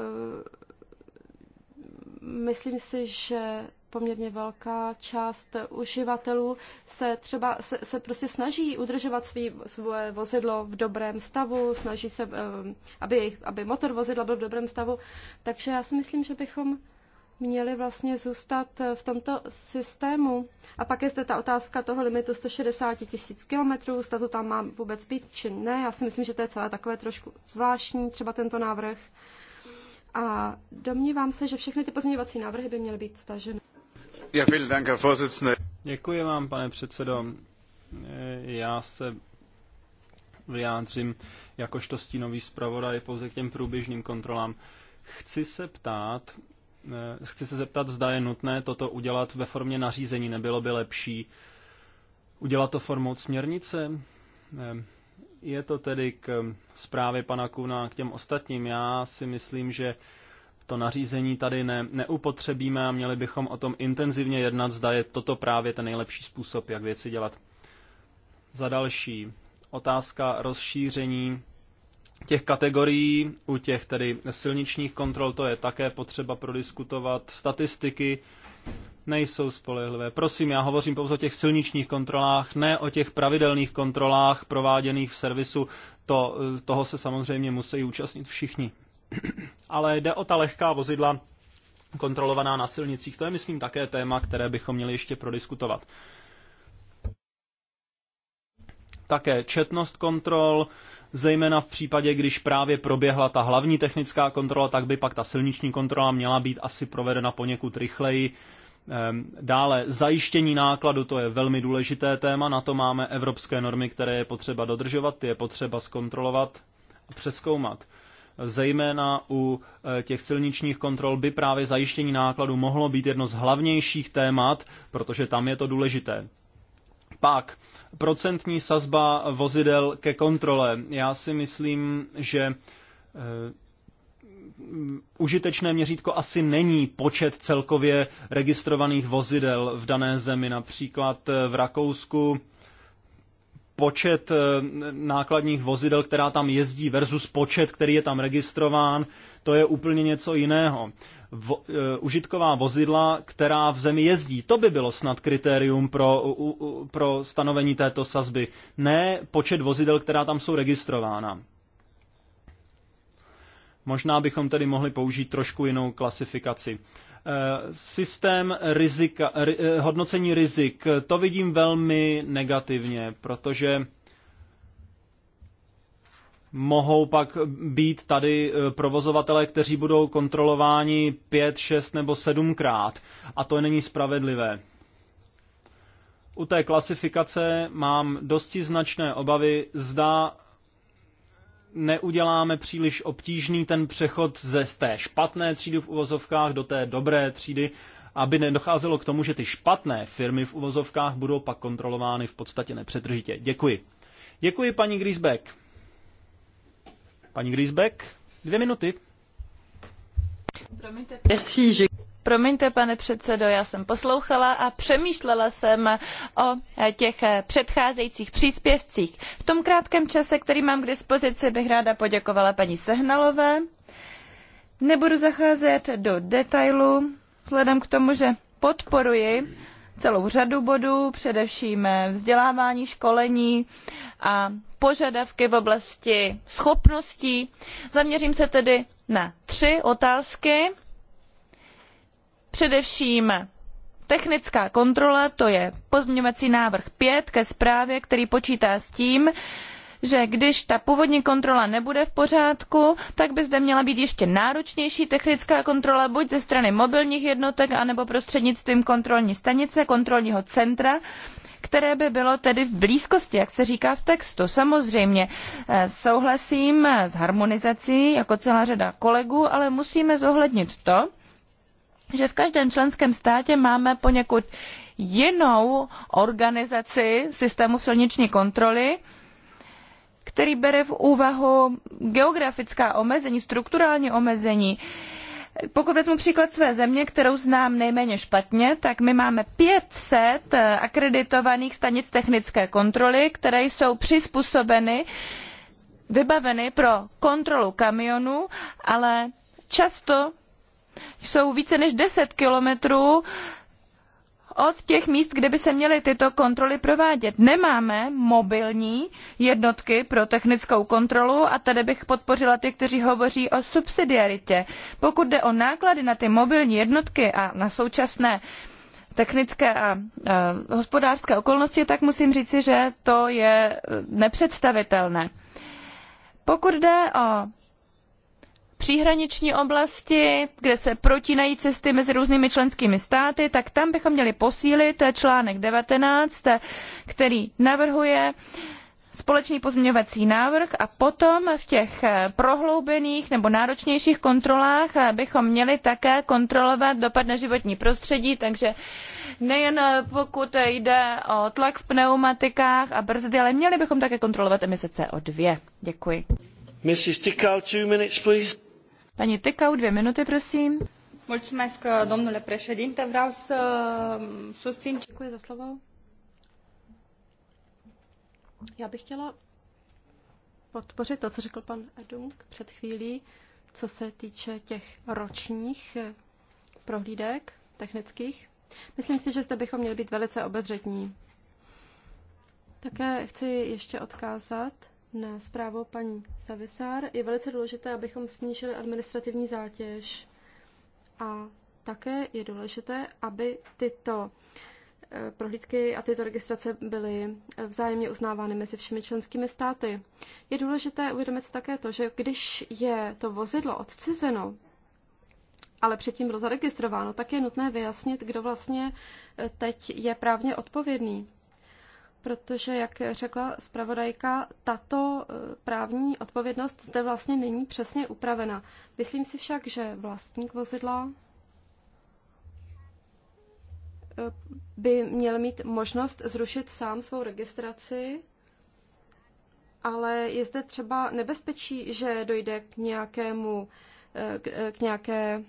[SPEAKER 2] myslím si, že poměrně velká část uživatelů se třeba se, se prostě snaží udržovat svý, svoje vozidlo v dobrém stavu, snaží se, eh, aby, aby motor vozidla byl v dobrém stavu. Takže já si myslím, že bychom měli vlastně zůstat eh, v tomto systému. A pak je zde ta otázka toho limitu 160 tisíc kilometrů, zda to tam má vůbec být či ne. Já si myslím, že to je celé takové trošku zvláštní, třeba tento návrh. A domnívám se, že všechny ty pozměňovací návrhy by měly být staženy.
[SPEAKER 1] Děkuji vám, pane předsedo. Já se vyjádřím jakožto stínový zpravodaj pouze k těm průběžným kontrolám. Chci se ptát, eh, chci se zeptat, zda je nutné toto udělat ve formě nařízení. Nebylo by lepší udělat to formou směrnice? Eh, je to tedy k zprávě pana Kuna, k těm ostatním. Já si myslím, že to nařízení tady ne, neupotřebíme a měli bychom o tom intenzivně jednat, zda je toto právě ten nejlepší způsob, jak věci dělat. Za další, otázka rozšíření těch kategorií, u těch tedy silničních kontrol, to je také potřeba prodiskutovat. Statistiky nejsou spolehlivé. Prosím, já hovořím pouze o těch silničních kontrolách, ne o těch pravidelných kontrolách prováděných v servisu. To, toho se samozřejmě musí účastnit všichni ale jde o ta lehká vozidla kontrolovaná na silnicích. To je, myslím, také téma, které bychom měli ještě prodiskutovat. Také četnost kontrol, zejména v případě, když právě proběhla ta hlavní technická kontrola, tak by pak ta silniční kontrola měla být asi provedena poněkud rychleji. Ehm, dále zajištění nákladu, to je velmi důležité téma, na to máme evropské normy, které je potřeba dodržovat, ty je potřeba zkontrolovat a přeskoumat zejména u eh, těch silničních kontrol by právě zajištění nákladu mohlo být jedno z hlavnějších témat, protože tam je to důležité. Pak procentní sazba vozidel ke kontrole. Já si myslím, že eh, užitečné měřítko asi není počet celkově registrovaných vozidel v dané zemi. Například eh, v Rakousku počet eh, nákladních vozidel, která tam jezdí, versus počet, který je tam registrován, to je úplně něco jiného. Vo, e, užitková vozidla, která v zemi jezdí, to by bylo snad kritérium pro, u, u, pro stanovení této sazby, ne počet vozidel, která tam jsou registrována. Možná bychom tedy mohli použít trošku jinou klasifikaci. Eh, systém rizika, eh, hodnocení rizik, to vidím velmi negativně, protože mohou pak být tady eh, provozovatelé, kteří budou kontrolováni pět, šest nebo sedmkrát. A to není spravedlivé. U té klasifikace mám dosti značné obavy, zda neuděláme příliš obtížný ten přechod ze té špatné třídy v uvozovkách do té dobré třídy, aby nedocházelo k tomu, že ty špatné firmy v uvozovkách budou pak kontrolovány v podstatě nepřetržitě. Děkuji. Děkuji, paní Grisbeck. Paní Grisbeck, dvě minuty.
[SPEAKER 3] Promiňte. Merci, že... Promiňte, pane předsedo, já jsem poslouchala a přemýšlela jsem o těch předcházejících příspěvcích. V tom krátkém čase, který mám k dispozici, bych ráda poděkovala paní Sehnalové. Nebudu zacházet do detailu, vzhledem k tomu, že podporuji celou řadu bodů, především vzdělávání, školení a požadavky v oblasti schopností. Zaměřím se tedy na tři otázky Především technická kontrola, to je pozměňovací návrh five ke zprávě, který počítá s tím, že když ta původní kontrola nebude v pořádku, tak by zde měla být ještě náročnější technická kontrola buď ze strany mobilních jednotek, anebo prostřednictvím kontrolní stanice, kontrolního centra, které by bylo tedy v blízkosti, jak se říká v textu. Samozřejmě eh, souhlasím s harmonizací jako celá řada kolegů, ale musíme zohlednit to, že v každém členském státě máme poněkud jinou organizaci systému silniční kontroly, který bere v úvahu geografická omezení, strukturální omezení. Pokud vezmu příklad své země, kterou znám nejméně špatně, tak my máme 500 akreditovaných stanic technické kontroly, které jsou přizpůsobeny, vybaveny pro kontrolu kamionů, ale často jsou více než deset kilometrů od těch míst, kde by se měly tyto kontroly provádět. Nemáme mobilní jednotky pro technickou kontrolu a tady bych podpořila ty, kteří hovoří o subsidiaritě. Pokud jde o náklady na ty mobilní jednotky a na současné technické a, hospodářské okolnosti, tak musím říci, že to je e, nepředstavitelné. Pokud jde o příhraniční oblasti, kde se protínají cesty mezi různými členskými státy, tak tam bychom měli posílit článek 19, který navrhuje společný pozměňovací návrh a potom v těch prohloubených nebo náročnějších kontrolách bychom měli také kontrolovat dopad na životní prostředí, takže nejen pokud jde o tlak v pneumatikách a brzdy, ale měli bychom také kontrolovat emise CO2. Děkuji. Mrs. two minutes, please. Paní Tykau, dvě minuty, prosím. Mulțumesc, domnule președinte. Vreau să
[SPEAKER 2] mm, susțin... Děkuji za slovo. Já bych chtěla podpořit to, co řekl pan Edung před chvílí, co se týče těch ročních eh, prohlídek technických. Myslím si, že zde bychom měli být velice obezřetní. Také chci ještě odkázat na zprávu paní Savisár. Je velice důležité, abychom snížili administrativní zátěž a také je důležité, aby tyto eh, prohlídky a tyto registrace byly eh, vzájemně uznávány mezi všemi členskými státy. Je důležité uvědomit také to, že když je to vozidlo odcizeno, ale předtím bylo zaregistrováno, tak je nutné vyjasnit, kdo vlastně eh, teď je právně odpovědný protože, jak řekla zpravodajka, tato e, právní odpovědnost zde vlastně není přesně upravena. Myslím si však, že vlastník vozidla e, by měl mít možnost zrušit sám svou registraci, ale je zde třeba nebezpečí, že dojde k nějakému, e, k, nějaké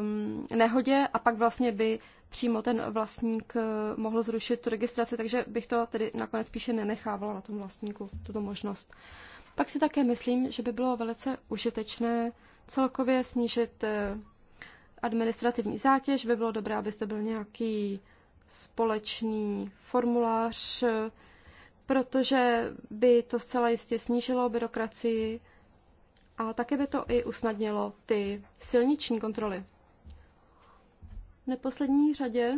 [SPEAKER 2] um, nehodě a pak vlastně by přímo ten vlastník eh, mohl zrušit tu registraci, takže bych to tedy nakonec spíše nenechávala na tom vlastníku, tuto možnost. Pak si také myslím, že by bylo velice užitečné celkově snížit eh, administrativní zátěž. By bylo dobré, abyste byl nějaký společný formulář, eh, protože by to zcela jistě snížilo byrokracii a také by to i usnadnilo ty silniční kontroly. V neposlední řadě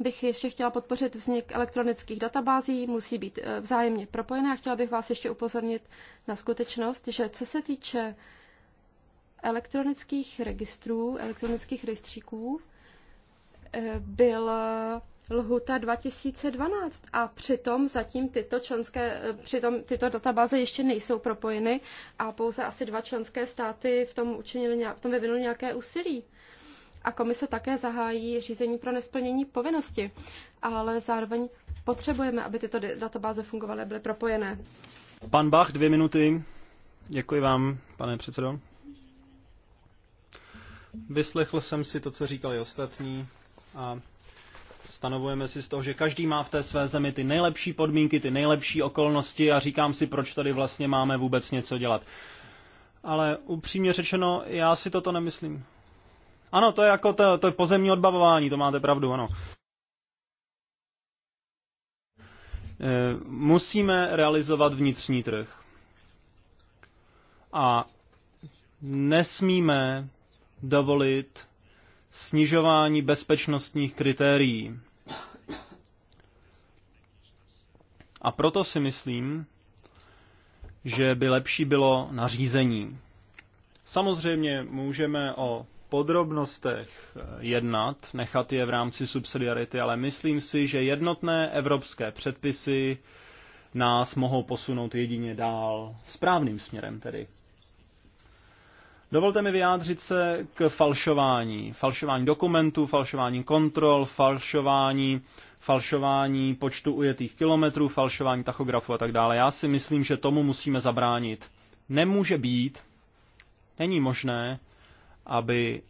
[SPEAKER 2] bych ještě chtěla podpořit vznik elektronických databází, musí být eh, vzájemně propojené a chtěla bych vás ještě upozornit na skutečnost, že co se týče elektronických registrů, elektronických rejstříků, eh, byl eh, lhuta 2012 a přitom zatím tyto, členské, přitom tyto databáze ještě nejsou propojeny a pouze asi dva členské státy v tom, učinili, v tom vyvinuli nějaké úsilí a komise také zahájí řízení pro nesplnění povinnosti, ale zároveň potřebujeme, aby tyto databáze fungovaly byly propojené.
[SPEAKER 1] Pan Bach, dvě minuty. Děkuji vám, pane předsedo. Vyslechl jsem si to, co říkali ostatní a stanovujeme si z toho, že každý má v té své zemi ty nejlepší podmínky, ty nejlepší okolnosti a říkám si, proč tady vlastně máme vůbec něco dělat. Ale upřímně řečeno, já si toto nemyslím. Ano, to je jako to, to je pozemní odbavování, to máte pravdu, ano. Eh, musíme realizovat vnitřní trh. A nesmíme dovolit snižování bezpečnostních kritérií. A proto si myslím, že by lepší bylo nařízení. Samozřejmě můžeme o podrobnostech jednat, nechat je v rámci subsidiarity, ale myslím si, že jednotné evropské předpisy nás mohou posunout jedině dál správným směrem tedy. Dovolte mi vyjádřit se k falšování. Falšování dokumentů, falšování kontrol, falšování, falšování počtu ujetých kilometrů, falšování tachografu a tak dále. Já si myslím, že tomu musíme zabránit. Nemůže být, není možné, aby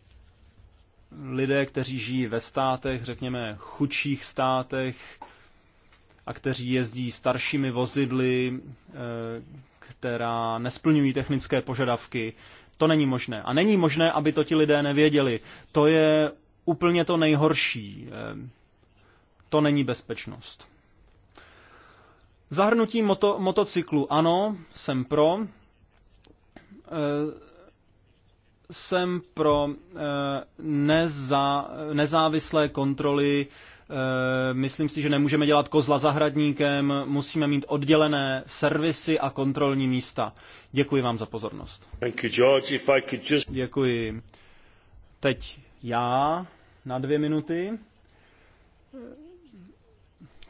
[SPEAKER 1] lidé, kteří žijí ve státech, řekněme chudších státech, a kteří jezdí staršími vozidly, eh, která nesplňují technické požadavky. To není možné. A není možné, aby to ti lidé nevěděli. To je úplně to nejhorší. Eh, to není bezpečnost. Zahrnutí moto, motocyklu, ano, jsem pro. Eh, jsem pro eh, nezá, nezávislé kontroly. Eh, myslím si, že nemůžeme dělat kozla zahradníkem, musíme mít oddělené servisy a kontrolní místa. Děkuji vám za pozornost. Thank you, George. If I could just... Děkuji. Teď já na dvě minuty.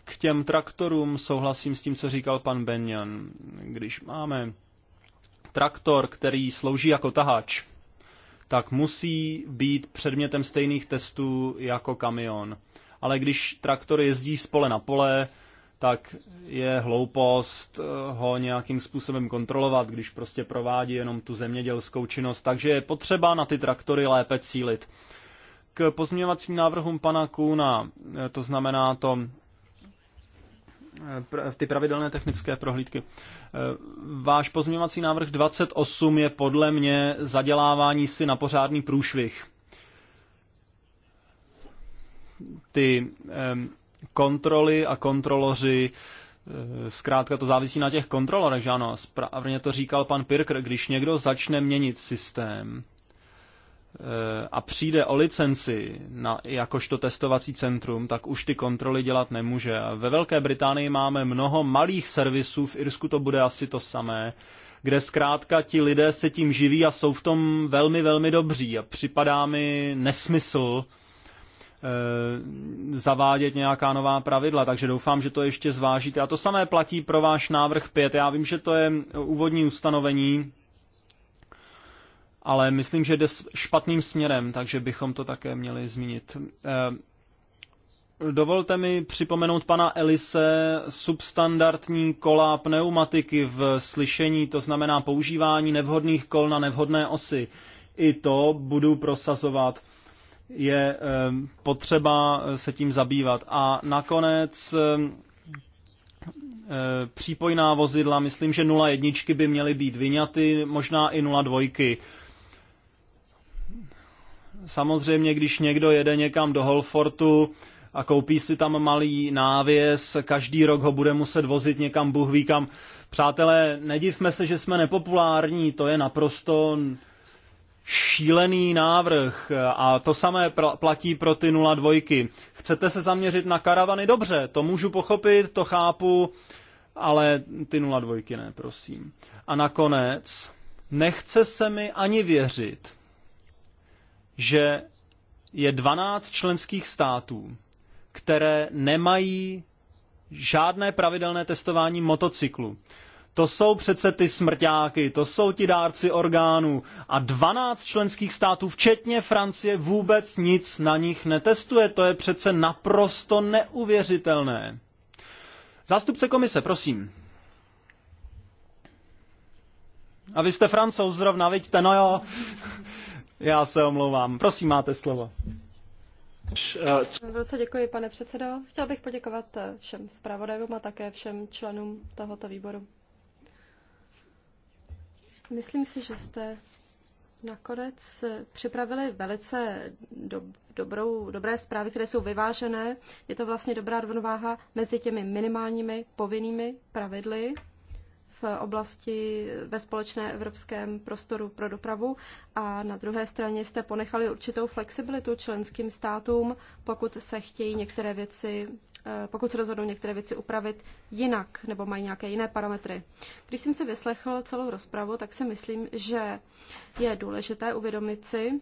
[SPEAKER 1] K těm traktorům souhlasím s tím, co říkal pan Benjan. Když máme traktor, který slouží jako tahač, tak musí být předmětem stejných testů jako kamion. Ale když traktor jezdí z pole na pole, tak je hloupost eh, ho nějakým způsobem kontrolovat, když prostě provádí jenom tu zemědělskou činnost. Takže je potřeba na ty traktory lépe cílit. K pozměňovacím návrhům pana Kůna, eh, to znamená to ty pravidelné technické prohlídky. E, váš pozměňovací návrh 28 je podle mě zadělávání si na pořádný průšvih. Ty kontroly a kontroloři e, Zkrátka to závisí na těch kontrolorech, že ano, správně to říkal pan Pirkr, když někdo začne měnit systém, Eh, a přijde o licenci na, jakožto testovací centrum, tak už ty kontroly dělat nemůže. ve Velké Británii máme mnoho malých servisů, v Irsku to bude asi to samé, kde zkrátka ti lidé se tím živí a jsou v tom velmi, velmi dobří. A připadá mi nesmysl eh, zavádět nějaká nová pravidla, takže doufám, že to ještě zvážíte. A to samé platí pro váš návrh 5. Já vím, že to je úvodní ustanovení, ale myslím, že jde špatným směrem, takže bychom to také měli zmínit. Eh, dovolte mi připomenout pana Elise substandardní kola pneumatiky v slyšení, to znamená používání nevhodných kol na nevhodné osy. I to budu prosazovat. Je eh, potřeba se tím zabývat. A nakonec eh, přípojná vozidla, myslím, že 0,1 by měly být vyňaty, možná i dvojky. Samozřejmě, když někdo jede někam do Holfortu a koupí si tam malý návěs, každý rok ho bude muset vozit někam, Bůh ví kam. Přátelé, nedivme se, že jsme nepopulární, to je naprosto šílený návrh a to samé platí pro ty 02. Chcete se zaměřit na karavany? Dobře, to můžu pochopit, to chápu, ale ty 02 ne, prosím. A nakonec, nechce se mi ani věřit, že je 12 členských států, které nemají žádné pravidelné testování motocyklu. To jsou přece ty smrťáky, to jsou ti dárci orgánů a 12 členských států, včetně Francie, vůbec nic na nich netestuje. To je přece naprosto neuvěřitelné. Zástupce komise, prosím. A vy jste francouz zrovna, vidíte, no jo. Já se omlouvám. Prosím, máte slovo.
[SPEAKER 2] Velice děkuji, pane předsedo. Chtěl bych poděkovat eh, všem zpravodajům a také všem členům tohoto výboru. Myslím si, že jste nakonec eh, připravili velice do, dobrou, dobré zprávy, které jsou vyvážené. Je to vlastně dobrá rovnováha mezi těmi minimálními povinnými pravidly v oblasti ve společné evropském prostoru pro dopravu a na druhé straně jste ponechali určitou flexibilitu členským státům, pokud se chtějí některé věci eh, pokud se rozhodnou některé věci upravit jinak nebo mají nějaké jiné parametry. Když jsem si vyslechl celou rozpravu, tak si myslím, že je důležité uvědomit si,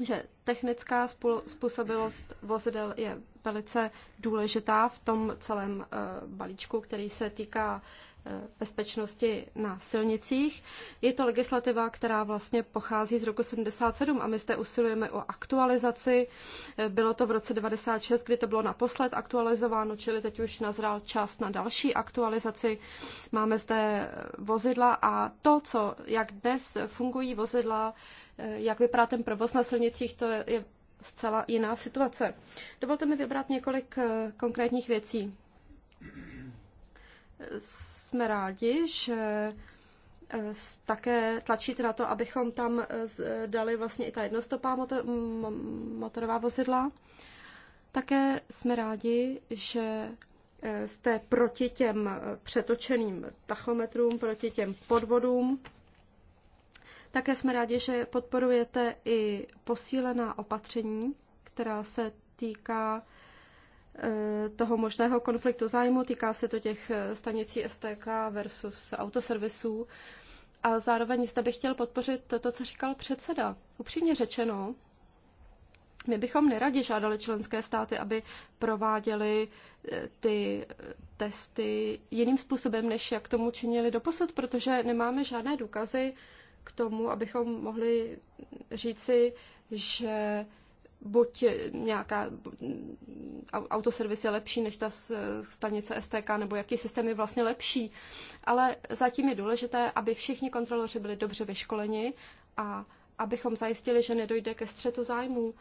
[SPEAKER 2] že technická způsobilost vozidel je velice důležitá v tom celém eh, balíčku, který se týká Eh, bezpečnosti na silnicích. Je to legislativa, která vlastně pochází z roku 77 a my zde usilujeme o aktualizaci. Eh, bylo to v roce 96, kdy to bylo naposled aktualizováno, čili teď už nazral čas na další aktualizaci. Máme zde eh, vozidla a to, co, jak dnes fungují vozidla, jak vypadá ten provoz na silnicích, to je zcela jiná situace. Dovolte mi vybrat několik konkrétních věcí jsme rádi, že eh, také tlačíte na to, abychom tam eh, eh, dali vlastně i ta jednostopá motor, motorová vozidla. Také jsme rádi, že jste proti těm přetočeným tachometrům, proti těm podvodům. Také jsme rádi, že podporujete i posílená opatření, která se týká Eh, toho možného konfliktu zájmu. Týká se to těch eh, stanicí STK versus autoservisů. A zároveň jste bych chtěl podpořit to, co říkal předseda. Upřímně řečeno, my bychom neradi žádali členské státy, aby prováděly eh, ty testy jiným způsobem, než jak tomu činili doposud, protože nemáme žádné důkazy k tomu, abychom mohli říci, že buď nějaká autoservis je lepší než ta stanice STK, nebo jaký systém je vlastně lepší. Ale zatím je důležité, aby všichni kontroloři byli dobře vyškoleni a abychom zajistili, že nedojde ke střetu zájmů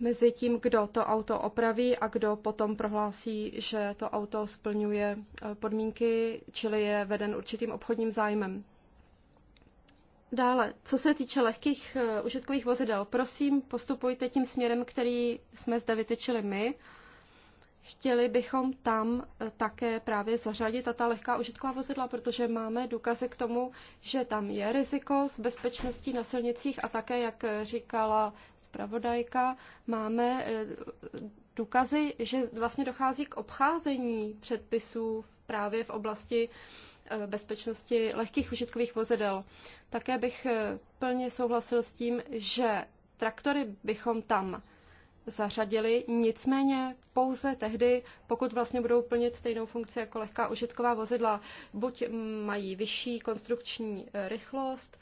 [SPEAKER 2] mezi tím, kdo to auto opraví a kdo potom prohlásí, že to auto splňuje eh, podmínky, čili je veden určitým obchodním zájmem. Dále, co se týče lehkých eh, užitkových vozidel, prosím, postupujte tím směrem, který jsme zde vytyčili my. Chtěli bychom tam eh, také právě zařadit a ta lehká užitková vozidla, protože máme důkazy k tomu, že tam je riziko s bezpečností na silnicích a také, jak eh, říkala zpravodajka, máme důkazy, že vlastně dochází k obcházení předpisů právě v oblasti uh, Eh, bezpečnosti lehkých užitkových vozidel. Také bych eh, plně souhlasil s tím, že traktory bychom tam zařadili, nicméně pouze tehdy, pokud vlastně budou plnit stejnou funkci jako lehká užitková vozidla. Buď mají vyšší konstrukční eh, rychlost,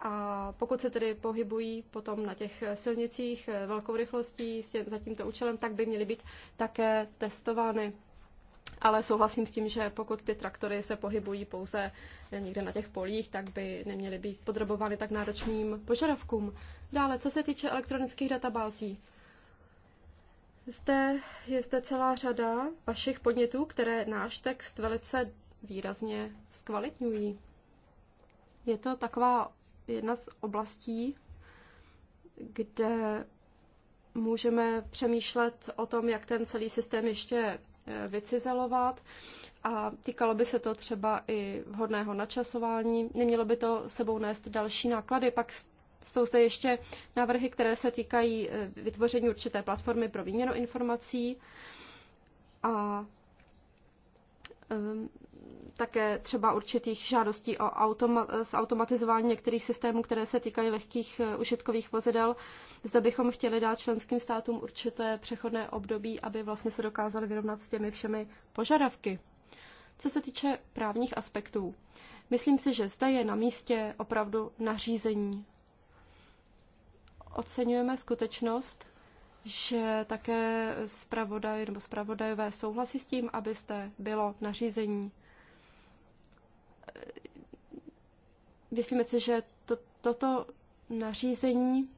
[SPEAKER 2] a pokud se tedy pohybují potom na těch silnicích velkou rychlostí za tímto účelem, tak by měly být také testovány ale souhlasím s tím, že pokud ty traktory se pohybují pouze někde na těch polích, tak by neměly být podrobovány tak náročným požadavkům. Dále, co se týče elektronických databází, zde je zde celá řada vašich podnětů, které náš text velice výrazně zkvalitňují. Je to taková jedna z oblastí, kde můžeme přemýšlet o tom, jak ten celý systém ještě Eh, vycizelovat a týkalo by se to třeba i vhodného načasování. Nemělo by to sebou nést další náklady, pak jsou zde ještě návrhy, které se týkají eh, vytvoření určité platformy pro výměnu informací a um, také třeba určitých žádostí o automa- automatizování některých systémů, které se týkají lehkých eh, užitkových vozidel. Zda bychom chtěli dát členským státům určité přechodné období, aby vlastně se dokázali vyrovnat s těmi všemi požadavky. Co se týče právních aspektů, myslím si, že zde je na místě opravdu nařízení. Oceňujeme skutečnost, že také zpravodaj nebo zpravodajové souhlasí s tím, abyste bylo nařízení. Myslíme si, že to, toto nařízení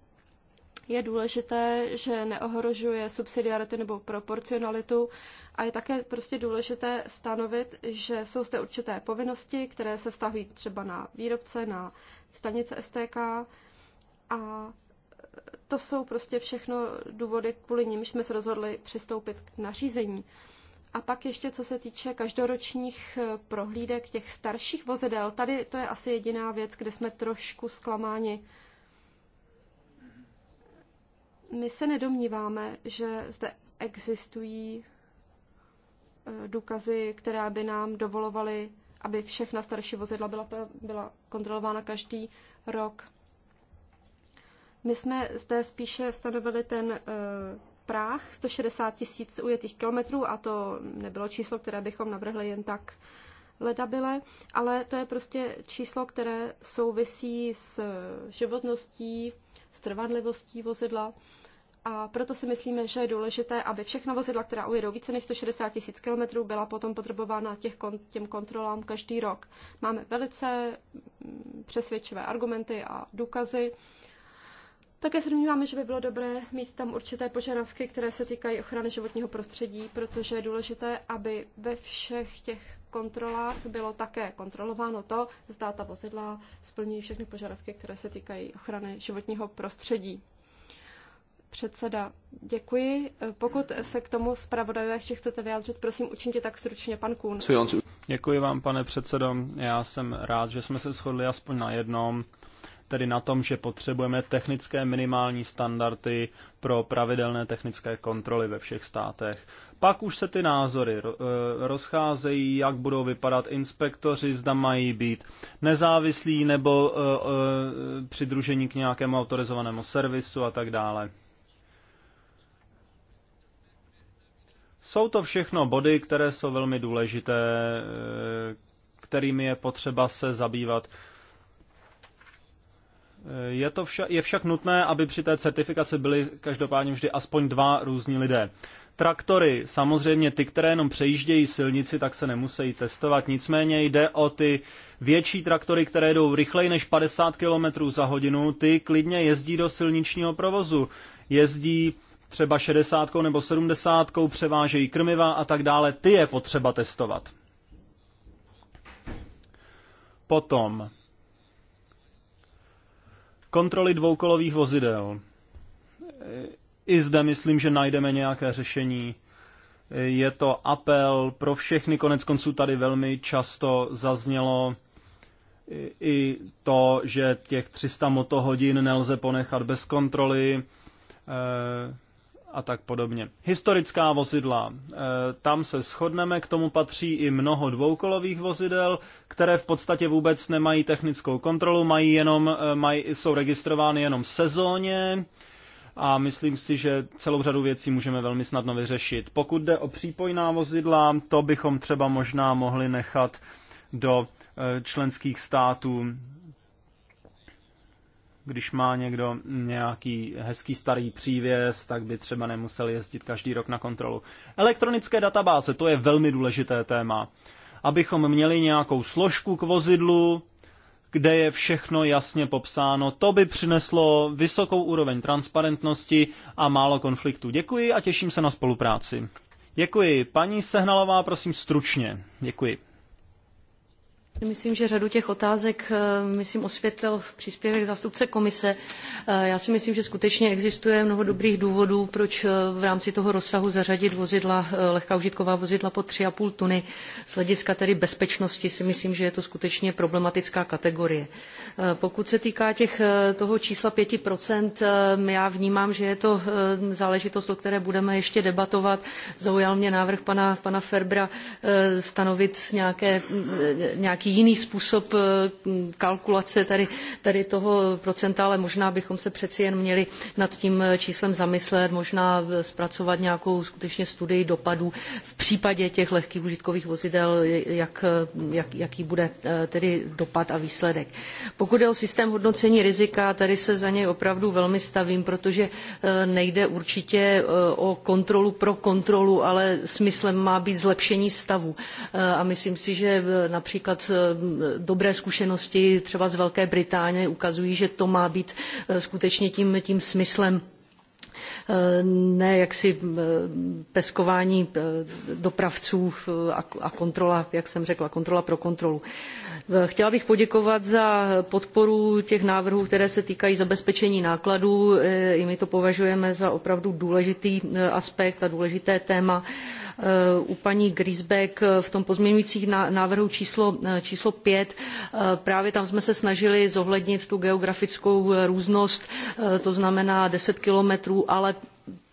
[SPEAKER 2] je důležité, že neohrožuje subsidiarity nebo proporcionalitu a je také prostě důležité stanovit, že jsou zde určité povinnosti, které se vztahují třeba na výrobce, na stanice STK a to jsou prostě všechno důvody, kvůli nimž jsme se rozhodli přistoupit k nařízení. A pak ještě, co se týče každoročních eh, prohlídek těch starších vozidel, tady to je asi jediná věc, kde jsme trošku zklamáni. My se nedomníváme, že zde existují eh, důkazy, které by nám dovolovaly, aby všechna starší vozidla byla, byla kontrolována každý rok. My jsme zde spíše stanovili ten e, práh 160 tisíc ujetých kilometrů a to nebylo číslo, které bychom navrhli jen tak ledabile, ale to je prostě číslo, které souvisí s eh, životností, s trvanlivostí vozidla. A proto si myslíme, že je důležité, aby všechna vozidla, která ujedou více než 160 tisíc kilometrů, byla potom potřebována těch kon, těm kontrolám každý rok. Máme velice mm, přesvědčivé argumenty a důkazy. Také se domníváme, že by bylo dobré mít tam určité požadavky, které se týkají ochrany životního prostředí, protože je důležité, aby ve všech těch kontrolách bylo také kontrolováno to, zda ta vozidla splní všechny požadavky, které se týkají ochrany životního prostředí. Předseda, děkuji. Pokud se k tomu zpravodajové ještě chcete vyjádřit, prosím, učiněte tak stručně, pan Kůn.
[SPEAKER 1] Děkuji vám, pane předsedo. Já jsem rád, že jsme se shodli aspoň na jednom tedy na tom, že potřebujeme technické minimální standardy pro pravidelné technické kontroly ve všech státech. Pak už se ty názory eh, rozcházejí, jak budou vypadat inspektoři, zda mají být nezávislí nebo eh, eh, přidružení k nějakému autorizovanému servisu a tak dále. Jsou to všechno body, které jsou velmi důležité, kterými je potřeba se zabývat je, to vša- je však nutné, aby při té certifikaci byly každopádně vždy aspoň dva různí lidé. Traktory, samozřejmě ty, které jenom přejíždějí silnici, tak se nemusí testovat. Nicméně jde o ty větší traktory, které jdou rychleji než 50 km za hodinu, ty klidně jezdí do silničního provozu. Jezdí třeba 60 nebo 70, převážejí krmiva a tak dále. Ty je potřeba testovat. Potom Kontroly dvoukolových vozidel. I zde myslím, že najdeme nějaké řešení. Je to apel pro všechny, konec konců tady velmi často zaznělo i to, že těch 300 motohodin nelze ponechat bez kontroly a tak podobně. Historická vozidla. E, tam se shodneme, k tomu patří i mnoho dvoukolových vozidel, které v podstatě vůbec nemají technickou kontrolu, mají jenom, e, mají, jsou registrovány jenom sezóně a myslím si, že celou řadu věcí můžeme velmi snadno vyřešit. Pokud jde o přípojná vozidla, to bychom třeba možná mohli nechat do e, členských států když má někdo nějaký hezký starý přívěs, tak by třeba nemusel jezdit každý rok na kontrolu. Elektronické databáze, to je velmi důležité téma. Abychom měli nějakou složku k vozidlu, kde je všechno jasně popsáno, to by přineslo vysokou úroveň transparentnosti a málo konfliktů. Děkuji a těším se na spolupráci. Děkuji. Paní Sehnalová, prosím stručně. Děkuji.
[SPEAKER 4] Myslím, že řadu těch otázek, eh, myslím, osvětlil v příspěvek zástupce komise. Eh, já si myslím, že skutečně existuje mnoho dobrých důvodů, proč eh, v rámci toho rozsahu zařadit vozidla, lehká užitková vozidla po 3,5 tuny. Z hlediska tedy bezpečnosti si myslím, že je to skutečně problematická kategorie. Pokud se týká těch, toho čísla 5%, já vnímám, že je to záležitost, o které budeme ještě debatovat. Zaujal mě návrh pana, pana Ferbra stanovit nějaké, nějaký nějaký jiný způsob eh, kalkulace tady, tady toho procenta, ale možná bychom se přeci jen měli nad tím eh, číslem zamyslet, možná eh, zpracovat nějakou skutečně studii dopadů v případě těch lehkých užitkových vozidel, jak, jak, jaký bude tedy dopad a výsledek. Pokud je o systém hodnocení rizika, tady se za něj opravdu velmi stavím, protože nejde určitě o kontrolu pro kontrolu, ale smyslem má být zlepšení stavu. A myslím si, že například Eh, dobré zkušenosti třeba z Velké Británie ukazují, že to má být eh, skutečně tím, tím smyslem eh, ne jaksi peskování dopravců a kontrola, jak jsem řekla, kontrola pro kontrolu. Chtěla bych poděkovat za podporu těch návrhů, které se týkají zabezpečení nákladů. I my to považujeme za opravdu důležitý aspekt a důležité téma. Eh, u paní Grisbeck eh, v tom pozměňujícím návrhu číslo, eh, číslo 5. Právě tam jsme se snažili zohlednit tu geografickou různost, to znamená 10 kilometrů, ale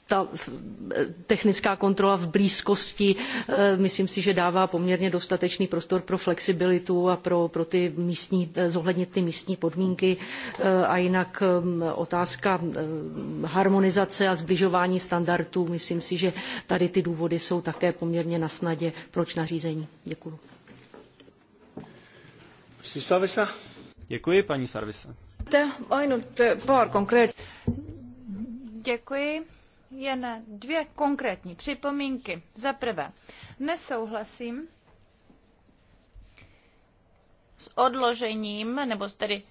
[SPEAKER 4] ta eh, technická kontrola v blízkosti, eh, myslím si, že dává poměrně dostatečný prostor pro flexibilitu a pro, pro ty místní, eh, zohlednit ty místní podmínky. A jinak otázka harmonizace a zbližování standardů, myslím si, že tady ty důvody jsou také poměrně na snadě, proč nařízení. Děkuji.
[SPEAKER 1] Děkuji, paní Sarvisa.
[SPEAKER 3] Děkuji jen dvě konkrétní připomínky. Za prvé, nesouhlasím s odložením, nebo tedy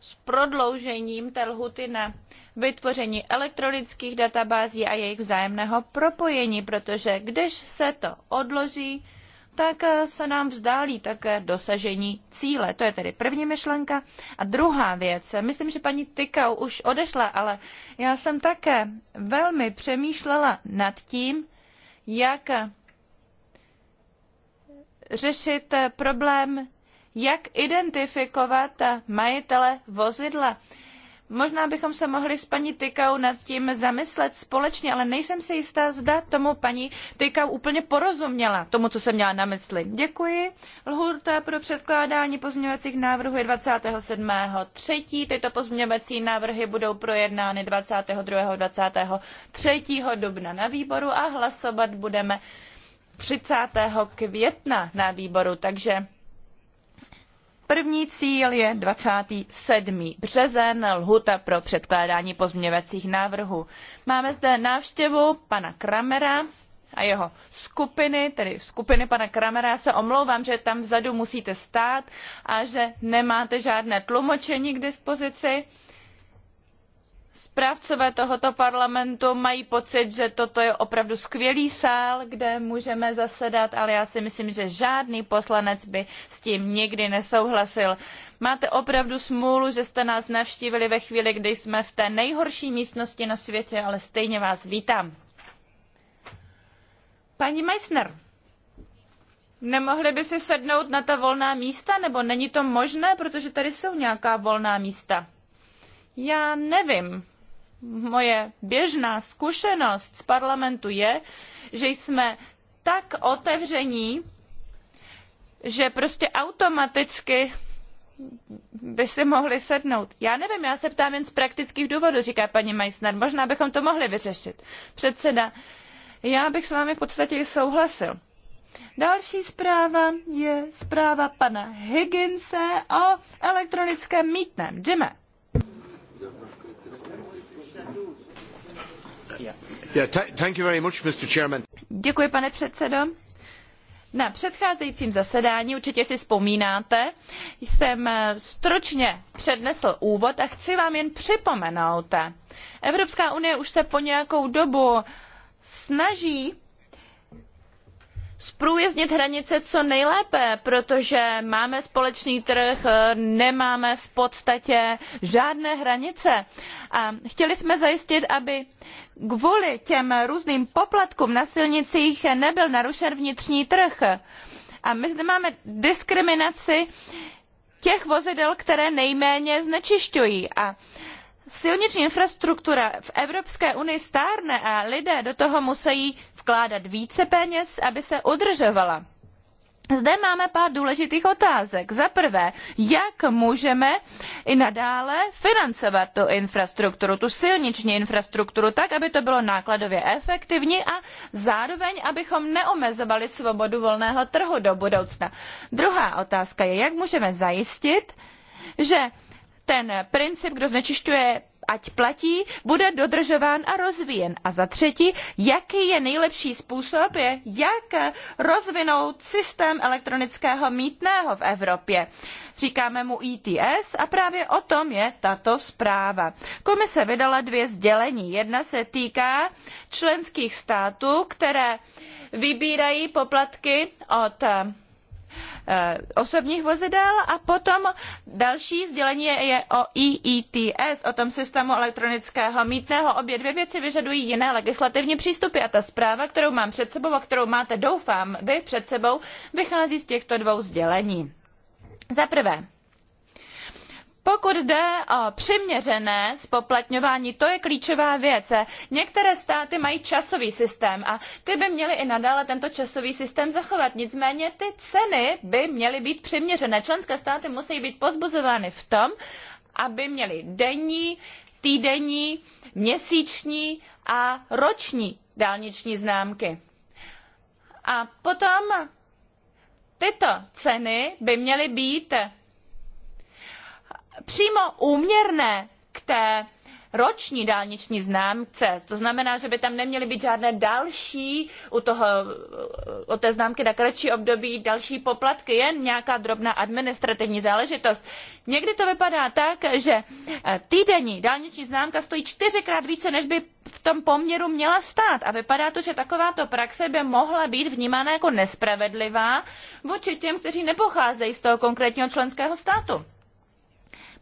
[SPEAKER 3] s prodloužením té lhuty na vytvoření elektronických databází a jejich vzájemného propojení, protože když se to odloží, tak eh, se nám vzdálí také dosažení cíle. To je tedy první myšlenka. A druhá věc, myslím, že paní Tykau už odešla, ale já jsem také velmi přemýšlela nad tím, jak řešit eh, problém, jak identifikovat eh, majitele vozidla Možná bychom se mohli s paní Tykau nad tím zamyslet společně, ale nejsem si jistá, zda tomu paní Tykau úplně porozuměla, tomu, co jsem měla na mysli. Děkuji. Lhůta pro předkládání pozměňovacích návrhů je 27.3. Tyto pozměňovací návrhy budou projednány 22. 23. dubna na výboru a hlasovat budeme 30. května na výboru, takže První cíl je 27. březen, lhuta pro předkládání pozměňovacích návrhů. Máme zde návštěvu pana Kramera a jeho skupiny, tedy skupiny pana Kramera. Já se omlouvám, že tam vzadu musíte stát a že nemáte žádné tlumočení k dispozici správcové tohoto parlamentu mají pocit, že toto je opravdu skvělý sál, kde můžeme zasedat, ale já si myslím, že žádný poslanec by s tím nikdy nesouhlasil. Máte opravdu smůlu, že jste nás navštívili ve chvíli, kdy jsme v té nejhorší místnosti na světě, ale stejně vás vítám. Paní Meissner, nemohli by si sednout na ta volná místa, nebo není to možné, protože tady jsou nějaká volná místa? Já nevím. Moje běžná zkušenost z parlamentu je, že jsme tak otevření, že prostě automaticky by si mohli sednout. Já nevím, já se ptám jen z praktických důvodů, říká paní Meissner. Možná bychom to mohli vyřešit. Předseda, já bych s vámi v podstatě souhlasil. Další zpráva je zpráva pana Higginse o elektronickém mítném. Jimmy. Děkuji, pane předsedo. Na předcházejícím zasedání, určitě si vzpomínáte, jsem eh, stručně přednesl úvod a chci vám jen připomenout. Evropská unie už se po nějakou dobu snaží zprůjezdnit hranice co nejlépe, protože máme společný trh, eh, nemáme v podstatě žádné hranice. A chtěli jsme zajistit, aby kvůli těm různým poplatkům na silnicích nebyl narušen vnitřní trh. A my zde máme diskriminaci těch vozidel, které nejméně znečišťují. A silniční infrastruktura v Evropské unii stárne a lidé do toho musí vkládat více peněz, aby se udržovala. Zde máme pár důležitých otázek. Za prvé, jak můžeme i nadále financovat tu infrastrukturu, tu silniční infrastrukturu, tak, aby to bylo nákladově efektivní a zároveň, abychom neomezovali svobodu volného trhu do budoucna. Druhá otázka je, jak můžeme zajistit, že ten princip, kdo znečišťuje ať platí, bude dodržován a rozvíjen. A za třetí, jaký je nejlepší způsob, je, jak rozvinout systém elektronického mítného v Evropě. Říkáme mu ETS a právě o tom je tato zpráva. Komise vydala dvě sdělení. Jedna se týká členských států, které vybírají poplatky od Eh, osobních vozidel a potom další sdělení je o EETS, o tom systému elektronického mítného. Obě dvě věci vyžadují jiné legislativní přístupy a ta zpráva, kterou mám před sebou a kterou máte, doufám, vy před sebou, vychází z těchto dvou sdělení. Za prvé, pokud jde o přiměřené spoplatňování, to je klíčová věc. Některé státy mají časový systém a ty by měly i nadále tento časový systém zachovat. Nicméně ty ceny by měly být přiměřené. Členské státy musí být pozbuzovány v tom, aby měly denní, týdenní, měsíční a roční dálniční známky. A potom tyto ceny by měly být přímo úměrné k té roční dálniční známce. To znamená, že by tam neměly být žádné další u toho, od té známky na kratší období další poplatky, jen nějaká drobná administrativní záležitost. Někdy to vypadá tak, že eh, týdenní dálniční známka stojí čtyřikrát více, než by v tom poměru měla stát. A vypadá to, že takováto praxe by mohla být vnímána jako nespravedlivá vůči těm, kteří nepocházejí z toho konkrétního členského státu.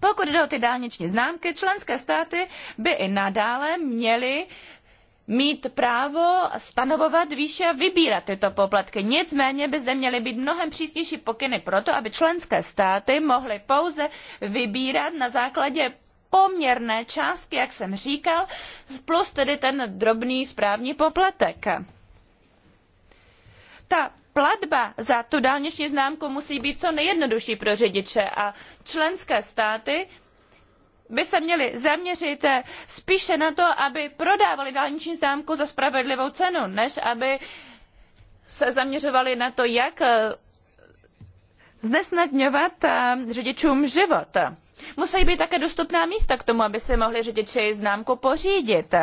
[SPEAKER 3] Pokud jde o ty dálniční známky, členské státy by i nadále měly mít právo stanovovat výše a vybírat tyto poplatky. Nicméně by zde měly být mnohem přísnější pokyny proto, aby členské státy mohly pouze vybírat na základě poměrné částky, jak jsem říkal, plus tedy ten drobný správní poplatek. Ta platba za tu dálniční známku musí být co nejjednodušší pro řidiče a členské státy by se měly zaměřit eh, spíše na to, aby prodávali dálniční známku za spravedlivou cenu, než aby se zaměřovali na to, jak eh, znesnadňovat eh, řidičům život. Musí být také dostupná místa k tomu, aby si mohli řidiči známku pořídit.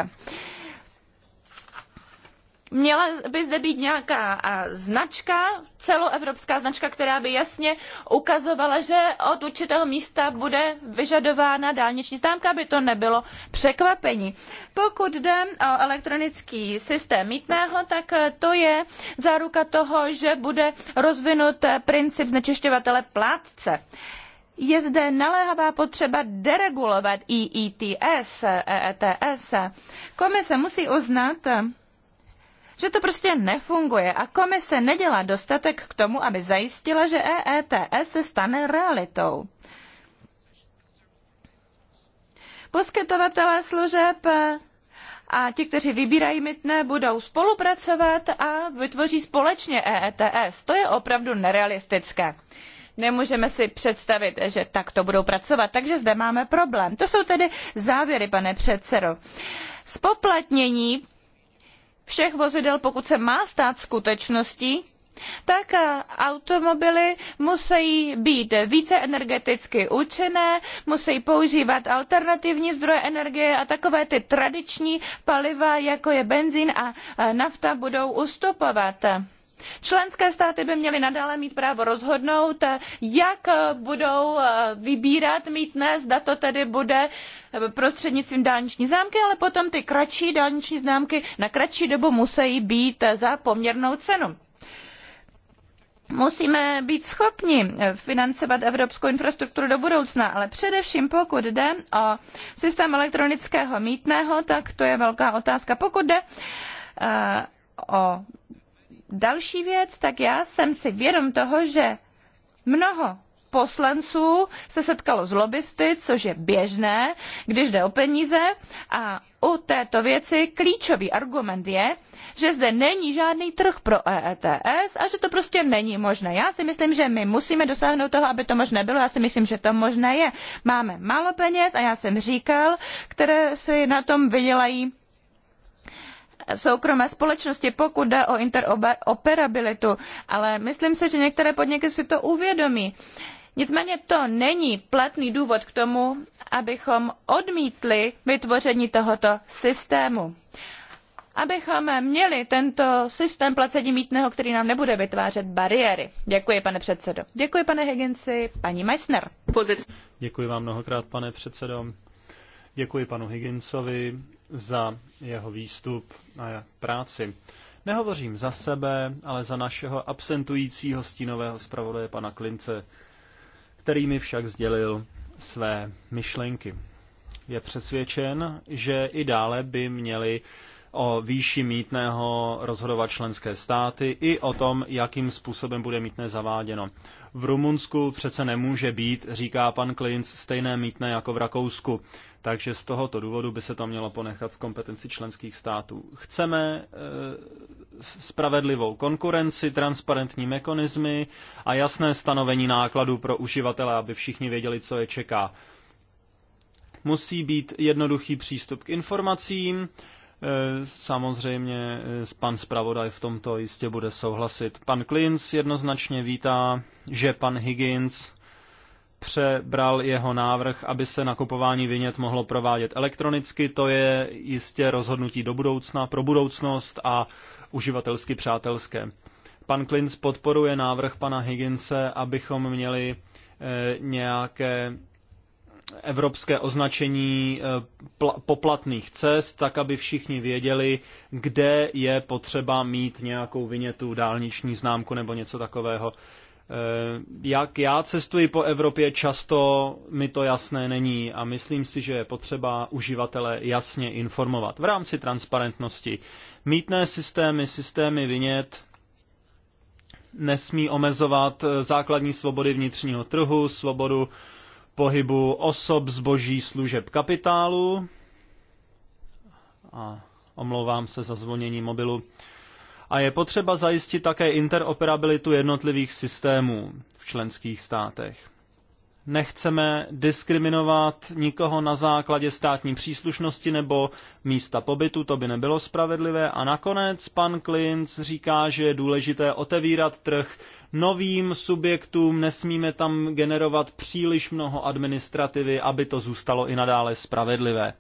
[SPEAKER 3] Měla by zde být nějaká značka, celoevropská značka, která by jasně ukazovala, že od určitého místa bude vyžadována dálniční známka, aby to nebylo překvapení. Pokud jde o elektronický systém mítného, tak e, to je záruka toho, že bude rozvinut e, princip znečišťovatele plátce. Je zde naléhavá potřeba deregulovat EETS, EETS. Komise musí uznat, že to prostě nefunguje a komise nedělá dostatek k tomu, aby zajistila, že EETS se stane realitou. Poskytovatelé služeb a ti, kteří vybírají mytné, budou spolupracovat a vytvoří společně EETS. To je opravdu nerealistické. Nemůžeme si představit, že takto budou pracovat, takže zde máme problém. To jsou tedy závěry, pane předsedo. Spoplatnění všech vozidel, pokud se má stát skutečností, tak eh, automobily musí být více energeticky účinné, musí používat alternativní zdroje energie a takové ty tradiční paliva, jako je benzín a eh, nafta, budou ustupovat. Členské státy by měly nadále mít právo rozhodnout, jak budou eh, vybírat mítné, zda to tedy bude eh, prostřednictvím dálniční známky, ale potom ty kratší dálniční známky na kratší dobu musí být eh, za poměrnou cenu musíme být schopni financovat evropskou infrastrukturu do budoucna, ale především pokud jde o systém elektronického mítného, tak to je velká otázka. Pokud jde o další věc, tak já jsem si vědom toho, že mnoho poslanců se setkalo s lobbysty, což je běžné, když jde o peníze. A u této věci klíčový argument je, že zde není žádný trh pro EETS a že to prostě není možné. Já si myslím, že my musíme dosáhnout toho, aby to možné bylo. Já si myslím, že to možné je. Máme málo peněz a já jsem říkal, které si na tom vydělají soukromé společnosti, pokud jde o interoperabilitu, ale myslím si, že některé podniky si to uvědomí. Nicméně to není platný důvod k tomu, abychom odmítli vytvoření tohoto systému. Abychom měli tento systém placení mítného, který nám nebude vytvářet bariéry. Děkuji, pane předsedo. Děkuji, pane Higginsi. Paní Meissner.
[SPEAKER 1] Děkuji vám mnohokrát, pane předsedo. Děkuji panu Higginsovi za jeho výstup a práci. Nehovořím za sebe, ale za našeho absentujícího stínového zpravodaje pana Klince, který mi však sdělil své myšlenky. Je přesvědčen, že i dále by měli o výši mítného rozhodovat členské státy i o tom, jakým způsobem bude mítné zaváděno. V Rumunsku přece nemůže být, říká pan Klinc, stejné mítné jako v Rakousku, takže z tohoto důvodu by se to mělo ponechat v kompetenci členských států. Chceme e, spravedlivou konkurenci, transparentní mechanismy a jasné stanovení nákladů pro uživatele, aby všichni věděli, co je čeká. Musí být jednoduchý přístup k informacím, Eh, samozřejmě eh, pan zpravodaj v tomto jistě bude souhlasit. Pan Klins jednoznačně vítá, že pan Higgins přebral jeho návrh, aby se nakupování vinět mohlo provádět elektronicky. To je jistě rozhodnutí do budoucna, pro budoucnost a uživatelsky přátelské. Pan Klins podporuje návrh pana Higginse, abychom měli eh, nějaké evropské označení eh, poplatných cest, tak aby všichni věděli, kde je potřeba mít nějakou vynětu, dálniční známku nebo něco takového. Eh, jak já cestuji po Evropě, často mi to jasné není a myslím si, že je potřeba uživatele jasně informovat v rámci transparentnosti. Mítné systémy, systémy vinět, nesmí omezovat eh, základní svobody vnitřního trhu, svobodu pohybu osob, zboží, služeb, kapitálu. A omlouvám se za zvonění mobilu. A je potřeba zajistit také interoperabilitu jednotlivých systémů v členských státech nechceme diskriminovat nikoho na základě státní příslušnosti nebo místa pobytu, to by nebylo spravedlivé. A nakonec pan Klinc říká, že je důležité otevírat trh novým subjektům, nesmíme tam generovat příliš mnoho administrativy, aby to zůstalo i nadále spravedlivé.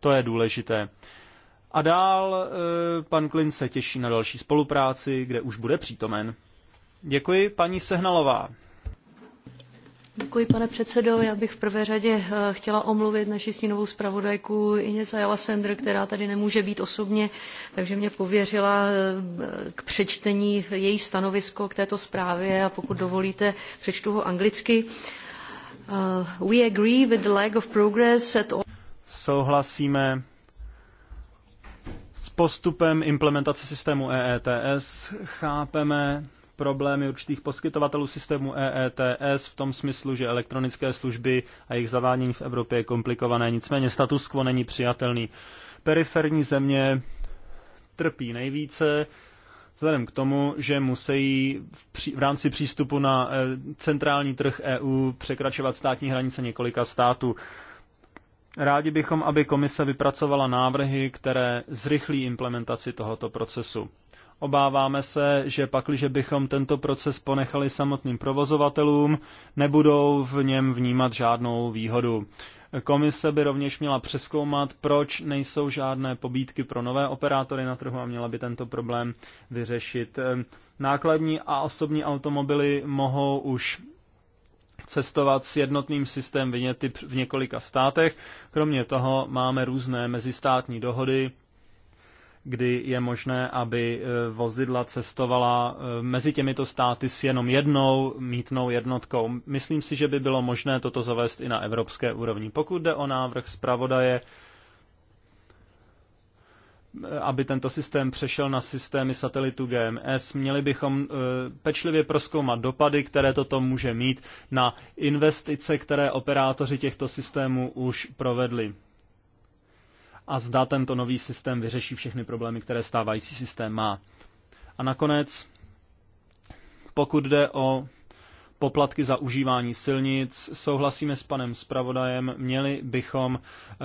[SPEAKER 1] To je důležité. A dál eh, pan Klin se těší na další spolupráci, kde už bude přítomen. Děkuji, paní Sehnalová.
[SPEAKER 4] Děkuji, pane předsedo. Já bych v prvé řadě eh, chtěla omluvit naši stínovou zpravodajku Ines Ayala Sender, která tady nemůže být osobně, takže mě pověřila eh, k přečtení její stanovisko k této zprávě a pokud dovolíte, přečtu ho anglicky. Uh, we agree with the lack of progress
[SPEAKER 1] at all. Souhlasíme s postupem implementace systému EETS, chápeme problémy určitých poskytovatelů systému EETS v tom smyslu, že elektronické služby a jejich zavádění v Evropě je komplikované, nicméně status quo není přijatelný. Periferní země trpí nejvíce, vzhledem k tomu, že musí v, při- v rámci přístupu na e, centrální trh EU překračovat státní hranice několika států. Rádi bychom, aby komise vypracovala návrhy, které zrychlí implementaci tohoto procesu. Obáváme se, že pakliže bychom tento proces ponechali samotným provozovatelům, nebudou v něm vnímat žádnou výhodu. Komise by rovněž měla přeskoumat, proč nejsou žádné pobídky pro nové operátory na trhu a měla by tento problém vyřešit. Nákladní a osobní automobily mohou už cestovat s jednotným systémem vyněty v několika státech. Kromě toho máme různé mezistátní dohody kdy je možné, aby e, vozidla cestovala e, mezi těmito státy s jenom jednou mítnou jednotkou. Myslím si, že by bylo možné toto zavést i na evropské úrovni. Pokud jde o návrh zpravodaje, e, aby tento systém přešel na systémy satelitu GMS, měli bychom pečlivě proskoumat dopady, které toto může mít na investice, které operátoři těchto systémů už provedli a zda tento nový systém vyřeší všechny problémy, které stávající systém má. A nakonec, pokud jde o poplatky za užívání silnic. Souhlasíme s panem zpravodajem, měli bychom eh,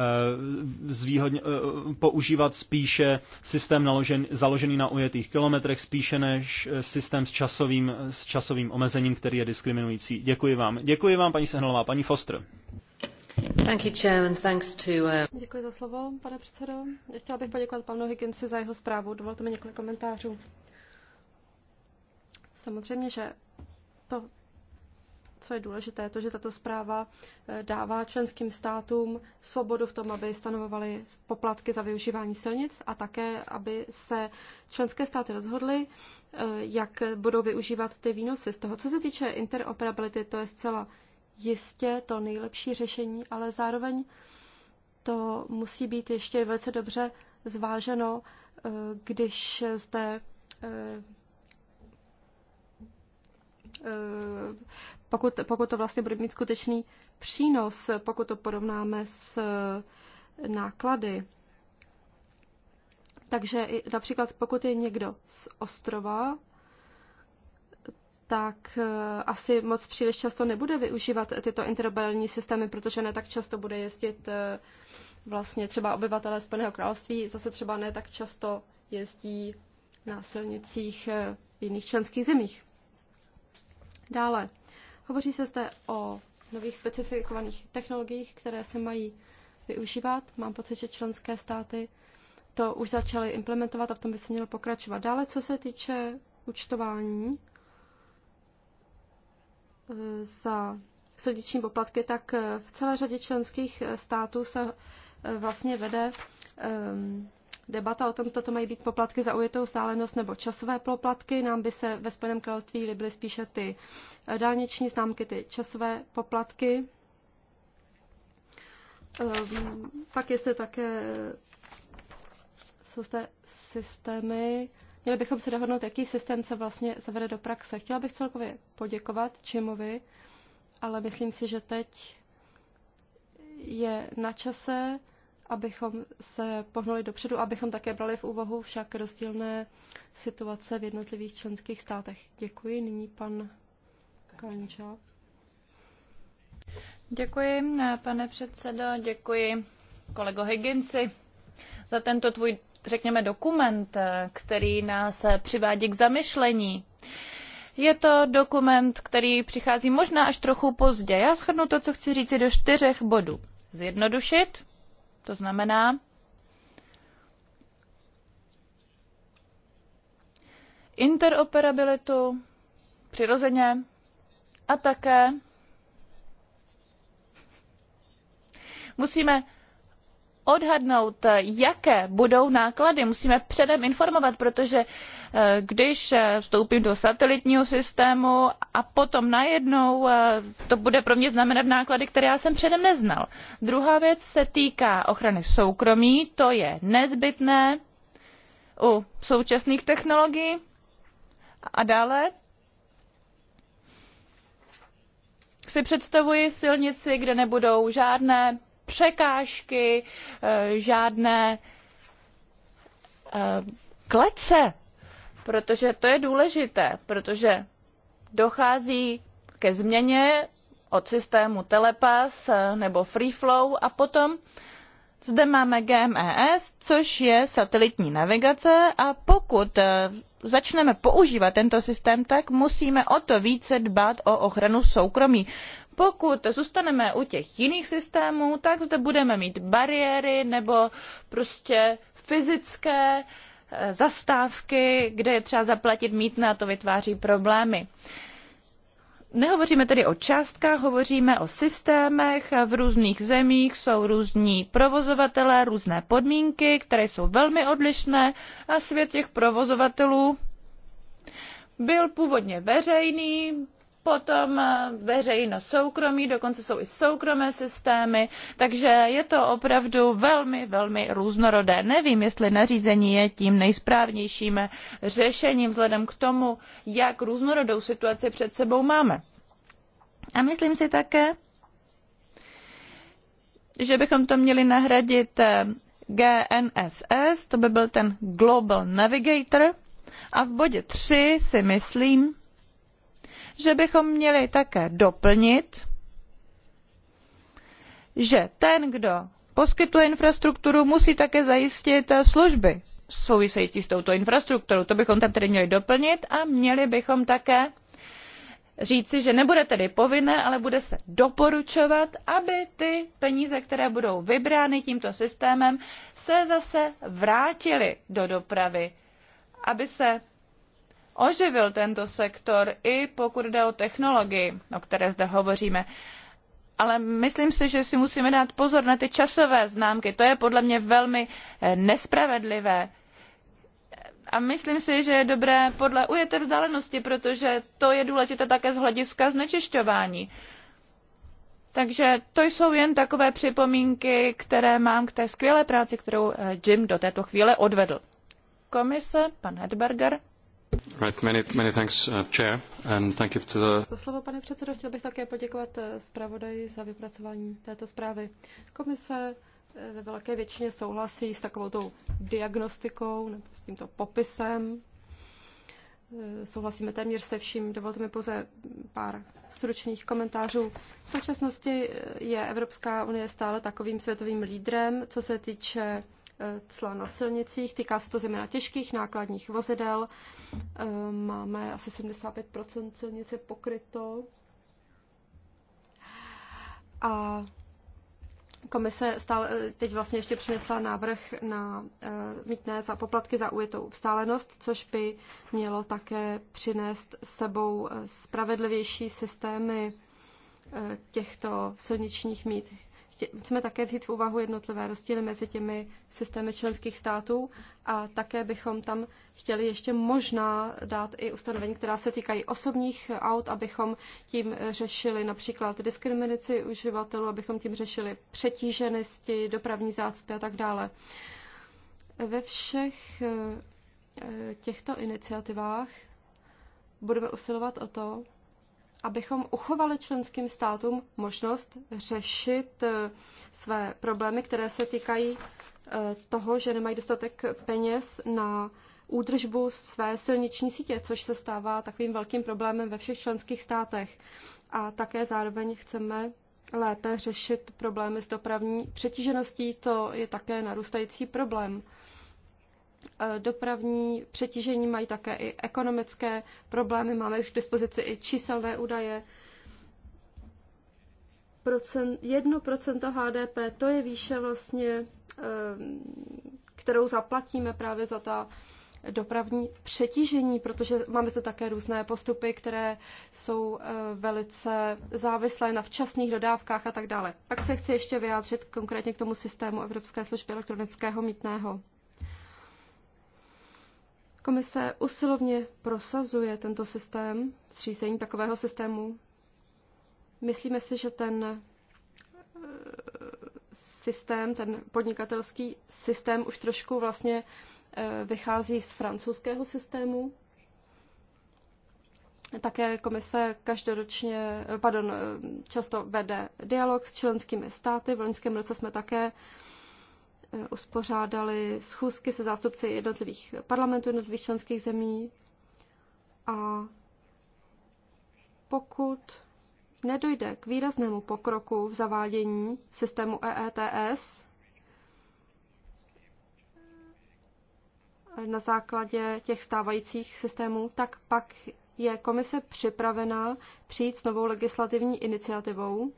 [SPEAKER 1] zvýhodně, eh, používat spíše systém naložen, založený na ujetých kilometrech, spíše než eh, systém s časovým, s časovým omezením, který je diskriminující. Děkuji vám. Děkuji vám, paní Sehnalová, paní Foster. Uh,
[SPEAKER 2] Děkuji za slovo, pane předsedo. Chtěla bych poděkovat panu Higginsi za jeho zprávu. Dovolte mi několik komentářů. Samozřejmě, že to, co je důležité, je to, že tato zpráva eh, dává členským státům svobodu v tom, aby stanovovali poplatky za využívání silnic a také, aby se členské státy rozhodly, eh, jak budou využívat ty výnosy. Z toho, co se týče interoperability, to je zcela jistě to nejlepší řešení, ale zároveň to musí být ještě velice dobře zváženo, eh, když zde eh, eh, pokud, pokud to vlastně bude mít skutečný přínos, pokud to porovnáme s náklady. Takže například pokud je někdo z ostrova, tak eh, asi moc příliš často nebude využívat tyto interoperabilní systémy, protože ne tak často bude jezdit eh, vlastně třeba obyvatelé Spojeného království, zase třeba ne tak často jezdí na silnicích eh, v jiných členských zemích. Dále, hovoří se zde o nových specifikovaných technologiích, které se mají využívat. Mám pocit, že členské státy to už začaly implementovat a v tom by se mělo pokračovat. Dále, co se týče účtování, Eh, za srdeční poplatky, tak eh, v celé řadě členských eh, států se vlastně vede debata o tom, zda to mají být poplatky za ujetou stálenost nebo časové poplatky. Nám by se ve Spojeném království líbily spíše ty dálniční známky, ty časové poplatky. Ehm, pak je se také, jsou zde systémy, Měli bychom se dohodnout, jaký systém se vlastně zavede do praxe. Chtěla bych celkově poděkovat Čimovi, ale myslím si, že teď je na čase, abychom se pohnuli dopředu, abychom také brali v úvahu však rozdílné situace v jednotlivých členských státech. Děkuji. Nyní pan
[SPEAKER 3] Kanča. Děkuji, pane předsedo, děkuji kolego Higginsi za tento tvůj řekněme, dokument, který nás přivádí k zamyšlení. Je to dokument, který přichází možná až trochu pozdě. Já shrnu to, co chci říct, do čtyřech bodů. Zjednodušit, to znamená interoperabilitu, přirozeně, a také musíme odhadnout, eh, jaké budou náklady. Musíme předem informovat, protože eh, když eh, vstoupím do satelitního systému a potom najednou to bude pro mě znamenat náklady, které já jsem předem neznal. Druhá věc se týká ochrany soukromí, to je nezbytné u současných technologií. A dále si představuji silnici, kde nebudou žádné překážky, eh, žádné eh, klece, protože to je důležité, protože dochází ke změně od systému Telepass eh, nebo Free Flow a potom zde máme GMES, což je satelitní navigace a pokud začneme používat tento systém, tak musíme o to více dbát o ochranu soukromí, pokud zůstaneme u těch jiných systémů, tak zde budeme mít bariéry nebo prostě fyzické eh, zastávky, kde je třeba zaplatit mítné no a to vytváří problémy. Nehovoříme tedy o částkách, hovoříme o systémech. V různých zemích jsou různí provozovatelé, různé podmínky, které jsou velmi odlišné a svět těch provozovatelů byl původně veřejný, potom eh, veřejno soukromí, dokonce jsou i soukromé systémy, takže je to opravdu velmi, velmi různorodé. Nevím, jestli nařízení je tím nejsprávnějším řešením vzhledem k tomu, jak různorodou situaci před sebou máme. A myslím si také, že bychom to měli nahradit eh, GNSS, to by byl ten Global Navigator. A v bodě 3 si myslím, že bychom měli také doplnit, že ten, kdo poskytuje infrastrukturu, musí také zajistit eh, služby související s touto infrastrukturou. To bychom tam tedy měli doplnit a měli bychom také říci, že nebude tedy povinné, ale bude se doporučovat, aby ty peníze, které budou vybrány tímto systémem, se zase vrátily do dopravy, aby se oživil tento sektor, i pokud jde o technologii, o které zde hovoříme. Ale myslím si, že si musíme dát pozor na ty časové známky. To je podle mě velmi eh, nespravedlivé. A myslím si, že je dobré podle ujeté vzdálenosti, protože to je důležité také z hlediska znečišťování. Takže to jsou jen takové připomínky, které mám k té skvělé práci, kterou eh, Jim do této chvíle odvedl. Komise, pan Hedberger.
[SPEAKER 4] Right, many, many thanks, uh, chair, and thank you to
[SPEAKER 2] the... slovo, pane předsedo, chtěl bych také poděkovat eh, zpravodaji za vypracování této zprávy. Komise eh, ve velké většině souhlasí s takovou tou diagnostikou nebo s tímto popisem. Eh, souhlasíme téměř se vším, dovolte mi pouze pár stručných komentářů. V současnosti je Evropská unie stále takovým světovým lídrem, co se týče Eh, cla na silnicích. Týká se to zejména těžkých nákladních vozidel. Eh, máme asi 75 silnice pokryto. A komise stále, eh, teď vlastně ještě přinesla návrh na mítné za poplatky za ujetou vstálenost, což by mělo také přinést sebou spravedlivější systémy těchto silničních mít. Chceme také vzít v úvahu jednotlivé rozdíly mezi těmi systémy členských států a také bychom tam chtěli ještě možná dát i ustanovení, která se týkají osobních aut, abychom tím řešili například diskriminaci uživatelů, abychom tím řešili přetíženosti, dopravní zácpy a tak dále. Ve všech eh, těchto iniciativách budeme usilovat o to, abychom uchovali členským státům možnost řešit eh, své problémy, které se týkají eh, toho, že nemají dostatek peněz na údržbu své silniční sítě, což se stává takovým velkým problémem ve všech členských státech. A také zároveň chceme lépe řešit problémy s dopravní přetížeností, to je také narůstající problém. E, dopravní přetížení, mají také i ekonomické problémy, máme už k dispozici i číselné údaje. 1% HDP, to je výše vlastně, e, kterou zaplatíme právě za ta dopravní přetížení, protože máme zde také různé postupy, které jsou e, velice závislé na včasných dodávkách a tak dále. Pak se chci ještě vyjádřit konkrétně k tomu systému Evropské služby elektronického mítného. Komise usilovně prosazuje tento systém, zřízení takového systému. Myslíme si, že ten eh, systém, ten podnikatelský systém už trošku vlastně eh, vychází z francouzského systému. Také komise každoročně, eh, pardon, často vede dialog s členskými státy. V loňském roce jsme také Eh, uspořádali schůzky se zástupci jednotlivých parlamentů, jednotlivých členských zemí. A pokud nedojde k výraznému pokroku v zavádění systému EETS eh, na základě těch stávajících systémů, tak pak je komise připravena přijít s novou legislativní iniciativou,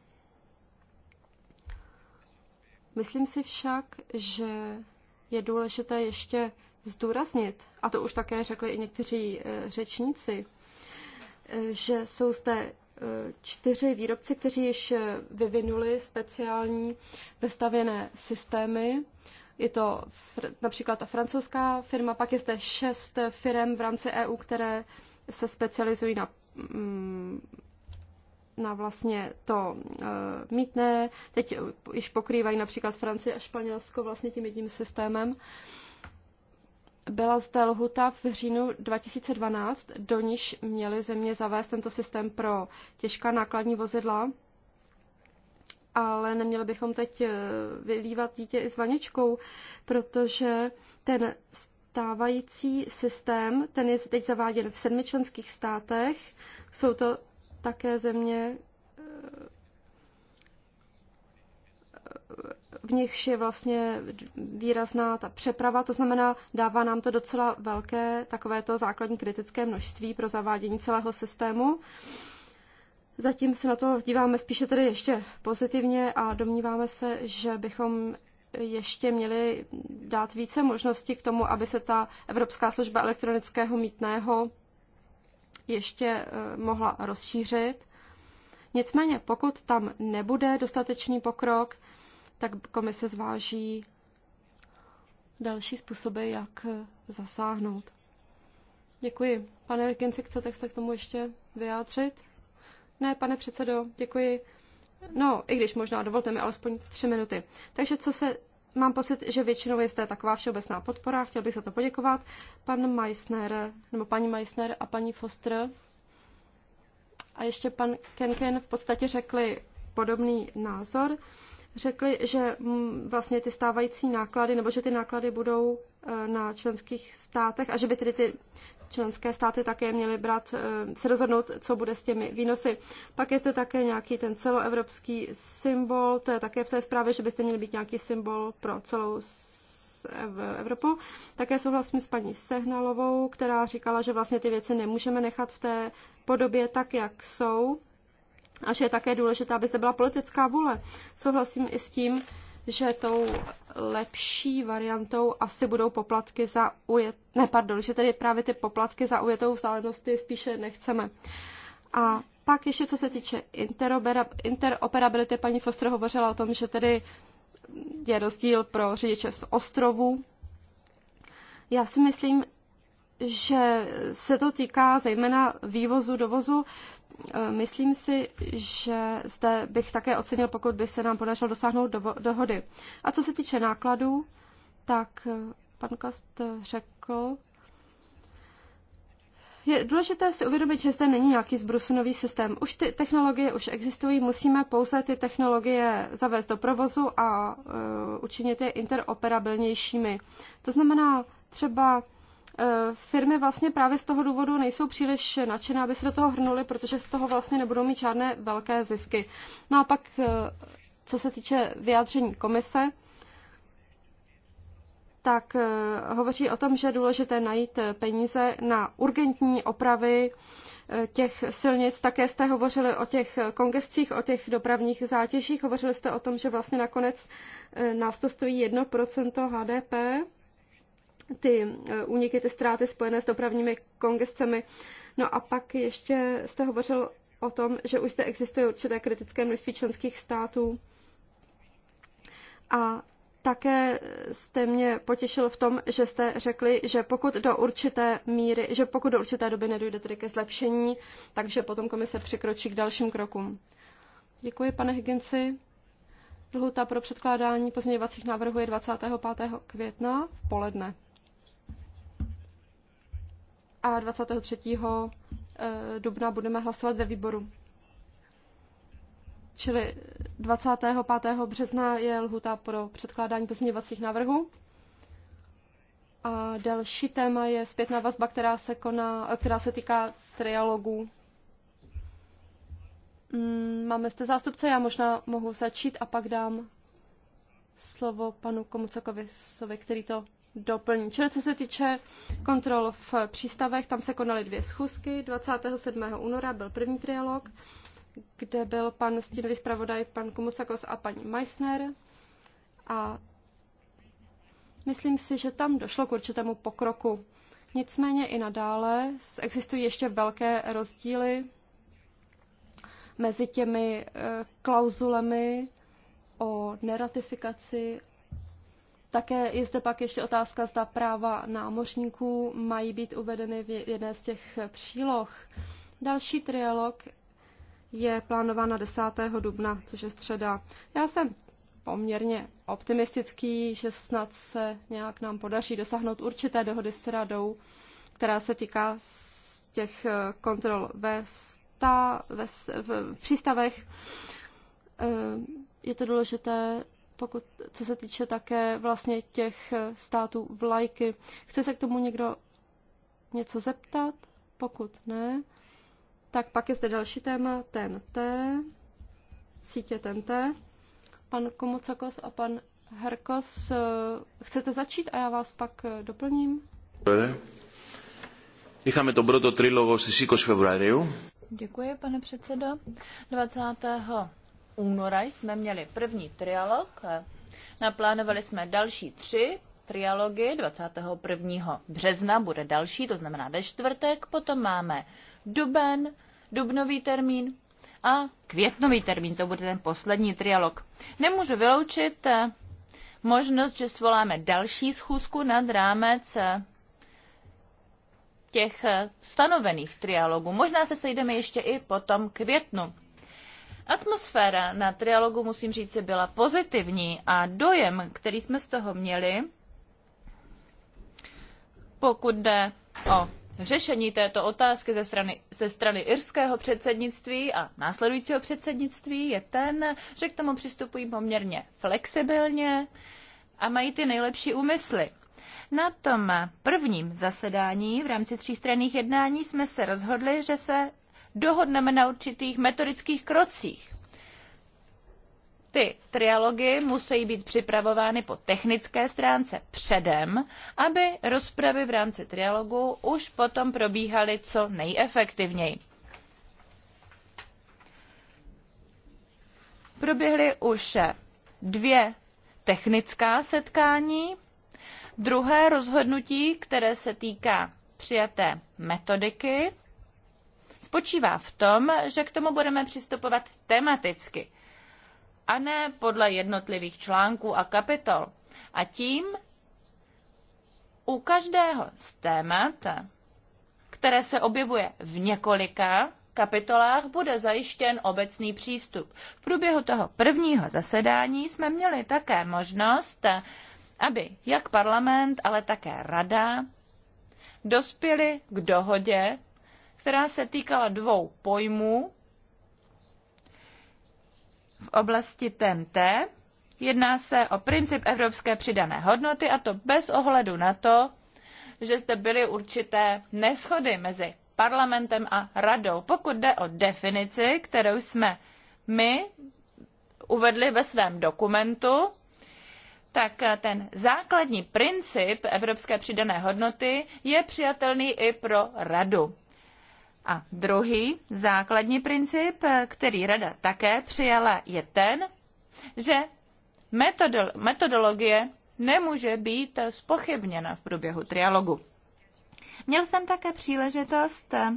[SPEAKER 2] Myslím si však, že je důležité ještě zdůraznit, a to už také řekli i někteří eh, řečníci, eh, že jsou zde eh, čtyři výrobci, kteří již vyvinuli speciální vestavěné systémy. Je to například ta francouzská firma, pak je zde šest firm v rámci EU, které se specializují na mm, na vlastně to uh, mítné. Teď již pokrývají například Francie a Španělsko vlastně tím jedním systémem. Byla zde lhuta v říjnu 2012, do níž měly země zavést tento systém pro těžká nákladní vozidla, ale neměli bychom teď eh, vylívat dítě i s vaničkou, protože ten stávající systém, ten je teď zaváděn v sedmi členských státech, jsou to také země, v nichž je vlastně výrazná ta přeprava, to znamená, dává nám to docela velké takovéto základní kritické množství pro zavádění celého systému. Zatím se na to díváme spíše tedy ještě pozitivně a domníváme se, že bychom ještě měli dát více možností k tomu, aby se ta Evropská služba elektronického mítného ještě eh, mohla rozšířit. Nicméně, pokud tam nebude dostatečný pokrok, tak komise zváží další způsoby, jak eh, zasáhnout. Děkuji. Pane Rikinci, chcete se k tomu ještě vyjádřit? Ne, pane předsedo, děkuji. No, i když možná, dovolte mi alespoň tři minuty. Takže co se mám pocit, že většinou je zde taková všeobecná podpora. Chtěl bych za to poděkovat. Pan Meissner, nebo paní Meissner a paní Foster a ještě pan Kenken v podstatě řekli podobný názor. Řekli, že mm, vlastně ty stávající náklady, nebo že ty náklady budou eh, na členských státech a že by tedy ty členské státy také měly brát, eh, se rozhodnout, co bude s těmi výnosy. Pak je to také nějaký ten celoevropský symbol, to je také v té zprávě, že byste měli být nějaký symbol pro celou Evropu. Také souhlasím s paní Sehnalovou, která říkala, že vlastně ty věci nemůžeme nechat v té podobě tak, jak jsou. A že je také důležité, aby zde byla politická vůle. Souhlasím i s tím, že tou lepší variantou asi budou poplatky za ujet, ne pardon, že tedy právě ty poplatky za ujetou vzdálenosti spíše nechceme. A pak ještě co se týče interoperability, paní Foster hovořila o tom, že tedy je rozdíl pro řidiče z ostrovů. Já si myslím, že se to týká zejména vývozu, dovozu. Eh, myslím si, že zde bych také ocenil, pokud by se nám podařilo dosáhnout do, dohody. A co se týče nákladů, tak eh, pan Kast eh, řekl, je důležité si uvědomit, že zde není nějaký zbrusunový systém. Už ty technologie už existují, musíme pouze ty technologie zavést do provozu a uh, učinit je interoperabilnějšími. To znamená třeba Eh, firmy vlastně právě z toho důvodu nejsou příliš nadšené, aby se do toho hrnuli, protože z toho vlastně nebudou mít žádné velké zisky. No a pak, eh, co se týče vyjádření komise, tak eh, hovoří o tom, že je důležité najít peníze na urgentní opravy těch silnic. Také jste hovořili o těch kongescích, o těch dopravních zátěžích. Hovořili jste o tom, že vlastně nakonec nás to stojí 1% HDP ty eh, úniky, ty ztráty spojené s dopravními kongescemi. No a pak ještě jste hovořil o tom, že už zde existuje určité kritické množství členských států. A také jste mě potěšil v tom, že jste řekli, že pokud do určité míry, že pokud do určité doby nedojde tedy ke zlepšení, takže potom komise přikročí k dalším krokům. Děkuji, pane Higginsi. Lhuta pro předkládání pozměňovacích návrhů je 25. května v poledne a 23. Eh, dubna budeme hlasovat ve výboru. Čili 25. března je lhuta pro předkládání pozměňovacích návrhů. A další téma je zpětná vazba, která se, koná, eh, která se týká trialogů. Mm, máme zde zástupce, já možná mohu začít a pak dám slovo panu Komucakovi, který to doplní. Čili co se týče kontrol v přístavech, tam se konaly dvě schůzky. 27. února byl první trialog, kde byl pan stínový zpravodaj, pan Komucakos a paní Meissner. A myslím si, že tam došlo k určitému pokroku. Nicméně i nadále existují ještě velké rozdíly mezi těmi eh, klauzulemi o neratifikaci také je zde pak ještě otázka, zda práva námořníků mají být uvedeny v jedné z těch příloh. Další trialog je plánován na 10. dubna, což je středa. Já jsem poměrně optimistický, že snad se nějak nám podaří dosáhnout určité dohody s radou, která se týká z těch kontrol ve, stá, ve v, v přístavech. Eh, je to důležité pokud, co se týče také vlastně těch eh, států vlajky. Chce se k tomu někdo něco zeptat? Pokud ne, tak pak je zde další téma, TNT, sítě TNT. Pan Komocakos a pan Herkos, eh, chcete začít a já vás pak eh, doplním?
[SPEAKER 1] Děkujeme to proto τρίλογο z 20 Φεβρουαρίου.
[SPEAKER 3] Děkuji, pane předsedo. 20 února jsme měli první trialog. Eh, naplánovali jsme další tři trialogy. 21. března bude další, to znamená ve čtvrtek. Potom máme duben, dubnový termín a květnový termín. To bude ten poslední trialog. Nemůžu vyloučit eh, možnost, že svoláme další schůzku nad rámec eh, těch stanovených trialogů. Možná se sejdeme ještě i potom květnu. Atmosféra na trialogu, musím říct, byla pozitivní a dojem, který jsme z toho měli, pokud jde o řešení této otázky ze strany, ze strany irského předsednictví a následujícího předsednictví je ten, že k tomu přistupují poměrně flexibilně a mají ty nejlepší úmysly. Na tom prvním zasedání v rámci třístranných jednání jsme se rozhodli, že se dohodneme na určitých metodických krocích. Ty trialogy musí být připravovány po technické stránce předem, aby rozpravy v rámci trialogu už potom probíhaly co nejefektivněji. Proběhly už dvě technická setkání. Druhé rozhodnutí, které se týká přijaté metodiky, spočívá v tom, že k tomu budeme přistupovat tematicky a ne podle jednotlivých článků a kapitol. A tím u každého z témat, které se objevuje v několika kapitolách, bude zajištěn obecný přístup. V průběhu toho prvního zasedání jsme měli také možnost, aby jak parlament, ale také rada dospěli k dohodě která se týkala dvou pojmů v oblasti TNT. Jedná se o princip evropské přidané hodnoty a to bez ohledu na to, že zde byly určité neschody mezi parlamentem a radou, pokud jde o definici, kterou jsme my uvedli ve svém dokumentu, tak ten základní princip evropské přidané hodnoty je přijatelný i pro radu. A druhý základní princip, který Rada také přijala, je ten, že metodologie nemůže být spochybněna v průběhu trialogu. Měl jsem také příležitost eh,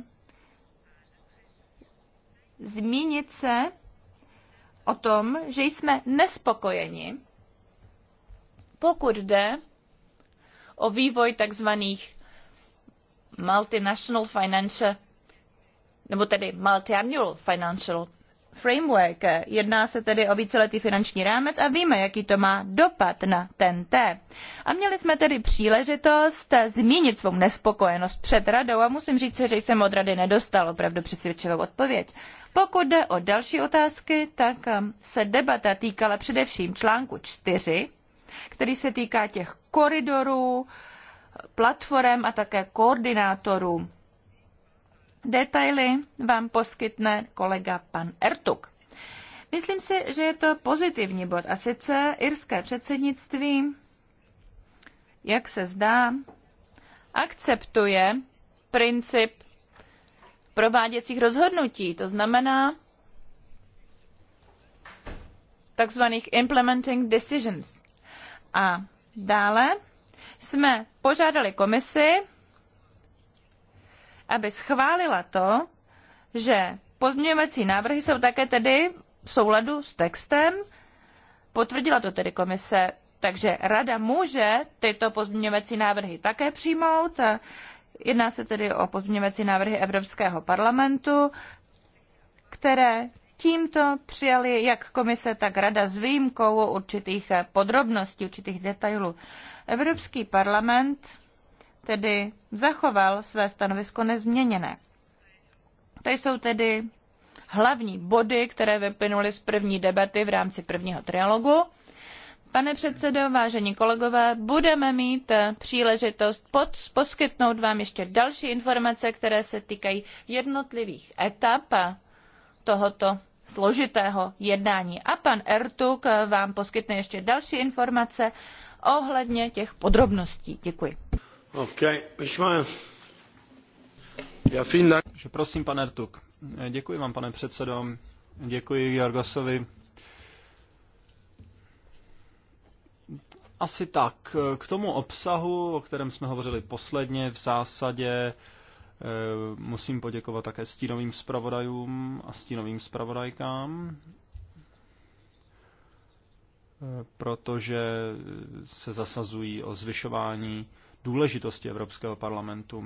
[SPEAKER 3] zmínit se o tom, že jsme nespokojeni, pokud jde o vývoj takzvaných multinational financial nebo tedy Multiannual Financial Framework. Jedná se tedy o víceletý finanční rámec a víme, jaký to má dopad na T. A měli jsme tedy příležitost zmínit svou nespokojenost před radou a musím říct, že jsem od rady nedostal opravdu přesvědčivou odpověď. Pokud jde o další otázky, tak um, se debata týkala především článku 4, který se týká těch koridorů, platform a také koordinátorů Detaily vám poskytne kolega pan Ertuk. Myslím si, že je to pozitivní bod a sice irské předsednictví, jak se zdá, akceptuje princip prováděcích rozhodnutí, to znamená takzvaných implementing decisions. A dále jsme požádali komisi, aby schválila to, že pozměňovací návrhy jsou také tedy v souladu s textem, potvrdila to tedy komise, takže rada může tyto pozměňovací návrhy také přijmout. Jedná se tedy o pozměňovací návrhy Evropského parlamentu, které tímto přijali jak komise, tak rada s výjimkou určitých podrobností, určitých detailů. Evropský parlament tedy zachoval své stanovisko nezměněné. To jsou tedy hlavní body, které vyplynuly z první debaty v rámci prvního trialogu. Pane předsedo, vážení kolegové, budeme mít příležitost pod, poskytnout vám ještě další informace, které se týkají jednotlivých etap tohoto složitého jednání. A pan Ertuk vám poskytne ještě další informace ohledně těch podrobností. Děkuji.
[SPEAKER 1] Prosím, pane Děkuji vám, pane předsedo. Děkuji jrgasovi Asi tak. K tomu obsahu, o kterém jsme hovořili posledně, v zásadě eh, musím poděkovat také stínovým zpravodajům a stínovým zpravodajkám, eh, protože se zasazují o zvyšování důležitosti Evropského parlamentu.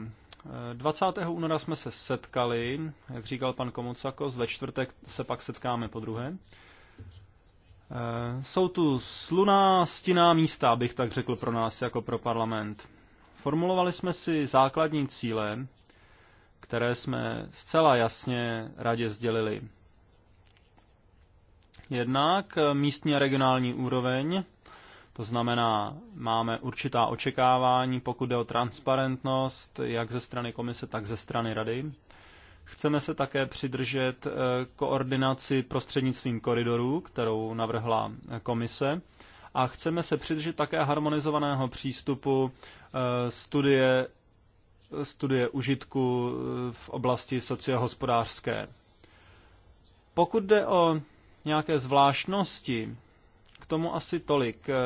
[SPEAKER 1] 20. Eh, února jsme se setkali, jak říkal pan Komocakos, ve čtvrtek se pak setkáme po druhé. Eh, jsou tu sluná, stinná místa, abych tak řekl pro nás jako pro parlament. Formulovali jsme si základní cíle, které jsme zcela jasně radě sdělili. Jednak místní a regionální úroveň, to znamená, máme určitá očekávání, pokud jde o transparentnost, jak ze strany komise, tak ze strany rady. Chceme se také přidržet eh, koordinaci prostřednictvím koridorů, kterou navrhla eh, komise. A chceme se přidržet také harmonizovaného přístupu eh, studie, studie užitku v oblasti sociohospodářské. Pokud jde o nějaké zvláštnosti tomu asi tolik. Eh,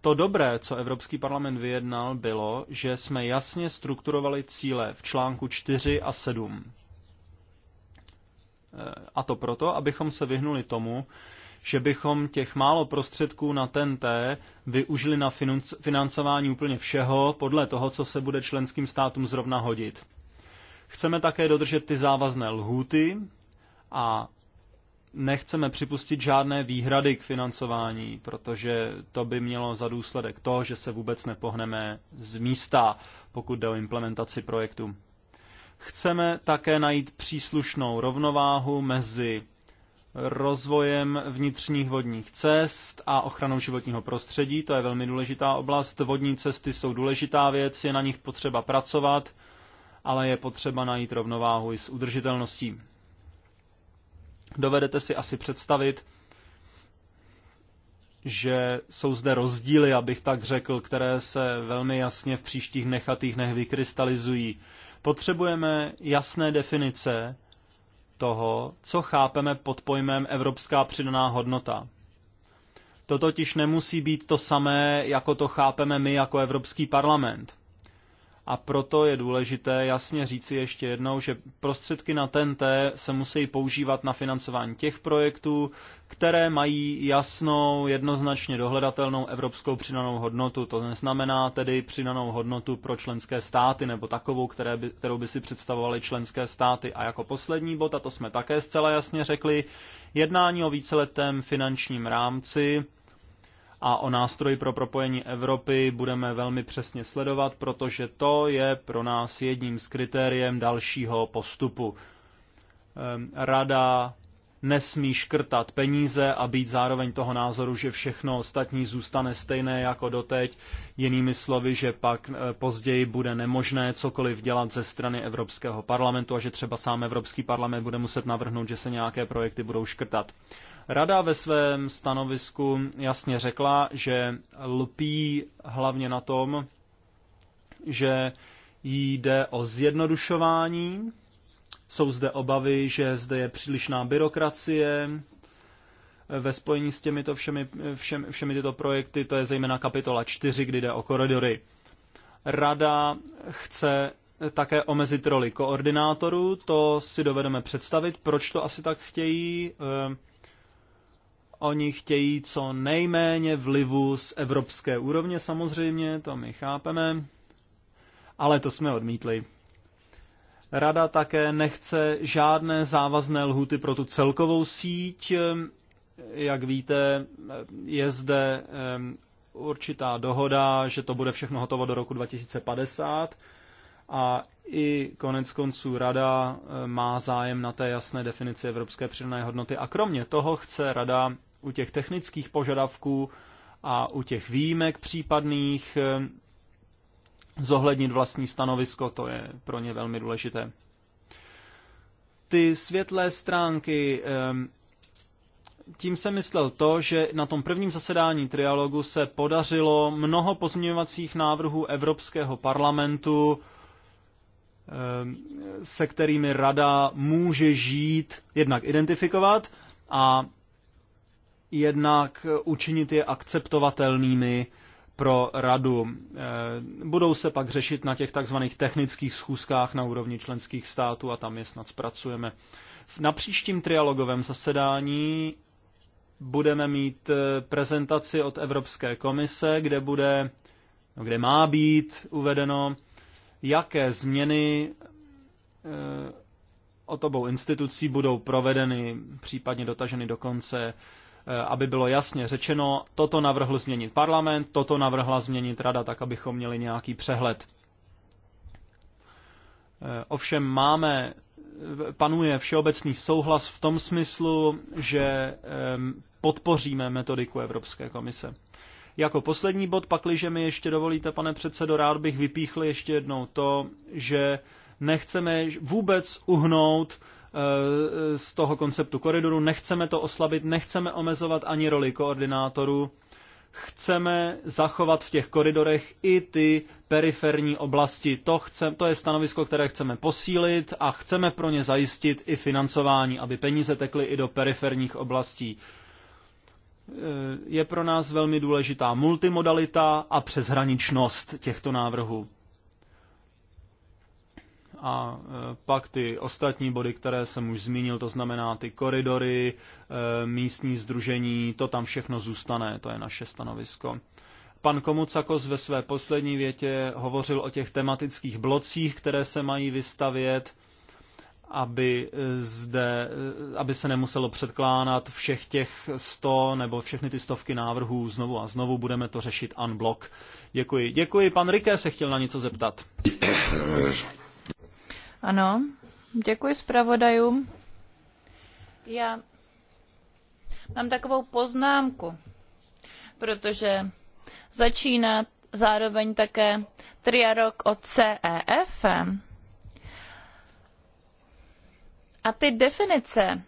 [SPEAKER 1] to dobré, co Evropský parlament vyjednal, bylo, že jsme jasně strukturovali cíle v článku 4 a 7. Eh, a to proto, abychom se vyhnuli tomu, že bychom těch málo prostředků na TNT využili na financování úplně všeho podle toho, co se bude členským státům zrovna hodit. Chceme také dodržet ty závazné lhůty a nechceme připustit žádné výhrady k financování, protože to by mělo za důsledek to, že se vůbec nepohneme z místa, pokud jde o implementaci projektu. Chceme také najít příslušnou rovnováhu mezi rozvojem vnitřních vodních cest a ochranou životního prostředí. To je velmi důležitá oblast. Vodní cesty jsou důležitá věc, je na nich potřeba pracovat, ale je potřeba najít rovnováhu i s udržitelností. Dovedete si asi představit, že jsou zde rozdíly, abych tak řekl, které se velmi jasně v příštích nechatých dnech vykrystalizují. Potřebujeme jasné definice toho, co chápeme pod pojmem evropská přidaná hodnota. To totiž nemusí být to samé, jako to chápeme my jako Evropský parlament a proto je důležité jasně říci ještě jednou, že prostředky na TNT se musí používat na financování těch projektů, které mají jasnou, jednoznačně dohledatelnou evropskou přidanou hodnotu. To neznamená tedy přidanou hodnotu pro členské státy nebo takovou, které by, kterou by si představovaly členské státy. A jako poslední bod, a to jsme také zcela jasně řekli, jednání o víceletém finančním rámci a o nástroji pro propojení Evropy budeme velmi přesně sledovat, protože to je pro nás jedním z kritériem dalšího postupu. Ehm, rada nesmí škrtat peníze a být zároveň toho názoru, že všechno ostatní zůstane stejné jako doteď, jinými slovy, že pak e, později bude nemožné cokoliv dělat ze strany Evropského parlamentu a že třeba sám Evropský parlament bude muset navrhnout, že se nějaké projekty budou škrtat. Rada ve svém stanovisku jasně řekla, že lpí hlavně na tom, že jde o zjednodušování, jsou zde obavy, že zde je přílišná byrokracie, ve spojení s těmito všemi, všem, všemi tyto projekty, to je zejména kapitola 4, kdy jde o koridory. Rada chce také omezit roli koordinátorů, to si dovedeme představit, proč to asi tak chtějí. Ehm, Oni chtějí co nejméně vlivu z evropské úrovně samozřejmě, to my chápeme, ale to jsme odmítli. Rada také nechce žádné závazné lhuty pro tu celkovou síť. Jak víte, je zde určitá dohoda, že to bude všechno hotovo do roku 2050 a i konec konců rada má zájem na té jasné definici evropské přidané hodnoty a kromě toho chce rada u těch technických požadavků a u těch výjimek případných eh, zohlednit vlastní stanovisko, to je pro ně velmi důležité. Ty světlé stránky, eh, tím jsem myslel to, že na tom prvním zasedání trialogu se podařilo mnoho pozměňovacích návrhů Evropského parlamentu, eh, se kterými rada může žít, jednak identifikovat a jednak učinit je akceptovatelnými pro radu. Eh, budou se pak řešit na těch takzvaných technických schůzkách na úrovni členských států a tam je snad zpracujeme. Na příštím trialogovém zasedání budeme mít eh, prezentaci od Evropské komise, kde bude, no kde má být uvedeno, jaké změny eh, o tobou institucí budou provedeny, případně dotaženy do konce Eh, aby bylo jasně řečeno, toto navrhl změnit parlament, toto navrhla změnit rada, tak abychom měli nějaký přehled. Eh, ovšem máme, eh, panuje všeobecný souhlas v tom smyslu, že podpoříme metodiku Evropské komise. Jako poslední bod, pakliže mi ještě dovolíte, pane předsedo, rád bych vypíchl ještě jednou to, že nechceme vůbec uhnout Eh, z toho konceptu koridoru. Nechceme to oslabit, nechceme omezovat ani roli koordinátorů. Chceme zachovat v těch koridorech i ty periferní oblasti. To, chcem, to je stanovisko, které chceme posílit a chceme pro ně zajistit i financování, aby peníze tekly i do periferních oblastí eh, je pro nás velmi důležitá multimodalita a přeshraničnost těchto návrhů. A e, pak ty ostatní body, které jsem už zmínil, to znamená ty koridory, e, místní združení, to tam všechno zůstane, to je naše stanovisko. Pan Komucakos ve své poslední větě hovořil o těch tematických blocích, které se mají vystavět, aby, e, zde, aby se nemuselo předkládat všech těch sto nebo všechny ty stovky návrhů znovu a znovu. Budeme to řešit unblock. Děkuji. Děkuji. Pan Riké se chtěl na něco zeptat.
[SPEAKER 3] Ano, děkuji zpravodajům. Já mám takovou poznámku, protože začíná zároveň také triarok o CEF. A ty definice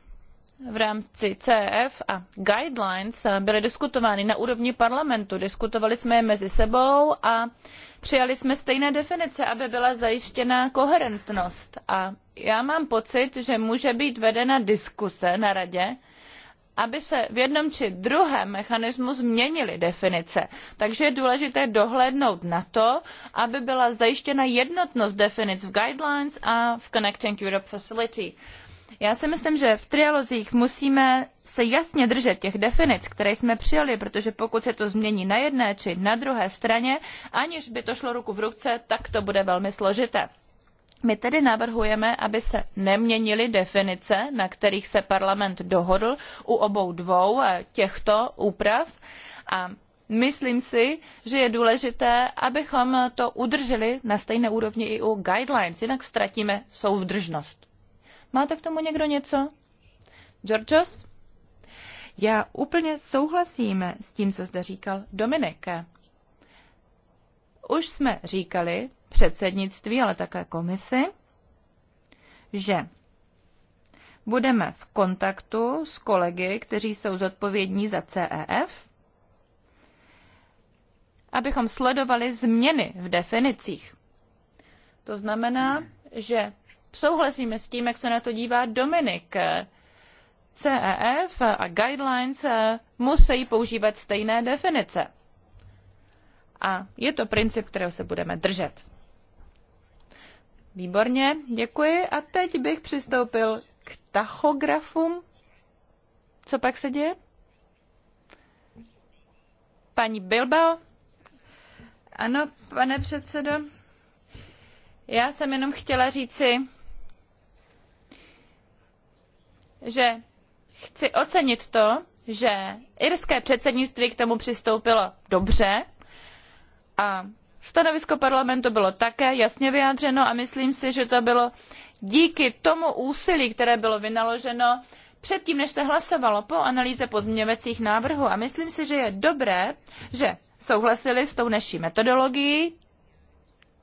[SPEAKER 3] v rámci CF e a guidelines byly diskutovány na úrovni parlamentu. Diskutovali jsme je mezi sebou a Přijali jsme stejné definice, aby byla zajištěna koherentnost. A já mám pocit, že může být vedena diskuse na radě, aby se v jednom či druhém mechanismu změnily definice. Takže je důležité dohlédnout na to, aby byla zajištěna jednotnost definic v guidelines a v Connecting Europe Facility. Já si myslím, že v trialozích musíme se jasně držet těch definic, které jsme přijali, protože pokud se to změní na jedné či na druhé straně, aniž by to šlo ruku v ruce, tak to bude velmi složité. My tedy navrhujeme, aby se neměnily definice, na kterých se parlament dohodl u obou dvou eh, těchto úprav a myslím si, že je důležité, abychom to udrželi na stejné úrovni i u guidelines, jinak ztratíme soudržnost. Máte k tomu někdo něco? Georgios? Já úplně souhlasím s tím, co zde říkal Dominik. Už jsme říkali předsednictví, ale také komisi, že budeme v kontaktu s kolegy, kteří jsou zodpovědní za CEF, abychom sledovali změny v definicích. To znamená, že souhlasíme s tím, jak se na to dívá Dominik. CEF a guidelines eh, musí používat stejné definice. A je to princip, kterého se budeme držet. Výborně, děkuji. A teď bych přistoupil k tachografům. Co pak se děje? Paní Bilbao? Ano, pane předsedo. Já jsem jenom chtěla říci, že chci ocenit to, že irské předsednictví k tomu přistoupilo dobře a stanovisko parlamentu bylo také jasně vyjádřeno a myslím si, že to bylo díky tomu úsilí, které bylo vynaloženo předtím, než se hlasovalo po analýze pozměňovacích návrhů. A myslím si, že je dobré, že souhlasili s tou naší metodologií.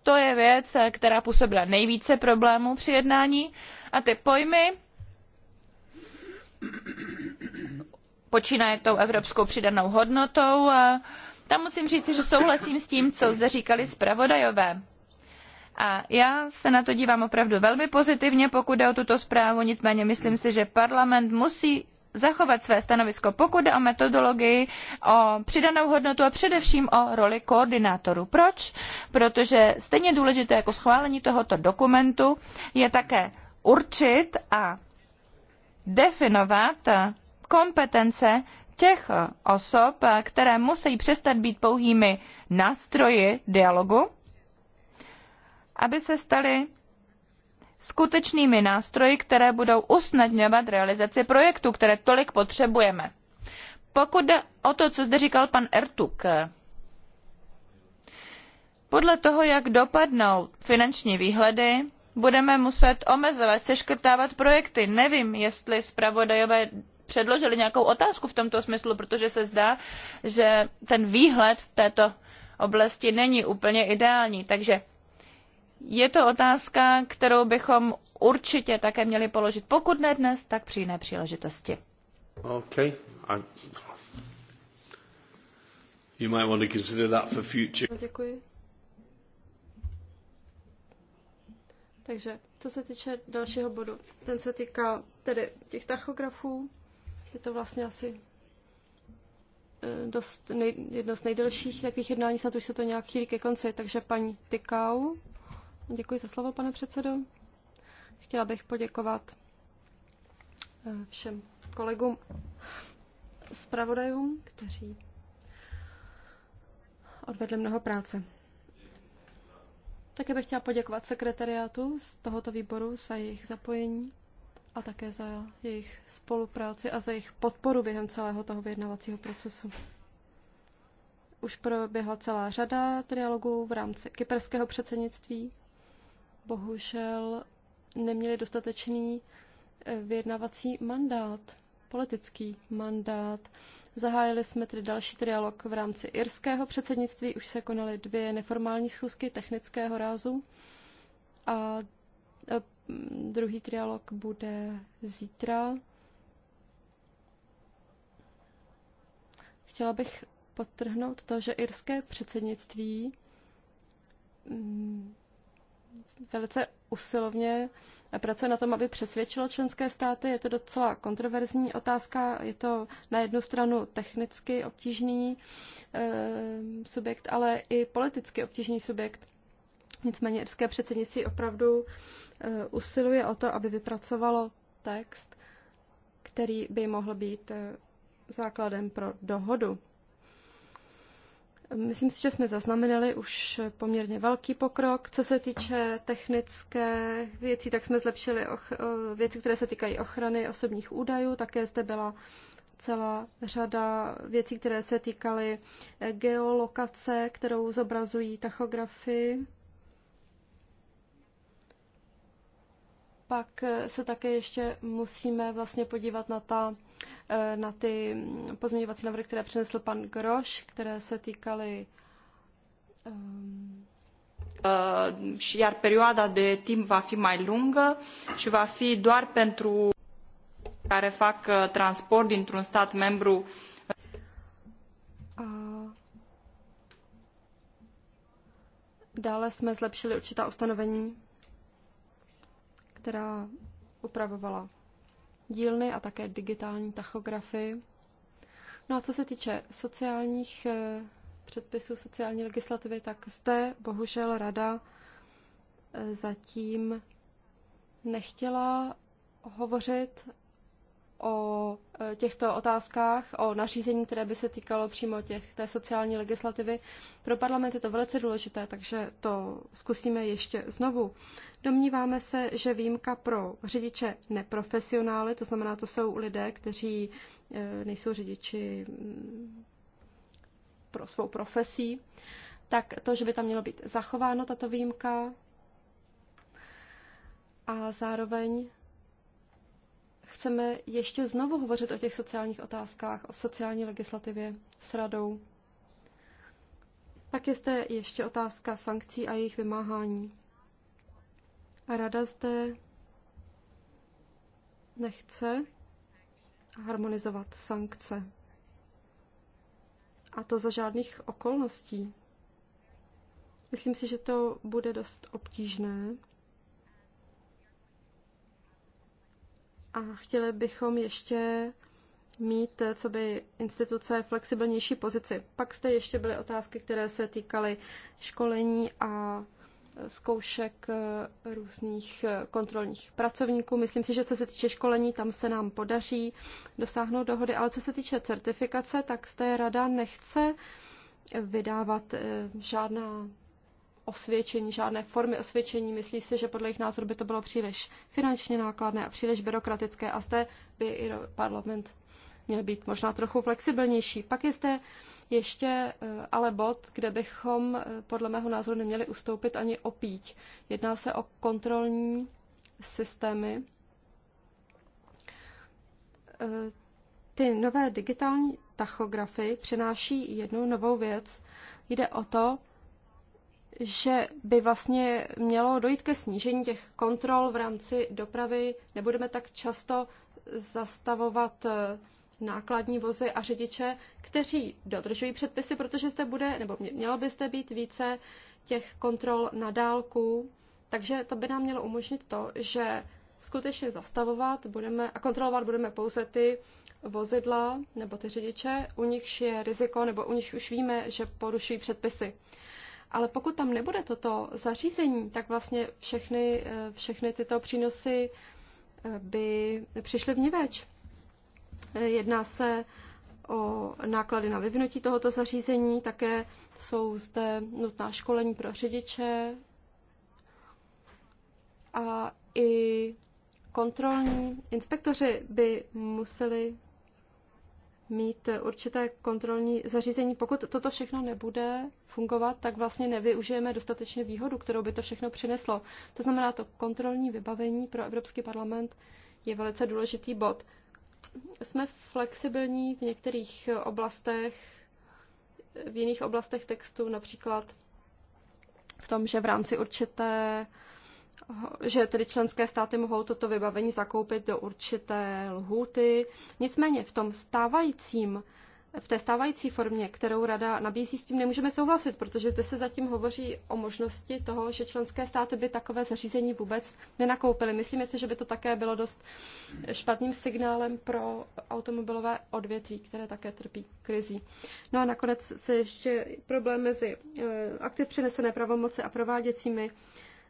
[SPEAKER 3] To je věc, která působila nejvíce problémů při jednání. A ty pojmy, počínaje tou evropskou přidanou hodnotou. A tam musím říct, že souhlasím s tím, co zde říkali zpravodajové. A já se na to dívám opravdu velmi pozitivně, pokud jde o tuto zprávu, nicméně myslím si, že parlament musí zachovat své stanovisko, pokud jde o metodologii, o přidanou hodnotu a především o roli koordinátorů. Proč? Protože stejně důležité jako schválení tohoto dokumentu je také určit a definovat kompetence těch osob, které musí přestat být pouhými nástroji dialogu, aby se staly skutečnými nástroji, které budou usnadňovat realizaci projektu, které tolik potřebujeme. Pokud jde o to, co zde říkal pan Ertuk, podle toho, jak dopadnou finanční výhledy, budeme muset omezovat, seškrtávat projekty. Nevím, jestli zpravodajové předložili nějakou otázku v tomto smyslu, protože se zdá, že ten výhled v této oblasti není úplně ideální. Takže je to otázka, kterou bychom určitě také měli položit, pokud ne dnes, tak při jiné příležitosti.
[SPEAKER 2] Takže co se týče dalšího bodu, ten se týká tedy těch tachografů. Je to vlastně asi e, dost nej, jedno z nejdelších takových jednání, snad už se to nějak chýlí ke konci. Takže paní Tykau, děkuji za slovo, pane předsedo. Chtěla bych poděkovat e, všem kolegům zpravodajům, kteří odvedli mnoho práce. Také bych chtěla poděkovat sekretariátu z tohoto výboru za jejich zapojení a také za jejich spolupráci a za jejich podporu během celého toho vyjednavacího procesu. Už proběhla celá řada trialogů v rámci kyperského předsednictví. Bohužel neměli dostatečný eh, vyjednavací mandát, politický mandát. Zahájili jsme tedy další trialog v rámci irského předsednictví. Už se konaly dvě neformální schůzky technického rázu a druhý trialog bude zítra. Chtěla bych podtrhnout to, že irské předsednictví mm, velice usilovně pracuje na tom, aby přesvědčilo členské státy. Je to docela kontroverzní otázka, je to na jednu stranu technicky obtížný eh, subjekt, ale i politicky obtížný subjekt. Nicméně irské předsednictví opravdu eh, usiluje o to, aby vypracovalo text, který by mohl být eh, základem pro dohodu. Myslím si, že jsme zaznamenali už poměrně velký pokrok. Co se týče technické věcí, tak jsme zlepšili eh, věci, které se týkají ochrany osobních údajů. Také zde byla celá řada věcí, které se týkaly eh, geolokace, kterou zobrazují tachografy. Pak eh, se také ještě musíme vlastně podívat na ta Eh, na ty pozměňovací návrhy, které přinesl pan Groš, které se týkaly um,
[SPEAKER 3] iar perioada de timp va fi mai lungă și va fi doar pentru care fac eh, transport dintr-un stat membru.
[SPEAKER 2] Dále jsme zlepšili určitá ustanovení, která upravovala dílny a také digitální tachografy. No a co se týče sociálních eh, předpisů, sociální legislativy, tak zde bohužel rada eh, zatím nechtěla hovořit o e, těchto otázkách, o nařízení, které by se týkalo přímo těch, té sociální legislativy. Pro parlament je to velice důležité, takže to zkusíme ještě znovu. Domníváme se, že výjimka pro řidiče neprofesionály, to znamená, to jsou lidé, kteří e, nejsou řidiči mm, pro svou profesí, tak to, že by tam mělo být zachováno tato výjimka a zároveň chceme ještě znovu hovořit o těch sociálních otázkách, o sociální legislativě s radou. Pak je zde ještě otázka sankcí a jejich vymáhání. A rada zde nechce harmonizovat sankce. A to za žádných okolností. Myslím si, že to bude dost obtížné a chtěli bychom ještě mít eh, co by instituce flexibilnější pozici. Pak jste ještě byly otázky, které se týkaly školení a zkoušek eh, různých eh, kontrolních pracovníků. Myslím si, že co se týče školení, tam se nám podaří dosáhnout dohody, ale co se týče certifikace, tak z té rada nechce vydávat žádná osvědčení, žádné formy osvědčení. Myslí si, že podle jejich názoru by to bylo příliš finančně nákladné a příliš byrokratické a zde by i parlament měl být možná trochu flexibilnější. Pak je zde ještě eh, ale bod, kde bychom eh, podle mého názoru neměli ustoupit ani opíť. Jedná se o kontrolní systémy. Eh, ty nové digitální tachografy přináší jednu novou věc. Jde o to, že by vlastně mělo dojít ke snížení těch kontrol v rámci dopravy. Nebudeme tak často zastavovat eh, nákladní vozy a řidiče, kteří dodržují předpisy, protože zde bude, nebo mělo by zde být více těch kontrol na dálku. Takže to by nám mělo umožnit to, že skutečně zastavovat budeme a kontrolovat budeme pouze ty vozidla nebo ty řidiče, u nichž je riziko, nebo u nich už víme, že porušují předpisy ale pokud tam nebude toto zařízení, tak vlastně všechny, eh, všechny tyto přínosy eh, by přišly v niveč. Eh, jedná se o náklady na vyvinutí tohoto zařízení, také jsou zde nutná školení pro řidiče a i kontrolní inspektoři by museli mít určité kontrolní zařízení. Pokud toto všechno nebude fungovat, tak vlastně nevyužijeme dostatečně výhodu, kterou by to všechno přineslo. To znamená, to kontrolní vybavení pro Evropský parlament je velice důležitý bod. Jsme flexibilní v některých oblastech, v jiných oblastech textu, například v tom, že v rámci určité že tedy členské státy mohou toto vybavení zakoupit do určité lhůty. Nicméně v tom stávajícím v té stávající formě, kterou rada nabízí, s tím nemůžeme souhlasit, protože zde se zatím hovoří o možnosti toho, že členské státy by takové zařízení vůbec nenakoupily. Myslíme si, že by to také bylo dost špatným signálem pro automobilové odvětví, které také trpí krizí. No a nakonec se ještě problém mezi eh, aktiv přenesené pravomoci a prováděcími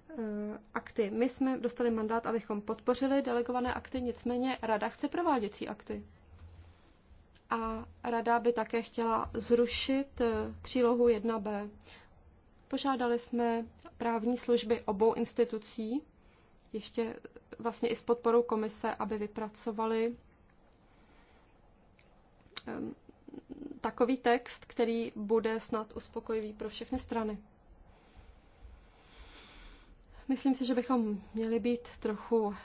[SPEAKER 2] Eh, akty. My jsme dostali mandát, abychom podpořili delegované akty, nicméně rada chce prováděcí akty. A rada by také chtěla zrušit eh, přílohu 1b. Požádali jsme právní služby obou institucí, ještě vlastně i s podporou komise, aby vypracovali eh, takový text, který bude snad uspokojivý pro všechny strany. Myslím si, že bychom měli být trochu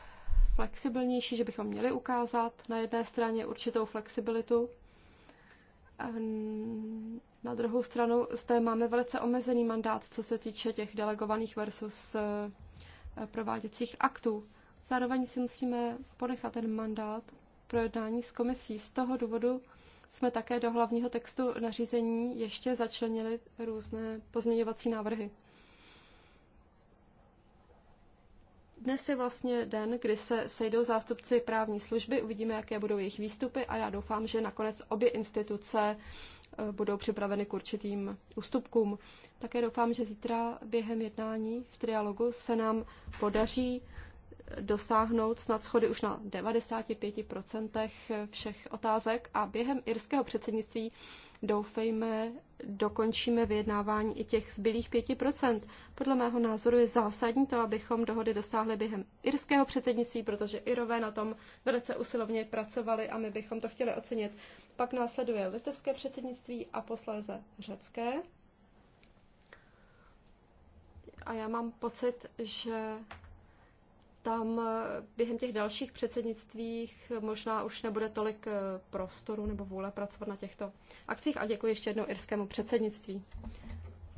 [SPEAKER 2] flexibilnější, že bychom měli ukázat na jedné straně určitou flexibilitu. A na druhou stranu zde máme velice omezený mandát, co se týče těch delegovaných versus eh, prováděcích aktů. Zároveň si musíme ponechat ten mandát pro jednání s komisí. Z toho důvodu jsme také do hlavního textu nařízení ještě začlenili různé pozměňovací návrhy. Dnes je vlastně den, kdy se sejdou zástupci právní služby, uvidíme, jaké budou jejich výstupy a já doufám, že nakonec obě instituce eh, budou připraveny k určitým ústupkům. Také doufám, že zítra během jednání v trialogu se nám podaří eh, dosáhnout snad schody už na 95% všech otázek a během irského předsednictví doufejme, dokončíme vyjednávání i těch zbylých 5%. Podle mého názoru je zásadní to, abychom dohody dosáhli během irského předsednictví, protože Irové na tom velice usilovně pracovali a my bychom to chtěli ocenit. Pak následuje litevské předsednictví a posléze řecké. A já mám pocit, že tam eh, během těch dalších předsednictvích možná už nebude tolik eh, prostoru nebo vůle pracovat na těchto akcích. A děkuji ještě jednou irskému předsednictví.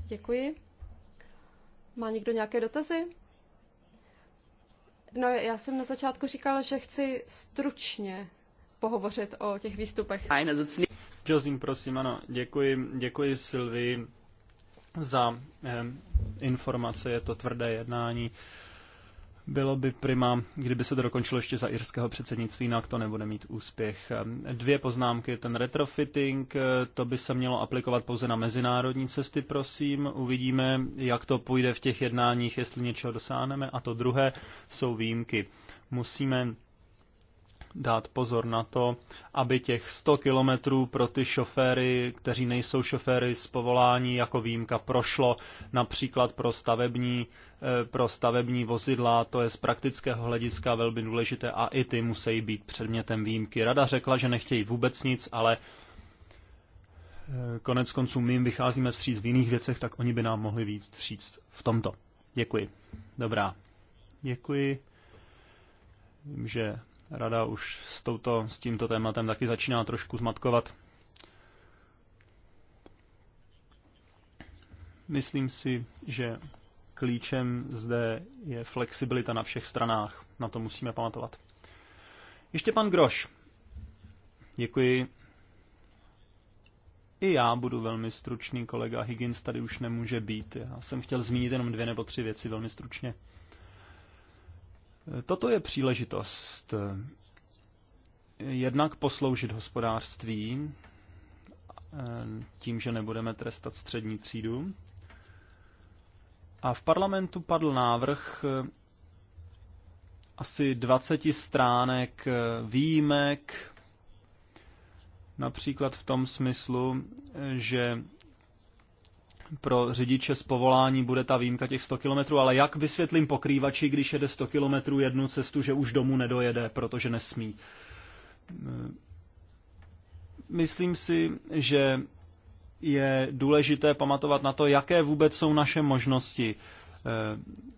[SPEAKER 2] Děkuji. Má někdo nějaké dotazy? No, já jsem na začátku říkala, že chci stručně pohovořit o těch výstupech.
[SPEAKER 1] Josín, prosím, ano, děkuji, děkuji Silvi za eh, informace, je to tvrdé jednání. Eh, bylo by prima, kdyby se to dokončilo ještě za irského předsednictví, jinak to nebude mít úspěch. Ehm, dvě poznámky. Ten retrofitting, eh, to by se mělo aplikovat pouze na mezinárodní cesty, prosím. Uvidíme, jak to půjde v těch jednáních, jestli něčeho dosáhneme. A to druhé jsou výjimky. Musíme dát pozor na to, aby těch 100 kilometrů pro ty šoféry, kteří nejsou šoféry z povolání jako výjimka, prošlo například pro stavební, eh, pro stavební vozidla, to je z praktického hlediska velmi důležité a i ty musí být předmětem výjimky. Rada řekla, že nechtějí vůbec nic, ale eh, konec konců my jim vycházíme vstříc v jiných věcech, tak oni by nám mohli víc vstříc v tomto. Děkuji. Dobrá. Děkuji. Vím, že Rada už s, touto, s tímto tématem taky začíná trošku zmatkovat. Myslím si, že klíčem zde je flexibilita na všech stranách. Na to musíme pamatovat. Ještě pan Groš. Děkuji. I já budu velmi stručný, kolega Higgins tady už nemůže být. Já jsem chtěl zmínit jenom dvě nebo tři věci velmi stručně. Toto je příležitost eh, jednak posloužit hospodářství eh, tím, že nebudeme trestat střední třídu. A v parlamentu padl návrh eh, asi 20 stránek výjimek, například v tom smyslu, že pro řidiče z povolání bude ta výjimka těch 100 km, ale jak vysvětlím pokrývači, když jede 100 km jednu cestu, že už domů nedojede, protože nesmí? Eh, myslím si, že je důležité pamatovat na to, jaké vůbec jsou naše možnosti eh,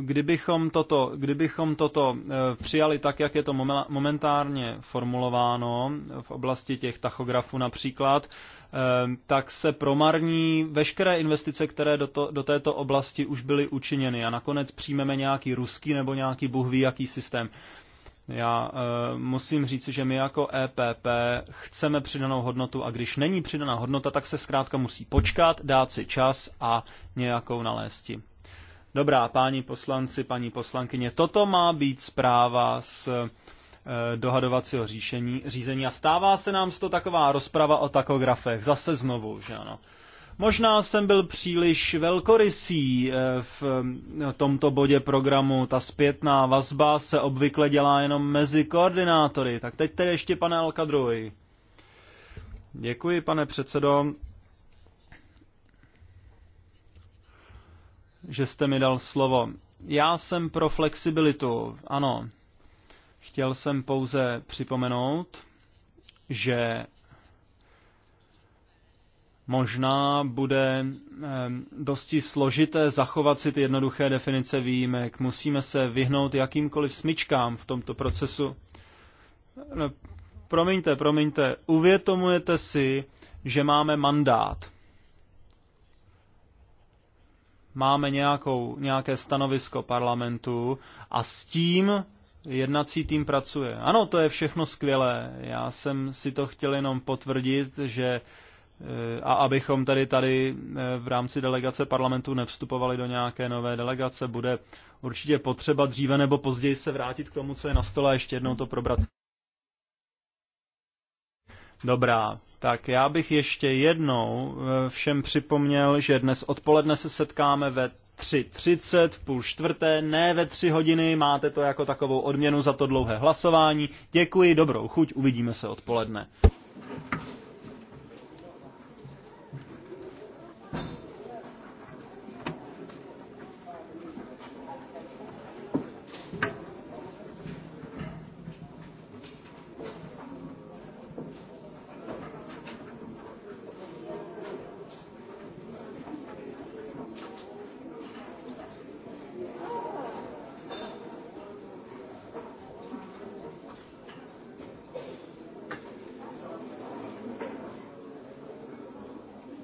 [SPEAKER 1] kdybychom toto, kdybychom toto eh, přijali tak, jak je to momentárně formulováno eh, v oblasti těch tachografů například, eh, tak se promarní veškeré investice, které do, to, do této oblasti už byly učiněny a nakonec přijmeme nějaký ruský nebo nějaký buhví jaký systém. Já e, musím říct, že my jako EPP chceme přidanou hodnotu a když není přidaná hodnota, tak se zkrátka musí počkat, dát si čas a nějakou nalézti. Dobrá, páni poslanci, paní poslankyně, toto má být zpráva z eh, dohadovacího říšení, řízení a stává se nám z to taková rozprava o takografech. Zase znovu, že ano. Možná jsem byl příliš velkorysý eh, v eh, tomto bodě programu. Ta zpětná vazba se obvykle dělá jenom mezi koordinátory. Tak teď tedy ještě pane Alkadroji. Děkuji, pane předsedo. že jste mi dal slovo. Já jsem pro flexibilitu, ano. Chtěl jsem pouze připomenout, že možná bude dosti složité zachovat si ty jednoduché definice výjimek. Musíme se vyhnout jakýmkoliv smyčkám v tomto procesu. No, promiňte, promiňte, uvědomujete si, že máme mandát máme nějakou, nějaké stanovisko parlamentu a s tím jednací tým pracuje. Ano, to je všechno skvělé. Já jsem si to chtěl jenom potvrdit, že eh, a abychom tady tady eh, v rámci delegace parlamentu nevstupovali do nějaké nové delegace, bude určitě potřeba dříve nebo později se vrátit k tomu, co je na stole a ještě jednou to probrat. Dobrá, tak já bych ještě jednou eh, všem připomněl, že dnes odpoledne se setkáme ve 3.30, v půl čtvrté, ne ve 3 hodiny, máte to jako takovou odměnu za to dlouhé hlasování. Děkuji, dobrou chuť, uvidíme se odpoledne.